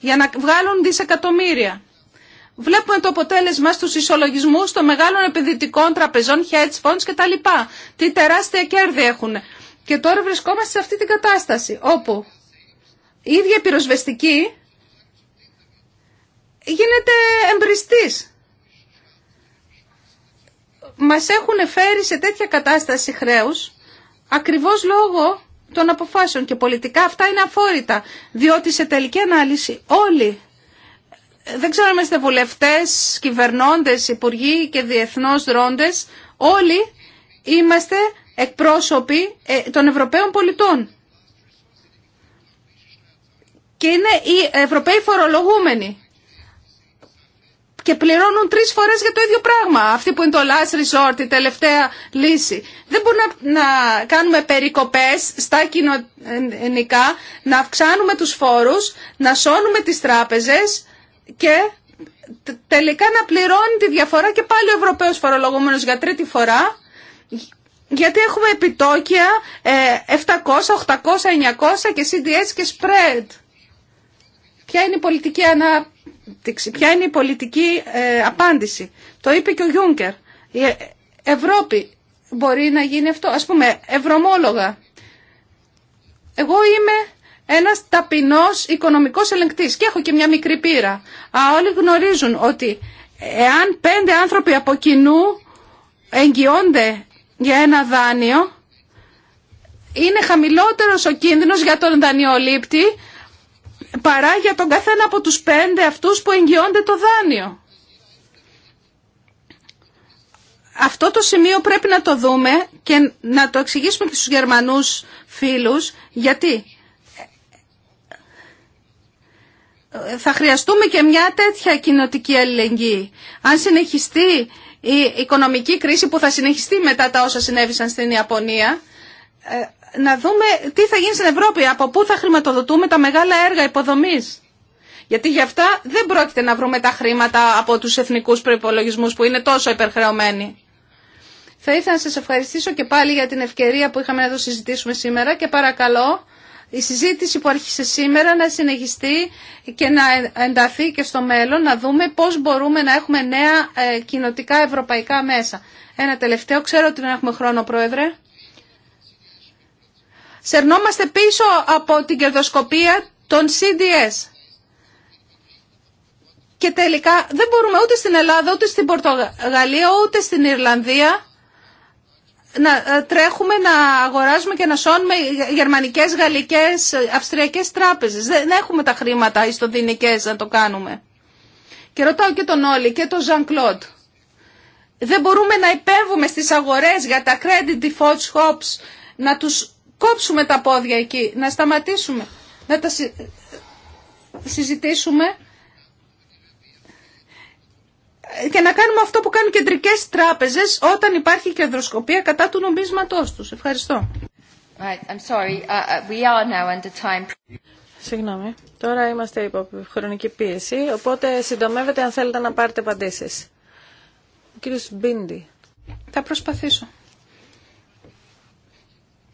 για να βγάλουν δισεκατομμύρια. Βλέπουμε το αποτέλεσμα στους ισολογισμούς των μεγάλων επενδυτικών τραπεζών, hedge funds κτλ. Τι τεράστια κέρδη έχουν. Και τώρα βρισκόμαστε σε αυτή την κατάσταση, όπου η ίδια πυροσβεστική γίνεται εμπριστής. Μας έχουν φέρει σε τέτοια κατάσταση χρέους, ακριβώς λόγω των αποφάσεων και πολιτικά αυτά είναι αφόρητα, διότι σε τελική ανάλυση όλοι, ε, δεν ξέρω αν είμαστε βουλευτές, κυβερνώντες, υπουργοί και διεθνώς δρόντες, όλοι είμαστε εκπρόσωποι ε, των Ευρωπαίων πολιτών. Και είναι οι Ευρωπαίοι φορολογούμενοι και πληρώνουν τρεις φορές για το ίδιο πράγμα. Αυτή που είναι το last resort, η τελευταία λύση. Δεν μπορούμε να, κάνουμε περικοπές στα κοινωνικά, να αυξάνουμε τους φόρους, να σώνουμε τις τράπεζες και τελικά να πληρώνει τη διαφορά και πάλι ο Ευρωπαίος φορολογούμενος για τρίτη φορά γιατί έχουμε επιτόκια 700, 800, 900 και CDS και spread. Ποια είναι η πολιτική ανάπτυξη Ποια είναι η πολιτική ε, απάντηση. Το είπε και ο Γιούγκερ. Η ε, Ευρώπη μπορεί να γίνει αυτό. Ας πούμε, ευρωμόλογα. Εγώ είμαι ένας ταπεινός οικονομικός ελεγκτής και έχω και μια μικρή πείρα. Α, όλοι γνωρίζουν ότι εάν πέντε άνθρωποι από κοινού εγγυώνται για ένα δάνειο, είναι χαμηλότερος ο κίνδυνος για τον δανειολήπτη παρά για τον καθένα από τους πέντε αυτούς που εγγυώνται το δάνειο. Αυτό το σημείο πρέπει να το δούμε και να το εξηγήσουμε και στους Γερμανούς φίλους, γιατί θα χρειαστούμε και μια τέτοια κοινοτική αλληλεγγύη. Αν συνεχιστεί η οικονομική κρίση που θα συνεχιστεί μετά τα όσα συνέβησαν στην Ιαπωνία, ε, να δούμε τι θα γίνει στην Ευρώπη, από πού θα χρηματοδοτούμε τα μεγάλα έργα υποδομής. Γιατί για αυτά δεν πρόκειται να βρούμε τα χρήματα από τους εθνικούς προϋπολογισμούς που είναι τόσο υπερχρεωμένοι. Θα χρηματοδοτουμε τα μεγαλα εργα υποδομης γιατι γι αυτα δεν προκειται να βρουμε τα χρηματα απο τους εθνικους προυπολογισμους που ειναι τοσο υπερχρεωμενοι θα ηθελα να σας ευχαριστήσω και πάλι για την ευκαιρία που είχαμε να το συζητήσουμε σήμερα και παρακαλώ η συζήτηση που άρχισε σήμερα να συνεχιστεί και να ενταθεί και στο μέλλον, να δούμε πώς μπορούμε να έχουμε νέα ε, κοινοτικά ευρωπαϊκά μέσα. Ένα τελευταίο, ξέρω ότι δεν έχουμε χρόνο, Πρόεδρε σερνόμαστε πίσω από την κερδοσκοπία των CDS. Και τελικά δεν μπορούμε ούτε στην Ελλάδα, ούτε στην Πορτογαλία, ούτε στην Ιρλανδία να ε, τρέχουμε να αγοράζουμε και να σώνουμε γερμανικές, γαλλικές, αυστριακές τράπεζες. Δεν έχουμε τα χρήματα ιστοδυνικές να το κάνουμε. Και ρωτάω και τον Όλη και τον Ζαν Κλοντ. Δεν μπορούμε να υπέβουμε στις αγορές για τα credit default swaps, να τους κόψουμε τα πόδια εκεί, να σταματήσουμε, να τα συζητήσουμε και να κάνουμε αυτό που κάνουν κεντρικές τράπεζες όταν υπάρχει κεντροσκοπία κατά του νομίσματός τους. Ευχαριστώ. Συγγνώμη. Τώρα είμαστε υπό χρονική πίεση, οπότε συντομεύετε αν θέλετε να πάρετε απαντήσεις. Ο κύριος Μπίντι. Θα προσπαθήσω.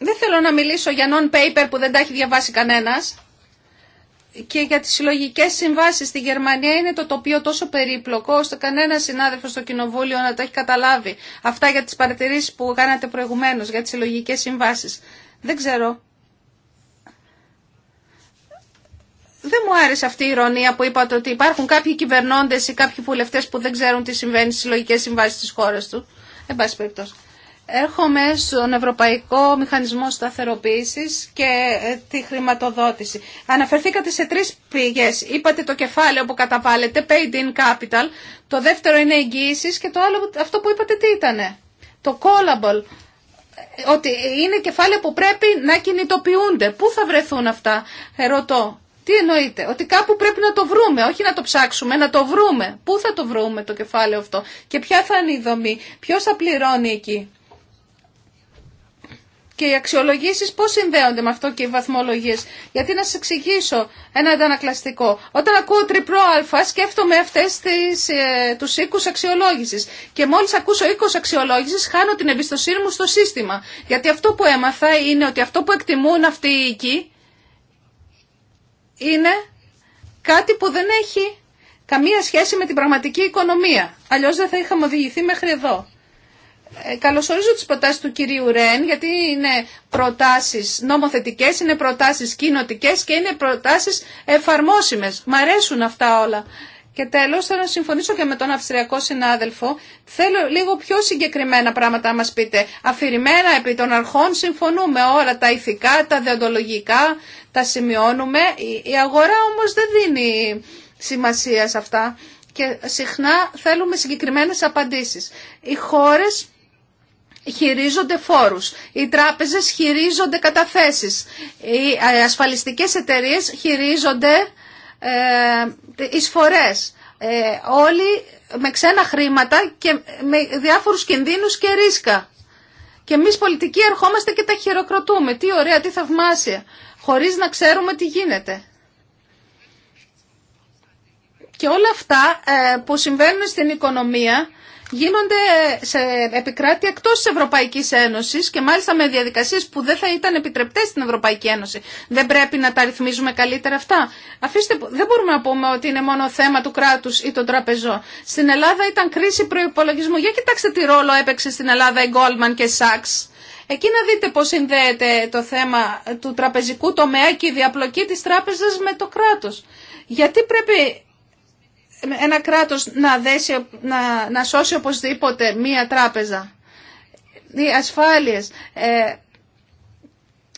Δεν θέλω να μιλήσω για non-paper που δεν τα έχει διαβάσει κανένας και για τις συλλογικέ συμβάσεις στη Γερμανία είναι το τοπίο τόσο περίπλοκο ώστε κανένα συνάδελφο στο κοινοβούλιο να το έχει καταλάβει. Αυτά για τις παρατηρήσεις που κάνατε προηγουμένως για τις συλλογικέ συμβάσεις. Δεν ξέρω. Δεν μου άρεσε αυτή η ηρωνία που είπατε ότι υπάρχουν κάποιοι κυβερνώντες ή κάποιοι βουλευτές που δεν ξέρουν τι συμβαίνει στις συλλογικέ συμβάσεις της χώρας του. Εν πάση περιπτώσει. Έρχομαι στον Ευρωπαϊκό Μηχανισμό Σταθεροποίησης και ε, τη χρηματοδότηση. Αναφερθήκατε σε τρεις πηγές. Είπατε το κεφάλαιο που καταβάλλεται, paid in capital. Το δεύτερο είναι εγγύησης και το άλλο, αυτό που είπατε τι ήτανε. Το callable. Ότι είναι κεφάλαιο που πρέπει να κινητοποιούνται. Πού θα βρεθούν αυτά, ρωτώ. Τι εννοείτε, ότι κάπου πρέπει να το βρούμε, όχι να το ψάξουμε, να το βρούμε. Πού θα το βρούμε το κεφάλαιο αυτό και ποια θα είναι η δομή, ποιος θα πληρώνει εκεί και οι αξιολογήσει πώ συνδέονται με αυτό και οι βαθμολογίε. Γιατί να σα εξηγήσω ένα αντανακλαστικό. Όταν ακούω τριπλό Α, σκέφτομαι αυτέ ε, του οίκου αξιολόγηση. Και μόλι ακούσω οίκο αξιολόγηση, χάνω την εμπιστοσύνη μου στο σύστημα. Γιατί αυτό που έμαθα είναι ότι αυτό που εκτιμούν αυτοί οι οίκοι είναι κάτι που δεν έχει καμία σχέση με την πραγματική οικονομία. Αλλιώ δεν θα είχαμε οδηγηθεί μέχρι εδώ. Ε, καλωσορίζω τις προτάσεις του κυρίου Ρεν, γιατί είναι προτάσεις νομοθετικές, είναι προτάσεις κοινοτικές και είναι προτάσεις εφαρμόσιμες. Μ' αρέσουν αυτά όλα. Και τέλος, θέλω να συμφωνήσω και με τον αυστριακό συνάδελφο. Θέλω λίγο πιο συγκεκριμένα πράγματα να μας πείτε. Αφηρημένα επί των αρχών συμφωνούμε όλα τα ηθικά, τα δεοντολογικά, τα σημειώνουμε. Η αγορά όμως δεν δίνει σημασία σε αυτά και συχνά θέλουμε συγκεκριμένες απαντήσεις. Οι χώρες χειρίζονται φόρους, οι τράπεζες χειρίζονται καταθέσεις, οι ε, ασφαλιστικές εταιρείες χειρίζονται ε, εισφορές. Ε, όλοι με ξένα χρήματα και με διάφορους κινδύνους και ρίσκα. Και εμείς πολιτικοί ερχόμαστε και τα χειροκροτούμε. Τι ωραία, τι θαυμάσια. Χωρίς να ξέρουμε τι γίνεται. Και όλα αυτά ε, που συμβαίνουν στην οικονομία γίνονται σε επικράτεια εκτός της Ευρωπαϊκής Ένωσης και μάλιστα με διαδικασίες που δεν θα ήταν επιτρεπτές στην Ευρωπαϊκή Ένωση. Δεν πρέπει να τα ρυθμίζουμε καλύτερα αυτά. Αφήστε, δεν μπορούμε να πούμε ότι είναι μόνο θέμα του κράτους ή των τραπεζών. Στην Ελλάδα ήταν κρίση προϋπολογισμού. Για κοιτάξτε τι ρόλο έπαιξε στην Ελλάδα η Goldman και η Sachs. Εκεί να δείτε πώς συνδέεται το θέμα του τραπεζικού τομέα και η διαπλοκή της τράπεζας με το κράτος. Γιατί πρέπει ένα κράτος να, δέσει, να, να σώσει οπωσδήποτε μία τράπεζα. Οι ασφάλειες. Ε,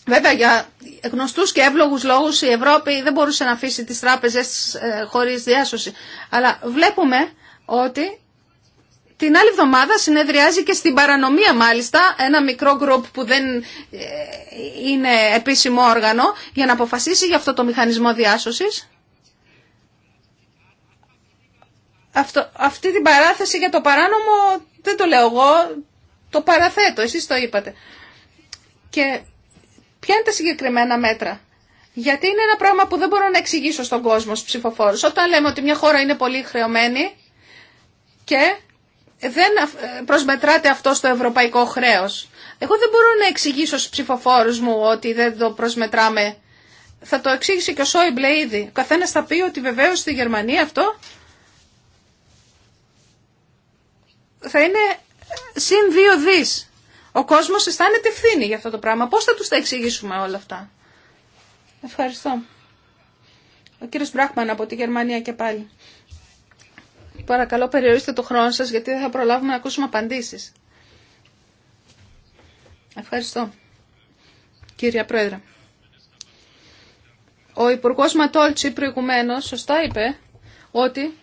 βέβαια για γνωστούς και εύλογους λόγους η Ευρώπη δεν μπορούσε να αφήσει τις τράπεζες ε, χωρίς διάσωση. Αλλά βλέπουμε ότι την άλλη εβδομάδα συνεδριάζει και στην παρανομία μάλιστα ένα μικρό γκρουπ που δεν ε, είναι επίσημο όργανο για να αποφασίσει για αυτό το μηχανισμό διάσωσης. αυτό, αυτή την παράθεση για το παράνομο δεν το λέω εγώ, το παραθέτω, εσείς το είπατε. Και ποια είναι τα συγκεκριμένα μέτρα. Γιατί είναι ένα πράγμα που δεν μπορώ να εξηγήσω στον κόσμο, στους ψηφοφόρους. Όταν λέμε ότι μια χώρα είναι πολύ χρεωμένη και δεν προσμετράται αυτό στο ευρωπαϊκό χρέος. Εγώ δεν μπορώ να εξηγήσω στους ψηφοφόρους μου ότι δεν το προσμετράμε. Θα το εξήγησε και ο Σόιμπλε ήδη. Ο καθένας θα πει ότι βεβαίως στη Γερμανία αυτό θα είναι συν δύο δι. Ο κόσμος αισθάνεται ευθύνη για αυτό το πράγμα. Πώ θα του τα εξηγήσουμε όλα αυτά. Ευχαριστώ. Ο κύριος Μπράχμαν από τη Γερμανία και πάλι. Παρακαλώ περιορίστε το χρόνο σας γιατί δεν θα προλάβουμε να ακούσουμε απαντήσεις. Ευχαριστώ. Κύριε Πρόεδρε. Ο Υπουργός Ματόλτσι προηγουμένως σωστά είπε ότι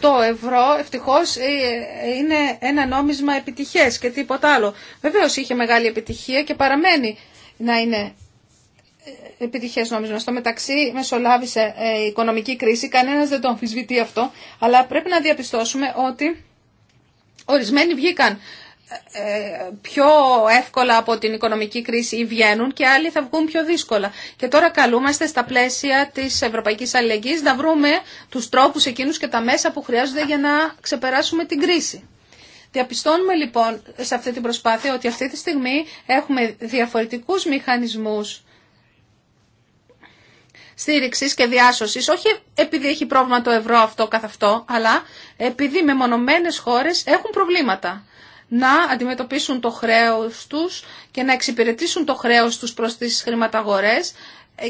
το ευρώ ευτυχώς ε, ε, είναι ένα νόμισμα επιτυχές και τίποτα άλλο. Βεβαίως είχε μεγάλη επιτυχία και παραμένει να είναι ε, επιτυχές νόμισμα. Στο μεταξύ μεσολάβησε η οικονομική κρίση, κανένας δεν το αμφισβητεί αυτό, αλλά πρέπει να διαπιστώσουμε ότι ορισμένοι βγήκαν ε, πιο εύκολα από την οικονομική κρίση ή βγαίνουν και άλλοι θα βγουν πιο δύσκολα. Και τώρα καλούμαστε στα πλαίσια της Ευρωπαϊκής Αλληλεγγύης να βρούμε τους τρόπους εκείνους και τα μέσα που χρειάζονται για να ξεπεράσουμε την κρίση. Διαπιστώνουμε λοιπόν σε αυτή την προσπάθεια ότι αυτή τη στιγμή έχουμε διαφορετικούς μηχανισμούς στήριξη και διάσωση, όχι επειδή έχει πρόβλημα το ευρώ αυτό καθ' αυτό, αλλά επειδή μεμονωμένε χώρε έχουν προβλήματα να αντιμετωπίσουν το χρέος τους και να εξυπηρετήσουν το χρέος τους προς τις χρηματαγορές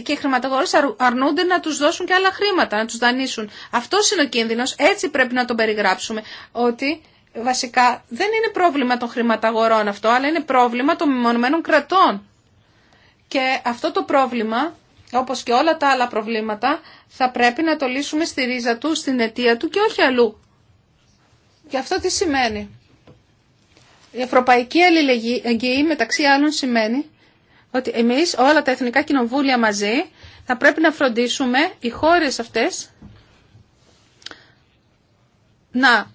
και οι χρηματαγορές αρνούνται να τους δώσουν και άλλα χρήματα, να τους δανείσουν. Αυτό είναι ο κίνδυνος, έτσι πρέπει να τον περιγράψουμε, ότι βασικά δεν είναι πρόβλημα των χρηματαγορών αυτό, αλλά είναι πρόβλημα των μεμονωμένων κρατών. Και αυτό το πρόβλημα, όπως και όλα τα άλλα προβλήματα, θα πρέπει να το λύσουμε στη ρίζα του, στην αιτία του και όχι αλλού. Και αυτό τι σημαίνει. Η ευρωπαϊκή αλληλεγγύη μεταξύ άλλων σημαίνει ότι εμείς όλα τα εθνικά κοινοβούλια μαζί θα πρέπει να φροντίσουμε οι χώρες αυτές να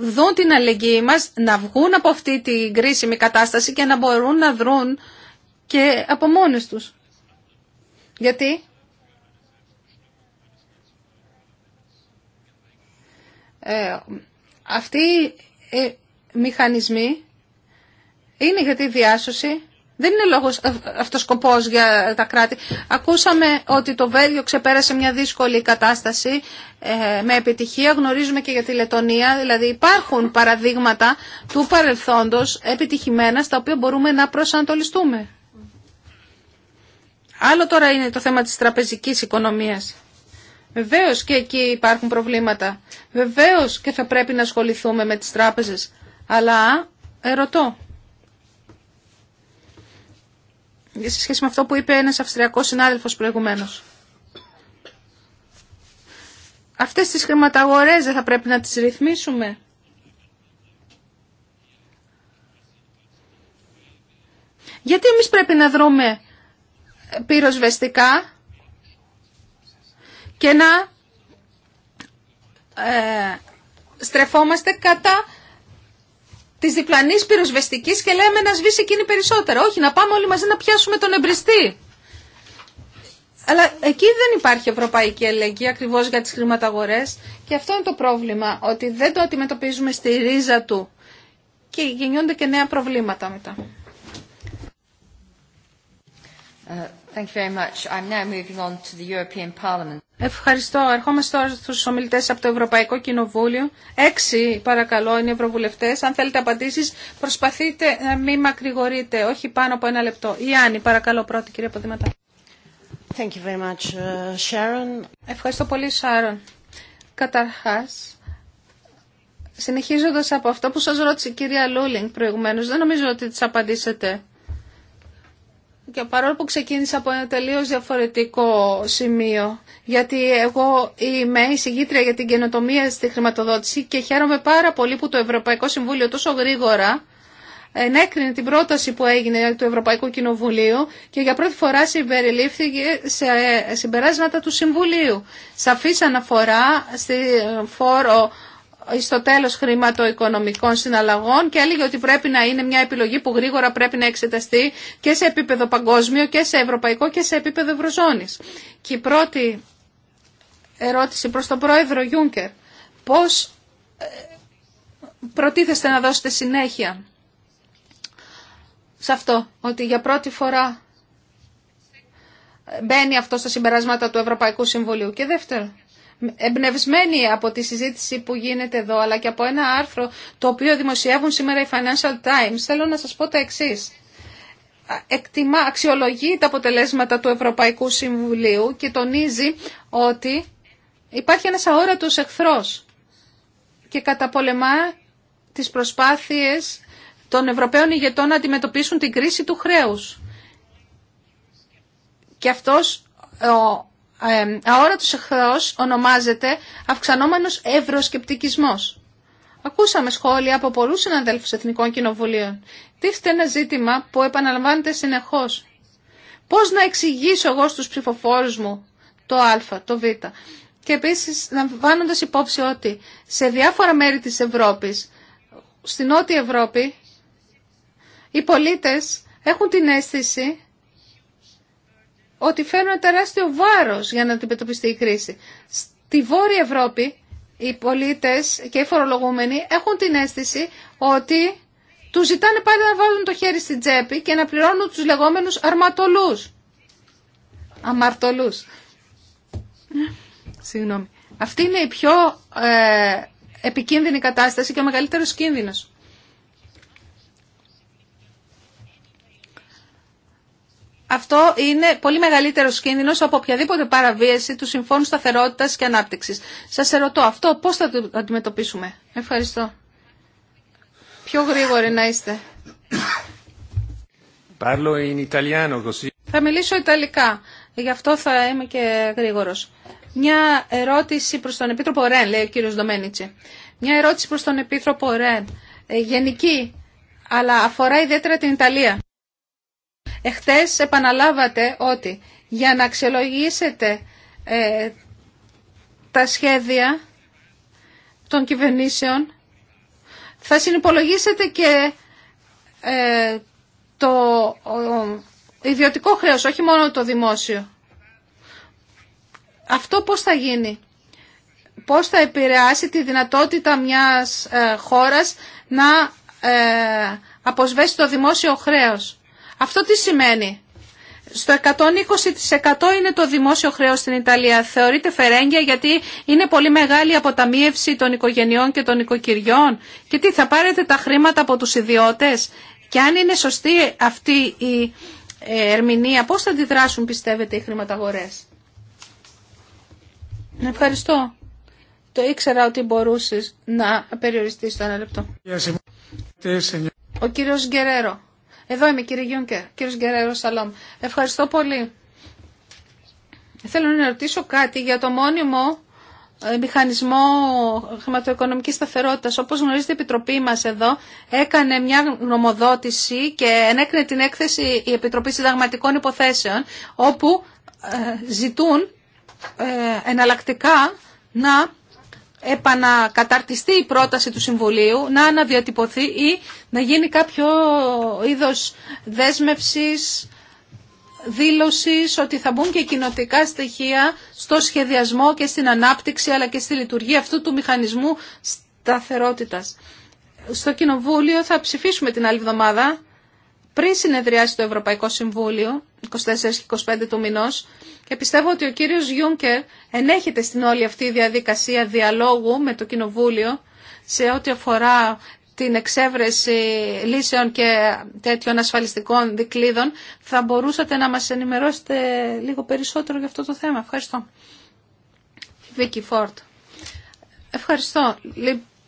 δουν την αλληλεγγύη μας, να βγουν από αυτή την κρίσιμη κατάσταση και να μπορούν να δρουν και από μόνες τους. Γιατί ε, αυτοί οι ε, μηχανισμοί είναι για τη διάσωση. Δεν είναι λόγος ε, αυτός σκοπός για τα κράτη. Ακούσαμε ότι το Βέλγιο ξεπέρασε μια δύσκολη κατάσταση ε, με επιτυχία. Γνωρίζουμε και για τη Λετωνία. Δηλαδή υπάρχουν παραδείγματα του παρελθόντος επιτυχημένα στα οποία μπορούμε να προσανατολιστούμε. Άλλο τώρα είναι το θέμα της τραπεζικής οικονομίας. Βεβαίω και εκεί υπάρχουν προβλήματα. Βεβαίω και θα πρέπει να ασχοληθούμε με τις τράπεζες. Αλλά ερωτώ. Σε σχέση με αυτό που είπε ένας αυστριακός συνάδελφος προηγουμένως. Αυτές τις χρηματαγορές δεν θα πρέπει να τις ρυθμίσουμε. Γιατί εμείς πρέπει να δρούμε πυροσβεστικά και να ε, στρεφόμαστε κατά της διπλανής πυροσβεστικής και λέμε να σβήσει εκείνη περισσότερο. Όχι, να πάμε όλοι μαζί να πιάσουμε τον εμπριστή. Αλλά εκεί δεν υπάρχει ευρωπαϊκή ελεγγύη ακριβώς για τις χρηματαγορές και αυτό είναι το πρόβλημα, ότι δεν το αντιμετωπίζουμε στη ρίζα του και γεννιούνται και νέα προβλήματα μετά. Ε, Ευχαριστώ. Ερχόμαστε τώρα στους ομιλητές από το Ευρωπαϊκό Κοινοβούλιο. Έξι παρακαλώ είναι ευρωβουλευτές. Αν θέλετε απαντήσεις προσπαθείτε να μην μακρηγορείτε, όχι πάνω από ένα λεπτό. Ιάννη, παρακαλώ πρώτη κυρία Ποδηματά. Thank uh, Ευχαριστώ πολύ Σάρων. Καταρχάς, συνεχίζοντας από αυτό που σας ρώτησε η κυρία Λούλινγκ προηγουμένως, δεν νομίζω ότι της απαντήσετε και παρόλο που ξεκίνησα από ένα τελείως διαφορετικό σημείο, γιατί εγώ είμαι εισηγήτρια για την καινοτομία στη χρηματοδότηση και χαίρομαι πάρα πολύ που το Ευρωπαϊκό Συμβούλιο τόσο γρήγορα ενέκρινε την πρόταση που έγινε του Ευρωπαϊκού Κοινοβουλίου και για πρώτη φορά συμπεριλήφθηκε σε συμπεράσματα του Συμβουλίου. Σαφής αναφορά στη φόρο στο τέλος χρηματοοικονομικών συναλλαγών και έλεγε ότι πρέπει να είναι μια επιλογή που γρήγορα πρέπει να εξεταστεί και σε επίπεδο παγκόσμιο και σε ευρωπαϊκό και σε επίπεδο ευρωζώνης. Και η πρώτη ερώτηση προς τον πρόεδρο Γιούνκερ, πώς ε, προτίθεστε να δώσετε συνέχεια σε αυτό, ότι για πρώτη φορά ε, μπαίνει αυτό στα συμπεράσματα του Ευρωπαϊκού Συμβουλίου. Και δεύτερο, εμπνευσμένη από τη συζήτηση που γίνεται εδώ, αλλά και από ένα άρθρο το οποίο δημοσιεύουν σήμερα οι Financial Times, θέλω να σας πω τα εξής εκτιμά, αξιολογεί τα αποτελέσματα του Ευρωπαϊκού Συμβουλίου και τονίζει ότι υπάρχει ένας αόρατος εχθρός και καταπολεμά τις προσπάθειες των Ευρωπαίων ηγετών να αντιμετωπίσουν την κρίση του χρέους. Και αυτός ο αόρατος εχθρός ονομάζεται αυξανόμενος ευρωσκεπτικισμός. Ακούσαμε σχόλια από πολλούς συναδέλφους εθνικών κοινοβουλίων. Τίθεται ένα ζήτημα που επαναλαμβάνεται συνεχώς. Πώς να εξηγήσω εγώ στους ψηφοφόρους μου το α, το β. Και επίσης λαμβάνοντα υπόψη ότι σε διάφορα μέρη της Ευρώπης, στην Νότια Ευρώπη, οι πολίτες έχουν την αίσθηση ότι φέρνουν τεράστιο βάρος για να αντιμετωπιστεί η κρίση. Στη Βόρεια Ευρώπη οι πολίτες και οι φορολογούμενοι έχουν την αίσθηση ότι τους ζητάνε πάλι να βάλουν το χέρι στην τσέπη και να πληρώνουν τους λεγόμενους αρματολούς. Αμαρτολούς. Συγγνώμη. Αυτή είναι η πιο ε, επικίνδυνη κατάσταση και ο μεγαλύτερος κίνδυνος. αυτό είναι πολύ μεγαλύτερο κίνδυνο από οποιαδήποτε παραβίαση του Συμφώνου Σταθερότητα και Ανάπτυξη. Σα ερωτώ αυτό, πώ θα το αντιμετωπίσουμε. Ευχαριστώ. Πιο γρήγοροι να είστε. Parlo in Italiano, così. Θα μιλήσω Ιταλικά, γι' αυτό θα είμαι και γρήγορο. Μια ερώτηση προ τον Επίτροπο Ρεν, λέει ο κύριο Ντομένιτσι. Μια ερώτηση προ τον Επίτροπο Ρεν. Ε, γενική, αλλά αφορά ιδιαίτερα την Ιταλία. Εχθές επαναλάβατε ότι για να αξιολογήσετε ε, τα σχέδια των κυβερνήσεων θα συνυπολογήσετε και ε, το ιδιωτικό χρέος, όχι μόνο το δημόσιο. Αυτό πώς θα γίνει. Πώς θα επηρεάσει τη δυνατότητα μιας ε, χώρας να αποσβέσει το δημόσιο χρέος. Αυτό τι σημαίνει. Στο 120% είναι το δημόσιο χρέος στην Ιταλία. Θεωρείται φερέγγια γιατί είναι πολύ μεγάλη αποταμίευση των οικογενειών και των οικοκυριών. Και τι θα πάρετε τα χρήματα από τους ιδιώτες. Και αν είναι σωστή αυτή η ε, ερμηνεία, πώς θα αντιδράσουν πιστεύετε οι χρηματαγορές. Ευχαριστώ. Το ήξερα ότι μπορούσες να περιοριστείς το ένα λεπτό. Ο κύριος Γκερέρο. Εδώ είμαι κύριε Γιούνκερ, κύριος Γκερέρο Σαλόμ. Ευχαριστώ πολύ. Θέλω να ρωτήσω κάτι για το μόνιμο ε, μηχανισμό χρηματοοικονομικής σταθερότητας. Όπως γνωρίζετε η Επιτροπή μας εδώ έκανε μια νομοδότηση και ενέκρινε την έκθεση η Επιτροπή Συνταγματικών Υποθέσεων όπου ε, ζητούν ε, εναλλακτικά να επανακαταρτιστεί η πρόταση του Συμβουλίου, να αναδιατυπωθεί ή να γίνει κάποιο είδος δέσμευσης, δήλωσης ότι θα μπουν και κοινοτικά στοιχεία στο σχεδιασμό και στην ανάπτυξη αλλά και στη λειτουργία αυτού του μηχανισμού σταθερότητας. Στο Κοινοβούλιο θα ψηφίσουμε την άλλη εβδομάδα πριν συνεδριάσει το Ευρωπαϊκό Συμβούλιο, 24 και 25 του μηνό και πιστεύω ότι ο κύριο Γιούνκερ ενέχεται στην όλη αυτή η διαδικασία διαλόγου με το Κοινοβούλιο σε ό,τι αφορά την εξέβρεση λύσεων και τέτοιων ασφαλιστικών δικλείδων. Θα μπορούσατε να μας ενημερώσετε λίγο περισσότερο για αυτό το θέμα. Ευχαριστώ. Βίκυ Φόρτ. Ευχαριστώ.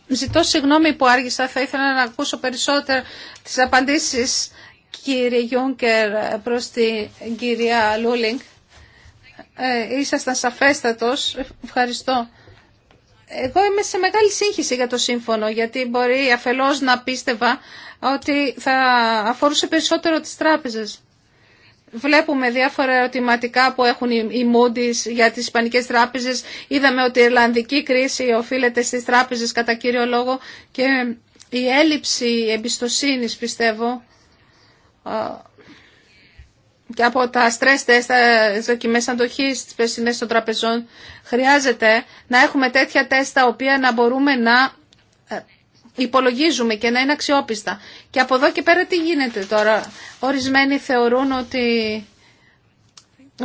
Ζητώ συγγνώμη που άργησα, θα ήθελα να ακούσω περισσότερα τις απαντήσεις κύριε Γιούγκερ προς την κυρία Λούλινγκ. Ε, ήσασταν σαφέστατος. Ευχαριστώ. Εγώ είμαι σε μεγάλη σύγχυση για το σύμφωνο, γιατί μπορεί αφελώς να πίστευα ότι θα αφορούσε περισσότερο τις τράπεζες. Βλέπουμε διάφορα ερωτηματικά που έχουν οι Moody's για τις ισπανικές τράπεζες. Είδαμε ότι η Ιρλανδική κρίση οφείλεται στις τράπεζες κατά κύριο λόγο και η έλλειψη εμπιστοσύνης πιστεύω και από τα stress test, τα δοκιμές αντοχής, τις περσινές των τραπεζών, χρειάζεται να έχουμε τέτοια τεστ τα οποία να μπορούμε να ε, υπολογίζουμε και να είναι αξιόπιστα. Και από εδώ και πέρα τι γίνεται τώρα. Ορισμένοι θεωρούν ότι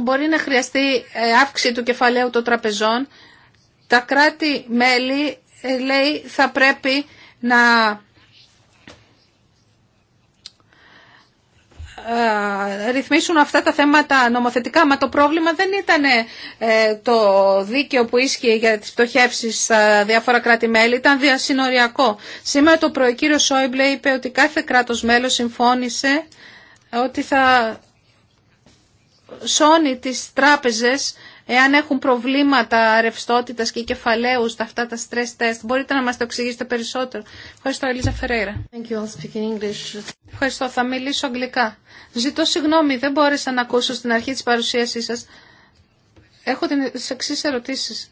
μπορεί να χρειαστεί ε, αύξηση του κεφαλαίου των τραπεζών. Τα κράτη-μέλη, ε, λέει, θα πρέπει να Ε, ρυθμίσουν αυτά τα θέματα νομοθετικά. Μα το πρόβλημα δεν ήταν ε, το δίκαιο που ίσχυε για τις πτωχεύσεις στα διάφορα κράτη-μέλη, ήταν διασυνοριακό. Σήμερα το πρωί κύριο Σόιμπλε είπε ότι κάθε κράτος μέλος συμφώνησε ότι θα σώνει τις τράπεζες εάν έχουν προβλήματα ρευστότητα και κεφαλαίου στα αυτά τα stress test. Μπορείτε να μα το εξηγήσετε περισσότερο. Ευχαριστώ, Ελίζα Φερέιρα. Ευχαριστώ, θα μιλήσω αγγλικά. Ζητώ συγγνώμη, δεν μπόρεσα να ακούσω στην αρχή τη παρουσίασή σα. Έχω τι εξή ερωτήσει.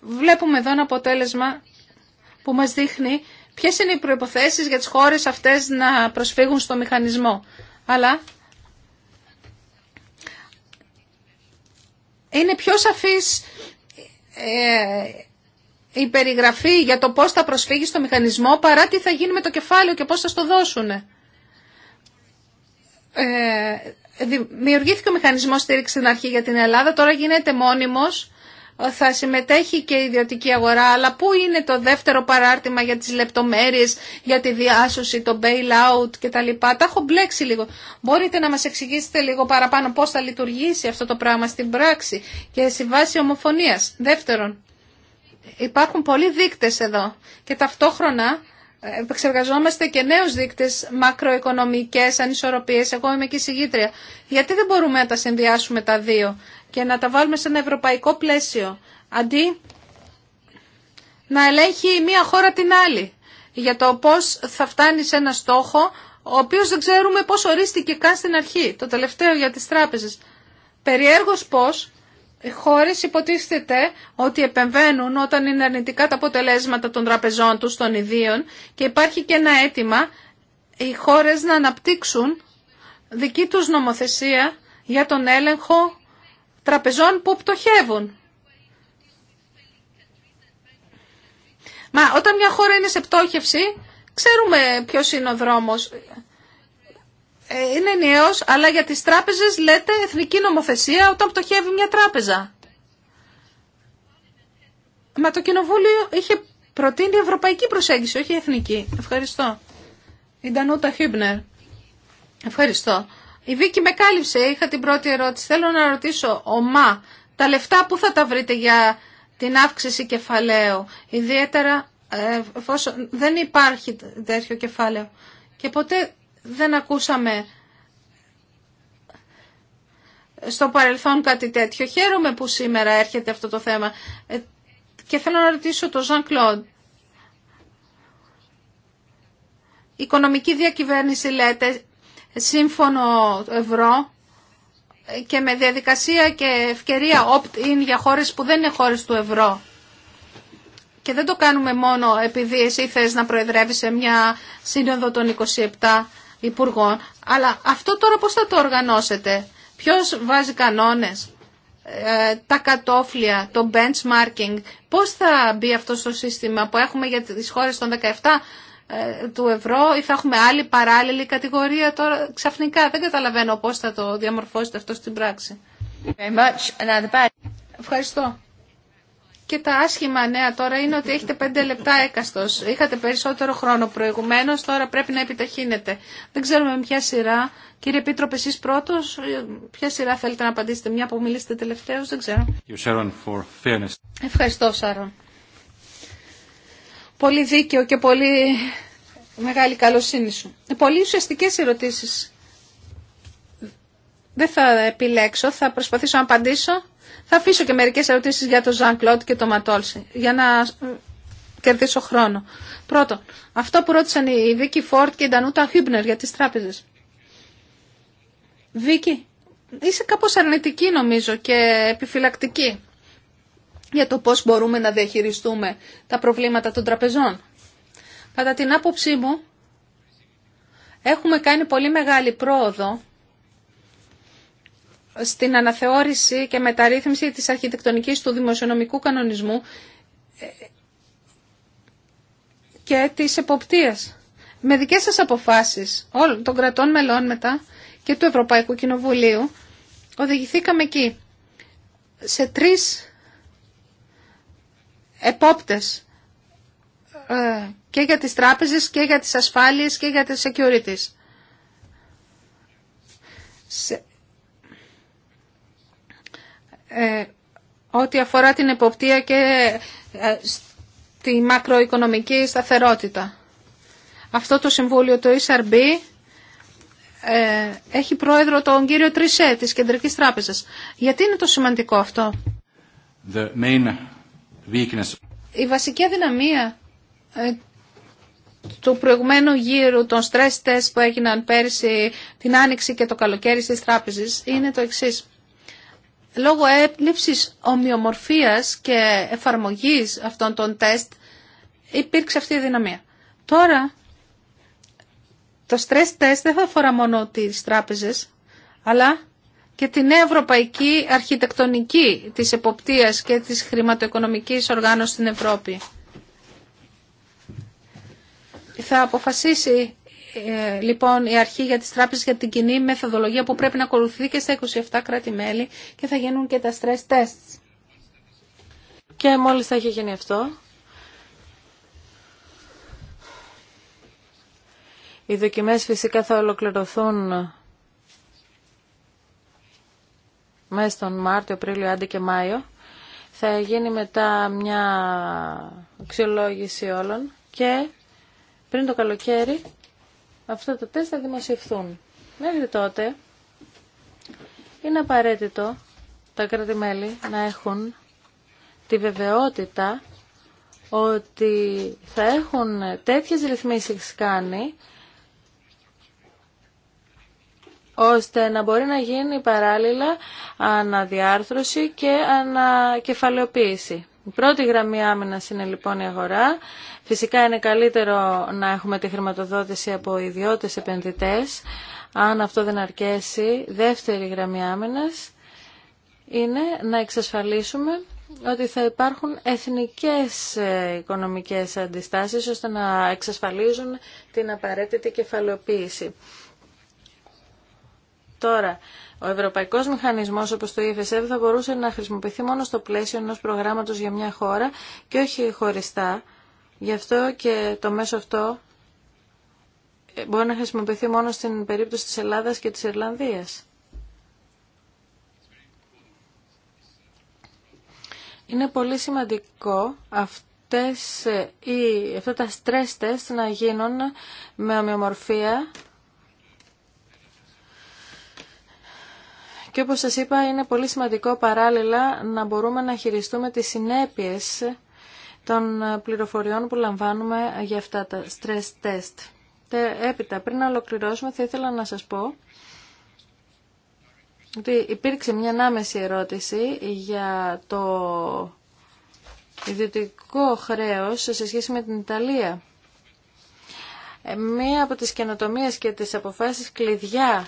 Βλέπουμε εδώ ένα αποτέλεσμα που μας δείχνει ποιες είναι οι προϋποθέσεις για τις χώρες αυτές να προσφύγουν στο μηχανισμό. Αλλά είναι πιο σαφής ε, η περιγραφή για το πώς θα προσφύγει στο μηχανισμό παρά τι θα γίνει με το κεφάλαιο και πώς θα στο δώσουν. Ε, δημιουργήθηκε ο μηχανισμός στήριξη στην αρχή για την Ελλάδα, τώρα γίνεται μόνιμος θα συμμετέχει και η ιδιωτική αγορά, αλλά πού είναι το δεύτερο παράρτημα για τις λεπτομέρειες, για τη διάσωση, το bailout κτλ. Τα έχω μπλέξει λίγο. Μπορείτε να μας εξηγήσετε λίγο παραπάνω πώς θα λειτουργήσει αυτό το πράγμα στην πράξη και στη βάση ομοφωνίας. Δεύτερον, υπάρχουν πολλοί δείκτες εδώ και ταυτόχρονα ε, επεξεργαζόμαστε και νέους δείκτες μακροοικονομικές ανισορροπίες. Εγώ είμαι και συγγήτρια. Γιατί δεν μπορούμε να τα συνδυάσουμε τα δύο και να τα βάλουμε σε ένα ευρωπαϊκό πλαίσιο, αντί να ελέγχει μία χώρα την άλλη για το πώς θα φτάνει σε ένα στόχο, ο οποίος δεν ξέρουμε πώς ορίστηκε καν στην αρχή, το τελευταίο για τις τράπεζες. Περιέργως πώς οι χώρες υποτίθεται ότι επεμβαίνουν όταν είναι αρνητικά τα αποτελέσματα των τραπεζών τους, των ιδίων και υπάρχει και ένα αίτημα οι χώρες να αναπτύξουν δική τους νομοθεσία για τον έλεγχο τραπεζών που πτωχεύουν. Μα όταν μια χώρα είναι σε πτώχευση, ξέρουμε ποιος είναι ο δρόμος. Ε, είναι ενιαίος, αλλά για τις τράπεζες λέτε εθνική νομοθεσία όταν πτωχεύει μια τράπεζα. Μα το Κοινοβούλιο είχε προτείνει ευρωπαϊκή προσέγγιση, όχι εθνική. Ευχαριστώ. Η Ντανούτα Χίμπνερ. Ευχαριστώ. Η Βίκη με κάλυψε, είχα την πρώτη ερώτηση. Θέλω να ρωτήσω, ομά, τα λεφτά που θα τα βρείτε για την αύξηση κεφαλαίου, ιδιαίτερα ε, εφόσον δεν υπάρχει τέτοιο κεφάλαιο. Και ποτέ δεν ακούσαμε στο παρελθόν κάτι τέτοιο. Χαίρομαι που σήμερα έρχεται αυτό το θέμα. Ε, και θέλω να ρωτήσω τον Ζαν Κλοντ. Οικονομική διακυβέρνηση λέτε σύμφωνο ευρώ και με διαδικασία και ευκαιρία opt-in για χώρες που δεν είναι χώρες του ευρώ. Και δεν το κάνουμε μόνο επειδή εσύ θες να προεδρεύεις σε μια σύνοδο των 27 υπουργών, αλλά αυτό τώρα πώς θα το οργανώσετε. Ποιος βάζει κανόνες, ε, τα κατόφλια, το benchmarking, πώς θα μπει αυτό στο σύστημα που έχουμε για τις χώρες των 17 ε, του ευρώ ή θα έχουμε άλλη παράλληλη κατηγορία τώρα ξαφνικά. Δεν καταλαβαίνω πώς θα το διαμορφώσετε αυτό στην πράξη. Ευχαριστώ. Και τα άσχημα νέα τώρα είναι ότι έχετε πέντε λεπτά έκαστος. Είχατε περισσότερο χρόνο προηγουμένως, τώρα πρέπει να επιταχύνετε. Δεν ξέρουμε με ποια σειρά. Κύριε πίτροπε εσείς πρώτος, ποια σειρά θέλετε να απαντήσετε, μια που μιλήσετε τελευταίος, δεν ξέρω. Ευχαριστώ, Σαρών πολύ δίκαιο και πολύ μεγάλη καλοσύνη σου. Ε, πολύ ουσιαστικές ερωτήσεις. Δεν θα επιλέξω, θα προσπαθήσω να απαντήσω. Θα αφήσω και μερικές ερωτήσεις για τον Ζαν Κλοντ και τον Ματόλση, για να ε, κερδίσω χρόνο. Πρώτον, αυτό που ρώτησαν η Βίκη Φόρτ και η Ντανούτα Χίμπνερ για τις τράπεζες. Βίκη, είσαι κάπως αρνητική νομίζω και επιφυλακτική για το πώς μπορούμε να διαχειριστούμε τα προβλήματα των τραπεζών. Κατά την άποψή μου, έχουμε κάνει πολύ μεγάλη πρόοδο στην αναθεώρηση και μεταρρύθμιση της αρχιτεκτονικής του δημοσιονομικού κανονισμού ε, και της εποπτείας. Με δικές σας αποφάσεις όλων των κρατών μελών μετά και του Ευρωπαϊκού Κοινοβουλίου οδηγηθήκαμε εκεί σε τρεις επόπτες ε, και για τις τράπεζες και για τις ασφάλειες και για τις securities. Ε, ό,τι αφορά την εποπτεία και ε, τη μακροοικονομική σταθερότητα. Αυτό το συμβούλιο, το e SRB, ε, έχει πρόεδρο τον κύριο Τρισέ της Κεντρικής Τράπεζας. Γιατί είναι το σημαντικό αυτό. The main η βασική αδυναμία ε, του προηγουμένου γύρου των stress test που έγιναν πέρσι την άνοιξη και το καλοκαίρι στις τράπεζες είναι το εξής. Λόγω έλλειψης ομοιομορφίας και εφαρμογής αυτών των τεστ υπήρξε αυτή η δυναμία. Τώρα το stress test δεν θα αφορά μόνο τις τράπεζες αλλά και την ευρωπαϊκή αρχιτεκτονική της εποπτείας και της χρηματοοικονομικής οργάνωσης στην Ευρώπη. Θα αποφασίσει ε, λοιπόν η αρχή για τις τράπεζες για την κοινή μεθοδολογία που πρέπει να ακολουθεί και στα 27 κράτη-μέλη και θα γίνουν και τα stress tests. Και μόλις θα έχει γίνει αυτό, οι δοκιμές φυσικά θα ολοκληρωθούν μέσα στον Μάρτιο, Απρίλιο, άντε και Μάιο. Θα γίνει μετά μια αξιολόγηση όλων και πριν το καλοκαίρι αυτά τα τεστ θα δημοσιευθούν. Μέχρι τότε είναι απαραίτητο τα κράτη-μέλη να έχουν τη βεβαιότητα ότι θα έχουν τέτοιες ρυθμίσεις κάνει ώστε να μπορεί να γίνει παράλληλα αναδιάρθρωση και ανακεφαλαιοποίηση. Η πρώτη γραμμή άμυνας είναι λοιπόν η αγορά. Φυσικά είναι καλύτερο να έχουμε τη χρηματοδότηση από ιδιώτες επενδυτές. Αν αυτό δεν αρκέσει, δεύτερη γραμμή άμυνας είναι να εξασφαλίσουμε ότι θα υπάρχουν εθνικές ε, οικονομικές αντιστάσεις ώστε να εξασφαλίζουν την απαραίτητη κεφαλαιοποίηση. Τώρα, ο Ευρωπαϊκό Μηχανισμό, όπω το EFSF, θα μπορούσε να χρησιμοποιηθεί μόνο στο πλαίσιο ενό προγράμματο για μια χώρα και όχι χωριστά. Γι' αυτό και το μέσο αυτό ε, μπορεί να χρησιμοποιηθεί μόνο στην περίπτωση της Ελλάδας και της Ιρλανδίας. Είναι πολύ σημαντικό αυτές, ή, ε, αυτά τα stress test να γίνουν με ομοιομορφία Και όπως σας είπα είναι πολύ σημαντικό παράλληλα να μπορούμε να χειριστούμε τις συνέπειες των πληροφοριών που λαμβάνουμε για αυτά τα stress test. Έπειτα, πριν να ολοκληρώσουμε, θα ήθελα να σας πω ότι υπήρξε μια ανάμεση ερώτηση για το ιδιωτικό χρέος σε σχέση με την Ιταλία. Ε, μία από τις καινοτομίες και τις αποφάσεις κλειδιά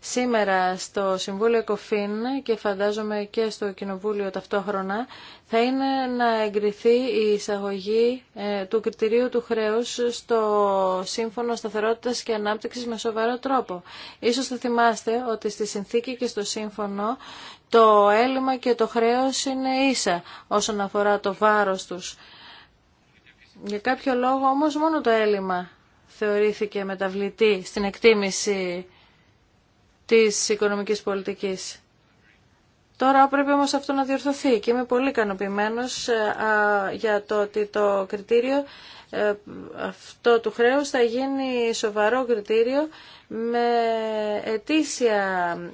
σήμερα στο Συμβούλιο Κοφίν και φαντάζομαι και στο Κοινοβούλιο ταυτόχρονα θα είναι να εγκριθεί η εισαγωγή ε, του κριτηρίου του χρέους στο Σύμφωνο Σταθερότητας και Ανάπτυξης με σοβαρό τρόπο. Ίσως θα θυμάστε ότι στη συνθήκη και στο Σύμφωνο το έλλειμμα και το χρέος είναι ίσα όσον αφορά το βάρος τους. Για κάποιο λόγο όμως μόνο το έλλειμμα θεωρήθηκε μεταβλητή στην εκτίμηση της οικονομικής πολιτικής. Τώρα πρέπει όμως αυτό να διορθωθεί και είμαι πολύ ικανοποιημένο ε, για το ότι το κριτήριο ε, αυτό του χρέους θα γίνει σοβαρό κριτήριο με ετήσια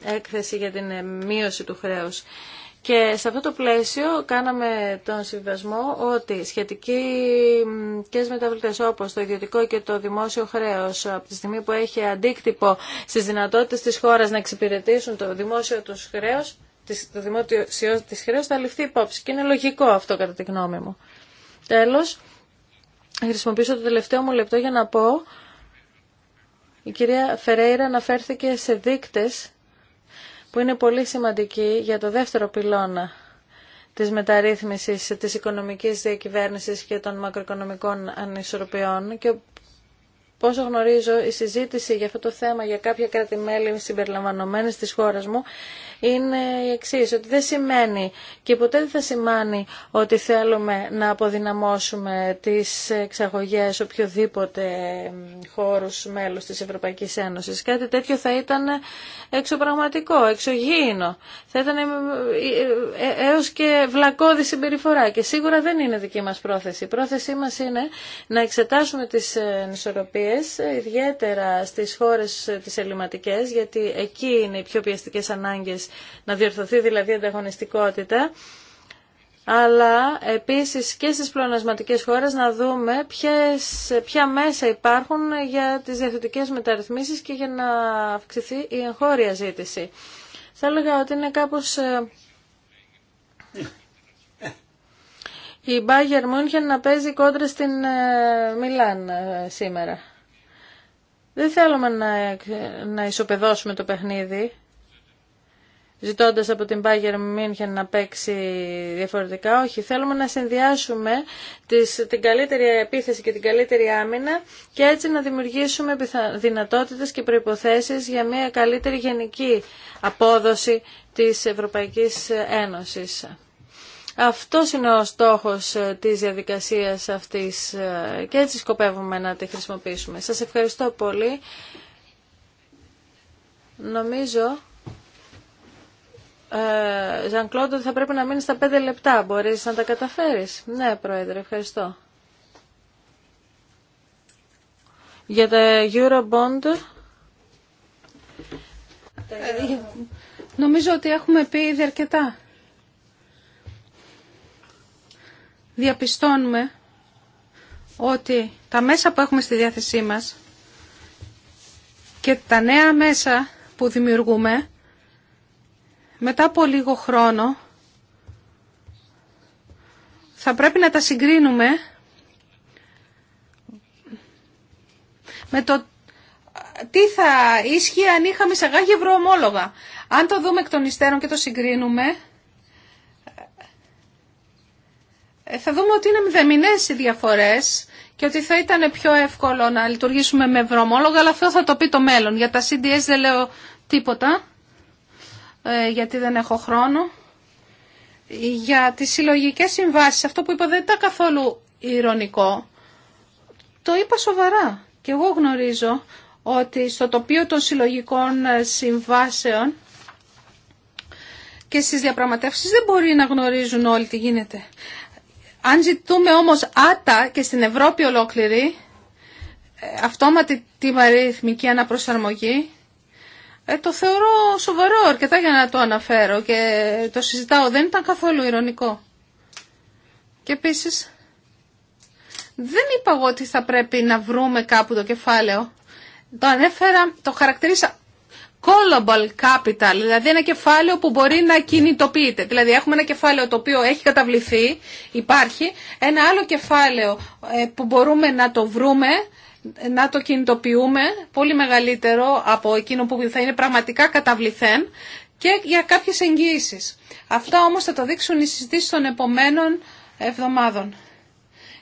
έκθεση για την μείωση του χρέους. Και σε αυτό το πλαίσιο κάναμε τον συμβιβασμό ότι σχετικοί και μεταβλητέ όπω το ιδιωτικό και το δημόσιο χρέο, από τη στιγμή που έχει αντίκτυπο στι δυνατότητε τη χώρα να εξυπηρετήσουν το δημόσιο του χρέος το δημόσιο τη χρέο, θα ληφθεί υπόψη. Και είναι λογικό αυτό κατά τη γνώμη μου. Τέλο, χρησιμοποιήσω το τελευταίο μου λεπτό για να πω. Η κυρία Φερέιρα αναφέρθηκε σε δείκτες που είναι πολύ σημαντική για το δεύτερο πυλώνα της μεταρρύθμισης της οικονομικής διακυβέρνησης και των μακροοικονομικών ανισορροπιών και Πόσο γνωρίζω, η συζήτηση για αυτό το θέμα για κάποια κράτη-μέλη συμπεριλαμβανομένη τη χώρα μου είναι η εξή, ότι δεν σημαίνει και ποτέ δεν θα σημάνει ότι θέλουμε να αποδυναμώσουμε τις εξαγωγέ οποιοδήποτε χώρους μέλους της Ευρωπαϊκής Ένωσης. Κάτι τέτοιο θα ήταν εξωπραγματικό, εξωγήινο. Θα ήταν ε, ε, ε, έω και βλακώδη συμπεριφορά και σίγουρα δεν είναι δική μα πρόθεση. Η πρόθεσή μας είναι να εξετάσουμε τι ιδιαίτερα στις χώρες τις ελληματικές, γιατί εκεί είναι οι πιο πιεστικές ανάγκες να διορθωθεί δηλαδή η ανταγωνιστικότητα, αλλά επίσης και στις πλονασματικές χώρες να δούμε ποιες, ποια μέσα υπάρχουν για τις διαθετικές μεταρρυθμίσεις και για να αυξηθεί η εγχώρια ζήτηση. Θα έλεγα ότι είναι κάπως... Ε, η Μπάγερ Μούνχεν να παίζει κόντρα στην Μιλάν ε, ε, σήμερα. Δεν θέλουμε να, να ισοπεδώσουμε το παιχνίδι, ζητώντας από την Bayern Μίνχεν να παίξει διαφορετικά. Όχι, θέλουμε να συνδυάσουμε τις, την καλύτερη επίθεση και την καλύτερη άμυνα και έτσι να δημιουργήσουμε δυνατότητες και προϋποθέσεις για μια καλύτερη γενική απόδοση της Ευρωπαϊκής Ένωσης. Αυτό είναι ο στόχος ε, της διαδικασίας αυτής ε, και έτσι σκοπεύουμε να τη χρησιμοποιήσουμε. Σας ευχαριστώ πολύ. Νομίζω... Ζαν ε, Κλόντ, ότι θα πρέπει να μείνει στα πέντε λεπτά. Μπορείς να τα καταφέρεις. Ναι, Πρόεδρε, ευχαριστώ. Για τα Eurobond. νομίζω ότι έχουμε πει ήδη αρκετά. διαπιστώνουμε ότι τα μέσα που έχουμε στη διάθεσή μας και τα νέα μέσα που δημιουργούμε μετά από λίγο χρόνο θα πρέπει να τα συγκρίνουμε με το τι θα ίσχυε αν είχαμε εισαγάγει ευρωομόλογα. Αν το δούμε εκ των υστέρων και το συγκρίνουμε, Ε, θα δούμε ότι είναι μηδεμινές οι διαφορές και ότι θα ήταν πιο εύκολο να λειτουργήσουμε με βρομόλογα αλλά αυτό θα το πει το μέλλον. Για τα CDS δεν λέω τίποτα, ε, γιατί δεν έχω χρόνο. Για τις συλλογικές συμβάσεις, αυτό που είπα δεν ήταν καθόλου ηρωνικό. Το είπα σοβαρά και εγώ γνωρίζω ότι στο τοπίο των συλλογικών ε, συμβάσεων και στις διαπραγματεύσεις δεν μπορεί να γνωρίζουν όλοι τι γίνεται. Αν ζητούμε όμως άτα και στην Ευρώπη ολόκληρη ε, αυτόματη τιμαριθμική αναπροσαρμογή, ε, το θεωρώ σοβαρό αρκετά για να το αναφέρω και το συζητάω. Δεν ήταν καθόλου ηρωνικό. Και επίσης, δεν είπα εγώ ότι θα πρέπει να βρούμε κάπου το κεφάλαιο. Το ανέφερα, το χαρακτήρισα callable capital, δηλαδή ένα κεφάλαιο που μπορεί να κινητοποιείται. Δηλαδή έχουμε ένα κεφάλαιο το οποίο έχει καταβληθεί, υπάρχει, ένα άλλο κεφάλαιο ε, που μπορούμε να το βρούμε, να το κινητοποιούμε, πολύ μεγαλύτερο από εκείνο που θα είναι πραγματικά καταβληθέν και για κάποιες εγγύησεις. Αυτά όμως θα το δείξουν οι συζητήσεις των επομένων εβδομάδων.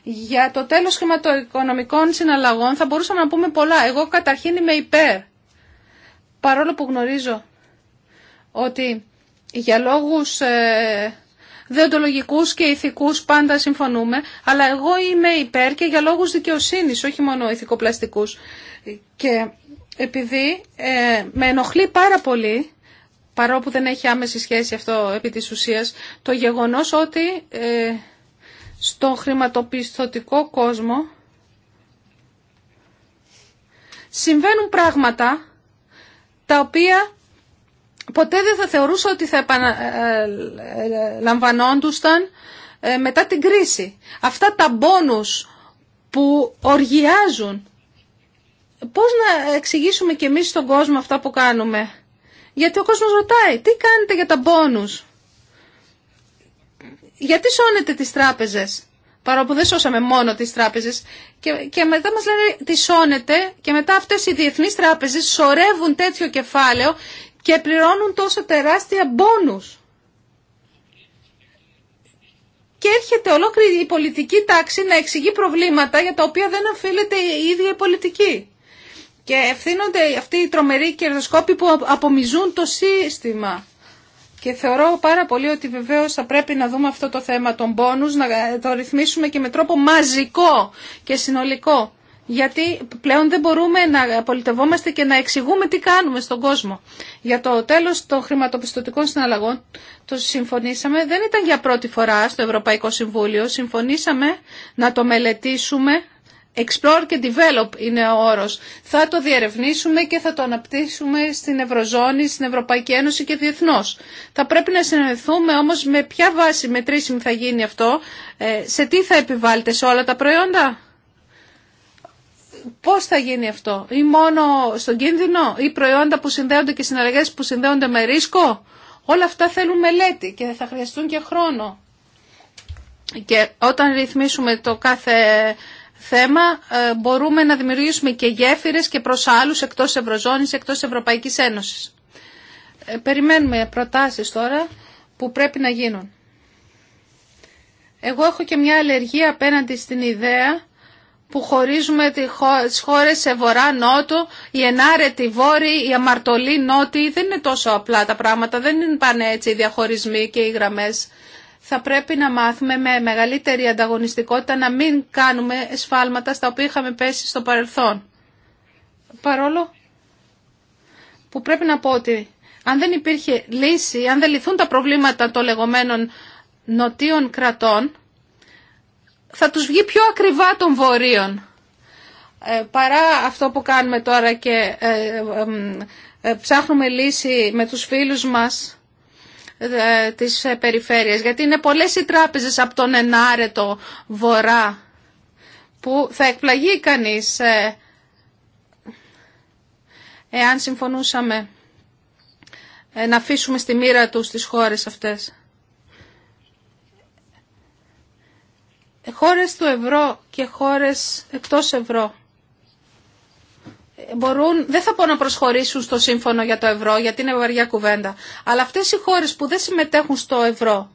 Για το τέλος χρηματοοικονομικών συναλλαγών θα μπορούσαμε να πούμε πολλά. Εγώ καταρχήν είμαι υπέρ παρόλο που γνωρίζω ότι για λόγους ε, δεοντολογικούς και ηθικούς πάντα συμφωνούμε, αλλά εγώ είμαι υπέρ και για λόγους δικαιοσύνης, όχι μόνο ηθικοπλαστικούς. Και επειδή ε, με ενοχλεί πάρα πολύ, παρόλο που δεν έχει άμεση σχέση αυτό επί της ουσίας, το γεγονός ότι ε, στον χρηματοπιστωτικό κόσμο συμβαίνουν πράγματα τα οποία ποτέ δεν θα θεωρούσα ότι θα επαναλαμβανόντουσαν ε, ε, ε, μετά την κρίση. Αυτά τα μπόνους που οργιάζουν. Πώς να εξηγήσουμε και εμείς στον κόσμο αυτά που κάνουμε. Γιατί ο κόσμος ρωτάει, τι κάνετε για τα μπόνους. Γιατί σώνετε τις τράπεζες παρόλο που δεν σώσαμε μόνο τις τράπεζες και, και μετά μας λένε τι σώνεται και μετά αυτές οι διεθνείς τράπεζες σωρεύουν τέτοιο κεφάλαιο και πληρώνουν τόσο τεράστια μπόνους. Και έρχεται ολόκληρη η πολιτική τάξη να εξηγεί προβλήματα για τα οποία δεν αφήνεται η ίδια η πολιτική. Και ευθύνονται αυτοί οι τρομεροί κερδοσκόποι που απομιζούν το σύστημα. Και θεωρώ πάρα πολύ ότι βεβαίω θα πρέπει να δούμε αυτό το θέμα των πόνου, να το ρυθμίσουμε και με τρόπο μαζικό και συνολικό. Γιατί πλέον δεν μπορούμε να πολιτευόμαστε και να εξηγούμε τι κάνουμε στον κόσμο. Για το τέλος των χρηματοπιστωτικών συναλλαγών το συμφωνήσαμε. Δεν ήταν για πρώτη φορά στο Ευρωπαϊκό Συμβούλιο. Συμφωνήσαμε να το μελετήσουμε Explore και develop είναι ο όρος. Θα το διερευνήσουμε και θα το αναπτύσσουμε στην Ευρωζώνη, στην Ευρωπαϊκή Ένωση και διεθνώς. Θα πρέπει να συνεχθούμε όμως με ποια βάση μετρήσιμη θα γίνει αυτό, ε, σε τι θα επιβάλλεται σε όλα τα προϊόντα. Πώς θα γίνει αυτό, ή μόνο στον κίνδυνο, ή προϊόντα που συνδέονται και συναλλαγές που συνδέονται με ρίσκο. Όλα αυτά θέλουν μελέτη και θα χρειαστούν και χρόνο. Και όταν ρυθμίσουμε το κάθε θέμα ε, μπορούμε να δημιουργήσουμε και γέφυρες και προς άλλους εκτός Ευρωζώνης, εκτός Ευρωπαϊκής Ένωσης. Ε, περιμένουμε προτάσεις τώρα που πρέπει να γίνουν. Εγώ έχω και μια αλλεργία απέναντι στην ιδέα που χωρίζουμε τις χώρες σε βορρά-νότο, οι τη βόρη, η αμαρτωλή νότη. Δεν είναι τόσο απλά τα πράγματα, δεν είναι πάνε έτσι οι διαχωρισμοί και οι γραμμές θα πρέπει να μάθουμε με μεγαλύτερη ανταγωνιστικότητα να μην κάνουμε σφάλματα στα οποία είχαμε πέσει στο παρελθόν. Παρόλο που πρέπει να πω ότι αν δεν υπήρχε λύση, αν δεν λυθούν τα προβλήματα των λεγόμενων νοτίων κρατών, θα τους βγει πιο ακριβά των βορείων. Ε, παρά αυτό που κάνουμε τώρα και ε, ε, ψάχνουμε λύση με τους φίλους μας ε, της ε, περιφέρειας, γιατί είναι πολλές οι τράπεζες από τον ενάρετο βορρά που θα εκπλαγεί κανείς ε, εάν συμφωνούσαμε να αφήσουμε στη μοίρα τους τις χώρες αυτές. Χώρες του ευρώ και χώρες εκτός ευρώ μπορούν, δεν θα πω να προσχωρήσουν στο σύμφωνο για το ευρώ, γιατί είναι βαριά κουβέντα, αλλά αυτές οι χώρες που δεν συμμετέχουν στο ευρώ,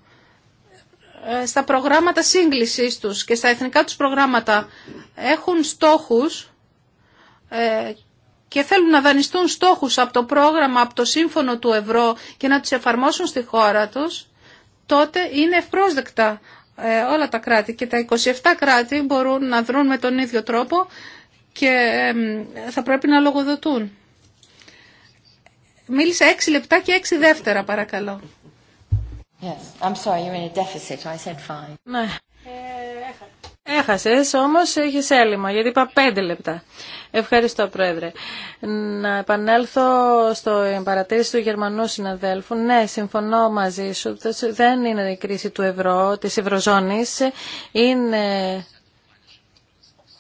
ε, στα προγράμματα σύγκλησης τους και στα εθνικά τους προγράμματα έχουν στόχους ε, και θέλουν να δανειστούν στόχους από το πρόγραμμα, από το σύμφωνο του ευρώ και να τους εφαρμόσουν στη χώρα τους, τότε είναι ευπρόσδεκτα ε, όλα τα κράτη και τα 27 κράτη μπορούν να δρουν με τον ίδιο τρόπο και θα πρέπει να λογοδοτούν. Μίλησε έξι λεπτά και έξι δεύτερα, παρακαλώ. Ναι. έχασες, όμως έχεις έλλειμμα, γιατί είπα πέντε λεπτά. Ευχαριστώ, Πρόεδρε. Να επανέλθω στο παρατήρηση του Γερμανού συναδέλφου. Ναι, συμφωνώ μαζί σου. Δεν είναι η κρίση του ευρώ, της ευρωζώνης. Είναι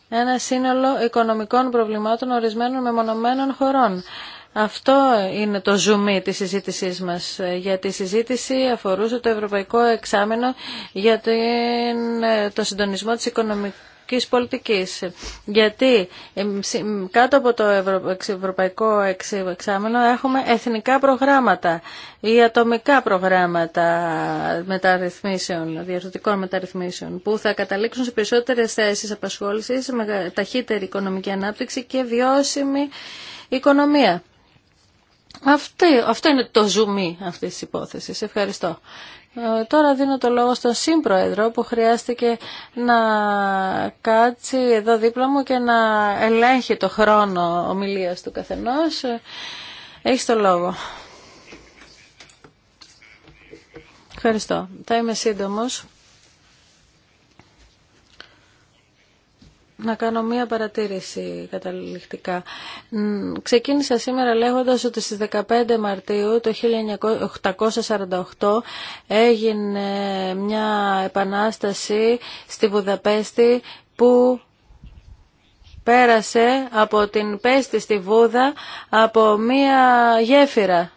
ένα σύνολο οικονομικών προβλημάτων ορισμένων μεμονωμένων χωρών. Αυτό είναι το ζουμί της συζήτησής μας, ε, γιατί η συζήτηση αφορούσε το Ευρωπαϊκό Εξάμεινο για ε, το συντονισμό της οικονομικής πολιτικής. Γιατί κάτω από το ευρωπαϊκό εξάμενο έχουμε εθνικά προγράμματα ή ατομικά προγράμματα μεταρρυθμίσεων, διαρθρωτικών μεταρρυθμίσεων, που θα καταλήξουν σε περισσότερες θέσεις απασχόλησης, με ταχύτερη οικονομική ανάπτυξη και βιώσιμη οικονομία. Αυτή, αυτό είναι το ζουμί αυτής της υπόθεσης. Ευχαριστώ. Ε, τώρα δίνω το λόγο στον Σύμπροεδρο που χρειάστηκε να κάτσει εδώ δίπλα μου και να ελέγχει το χρόνο ομιλίας του καθενός. Έχει το λόγο. Ευχαριστώ. Θα είμαι σύντομος. να κάνω μία παρατήρηση καταληκτικά. Ξεκίνησα σήμερα λέγοντας ότι στις 15 Μαρτίου το 1848 έγινε μια επανάσταση στη Βουδαπέστη που πέρασε από την πέστη στη Βούδα από μία γέφυρα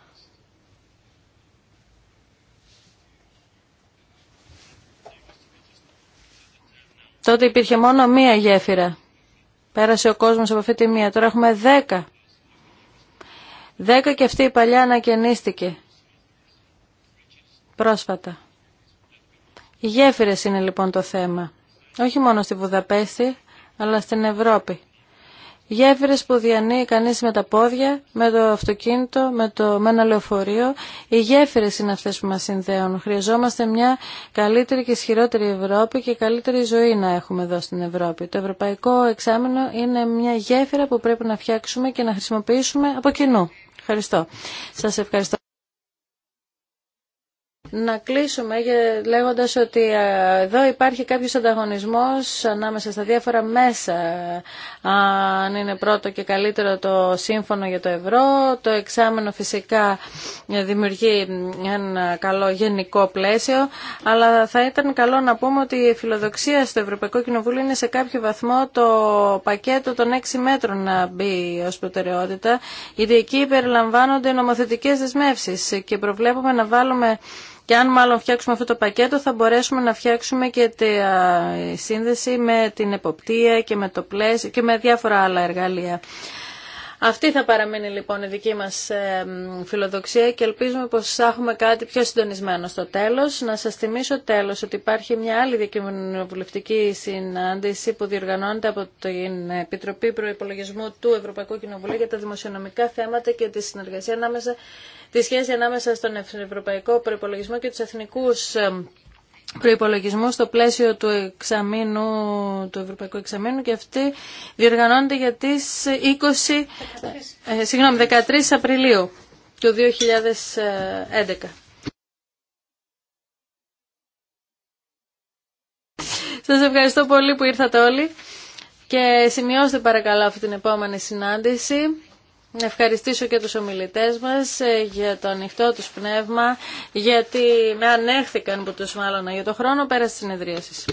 Τότε υπήρχε μόνο μία γέφυρα. Πέρασε ο κόσμος από αυτή τη μία. Τώρα έχουμε δέκα. Δέκα και αυτή η παλιά ανακαινίστηκε. Πρόσφατα. Οι γέφυρες είναι λοιπόν το θέμα. Όχι μόνο στη Βουδαπέστη, αλλά στην Ευρώπη γέφυρες που διανύει κανείς με τα πόδια, με το αυτοκίνητο, με, το, με ένα λεωφορείο. Οι γέφυρες είναι αυτές που μας συνδέουν. Χρειαζόμαστε μια καλύτερη και ισχυρότερη Ευρώπη και καλύτερη ζωή να έχουμε εδώ στην Ευρώπη. Το Ευρωπαϊκό Εξάμεινο είναι μια γέφυρα που πρέπει να φτιάξουμε και να χρησιμοποιήσουμε από κοινού. Ευχαριστώ. Σας ευχαριστώ να κλείσουμε λέγοντας ότι εδώ υπάρχει κάποιος ανταγωνισμός ανάμεσα στα διάφορα μέσα. Αν είναι πρώτο και καλύτερο το σύμφωνο για το ευρώ, το εξάμενο φυσικά δημιουργεί ένα καλό γενικό πλαίσιο, αλλά θα ήταν καλό να πούμε ότι η φιλοδοξία στο Ευρωπαϊκό Κοινοβούλιο είναι σε κάποιο βαθμό το πακέτο των έξι μέτρων να μπει ως προτεραιότητα, γιατί εκεί περιλαμβάνονται νομοθετικές δεσμεύσεις και προβλέπουμε να βάλουμε και αν μάλλον φτιάξουμε αυτό το πακέτο θα μπορέσουμε να φτιάξουμε και τη σύνδεση με την εποπτεία και με, το πλαίσιο, και με διάφορα άλλα εργαλεία. Αυτή θα παραμείνει λοιπόν η δική μας ε, φιλοδοξία και ελπίζουμε πως θα έχουμε κάτι πιο συντονισμένο στο τέλος. Να σας θυμίσω τέλος ότι υπάρχει μια άλλη διακοινοβουλευτική συνάντηση που διοργανώνεται από την Επιτροπή Προϋπολογισμού του Ευρωπαϊκού Κοινοβουλίου για τα δημοσιονομικά θέματα και τη συνεργασία ανάμεσα, τη σχέση ανάμεσα στον Ευρωπαϊκό Προϋπολογισμό και τους εθνικούς ε, προϋπολογισμού στο πλαίσιο του, εξαμήνου, του Ευρωπαϊκού Εξαμήνου και αυτή διοργανώνεται για τις 20, 13. 13 Απριλίου του 2011. Σας ευχαριστώ πολύ που ήρθατε όλοι και σημειώστε παρακαλώ αυτή την επόμενη συνάντηση. Να ευχαριστήσω και τους ομιλητές μας ε, για το ανοιχτό τους πνεύμα, γιατί με ανέχθηκαν που τους μάλλον για το χρόνο πέρα της συνεδρίασης.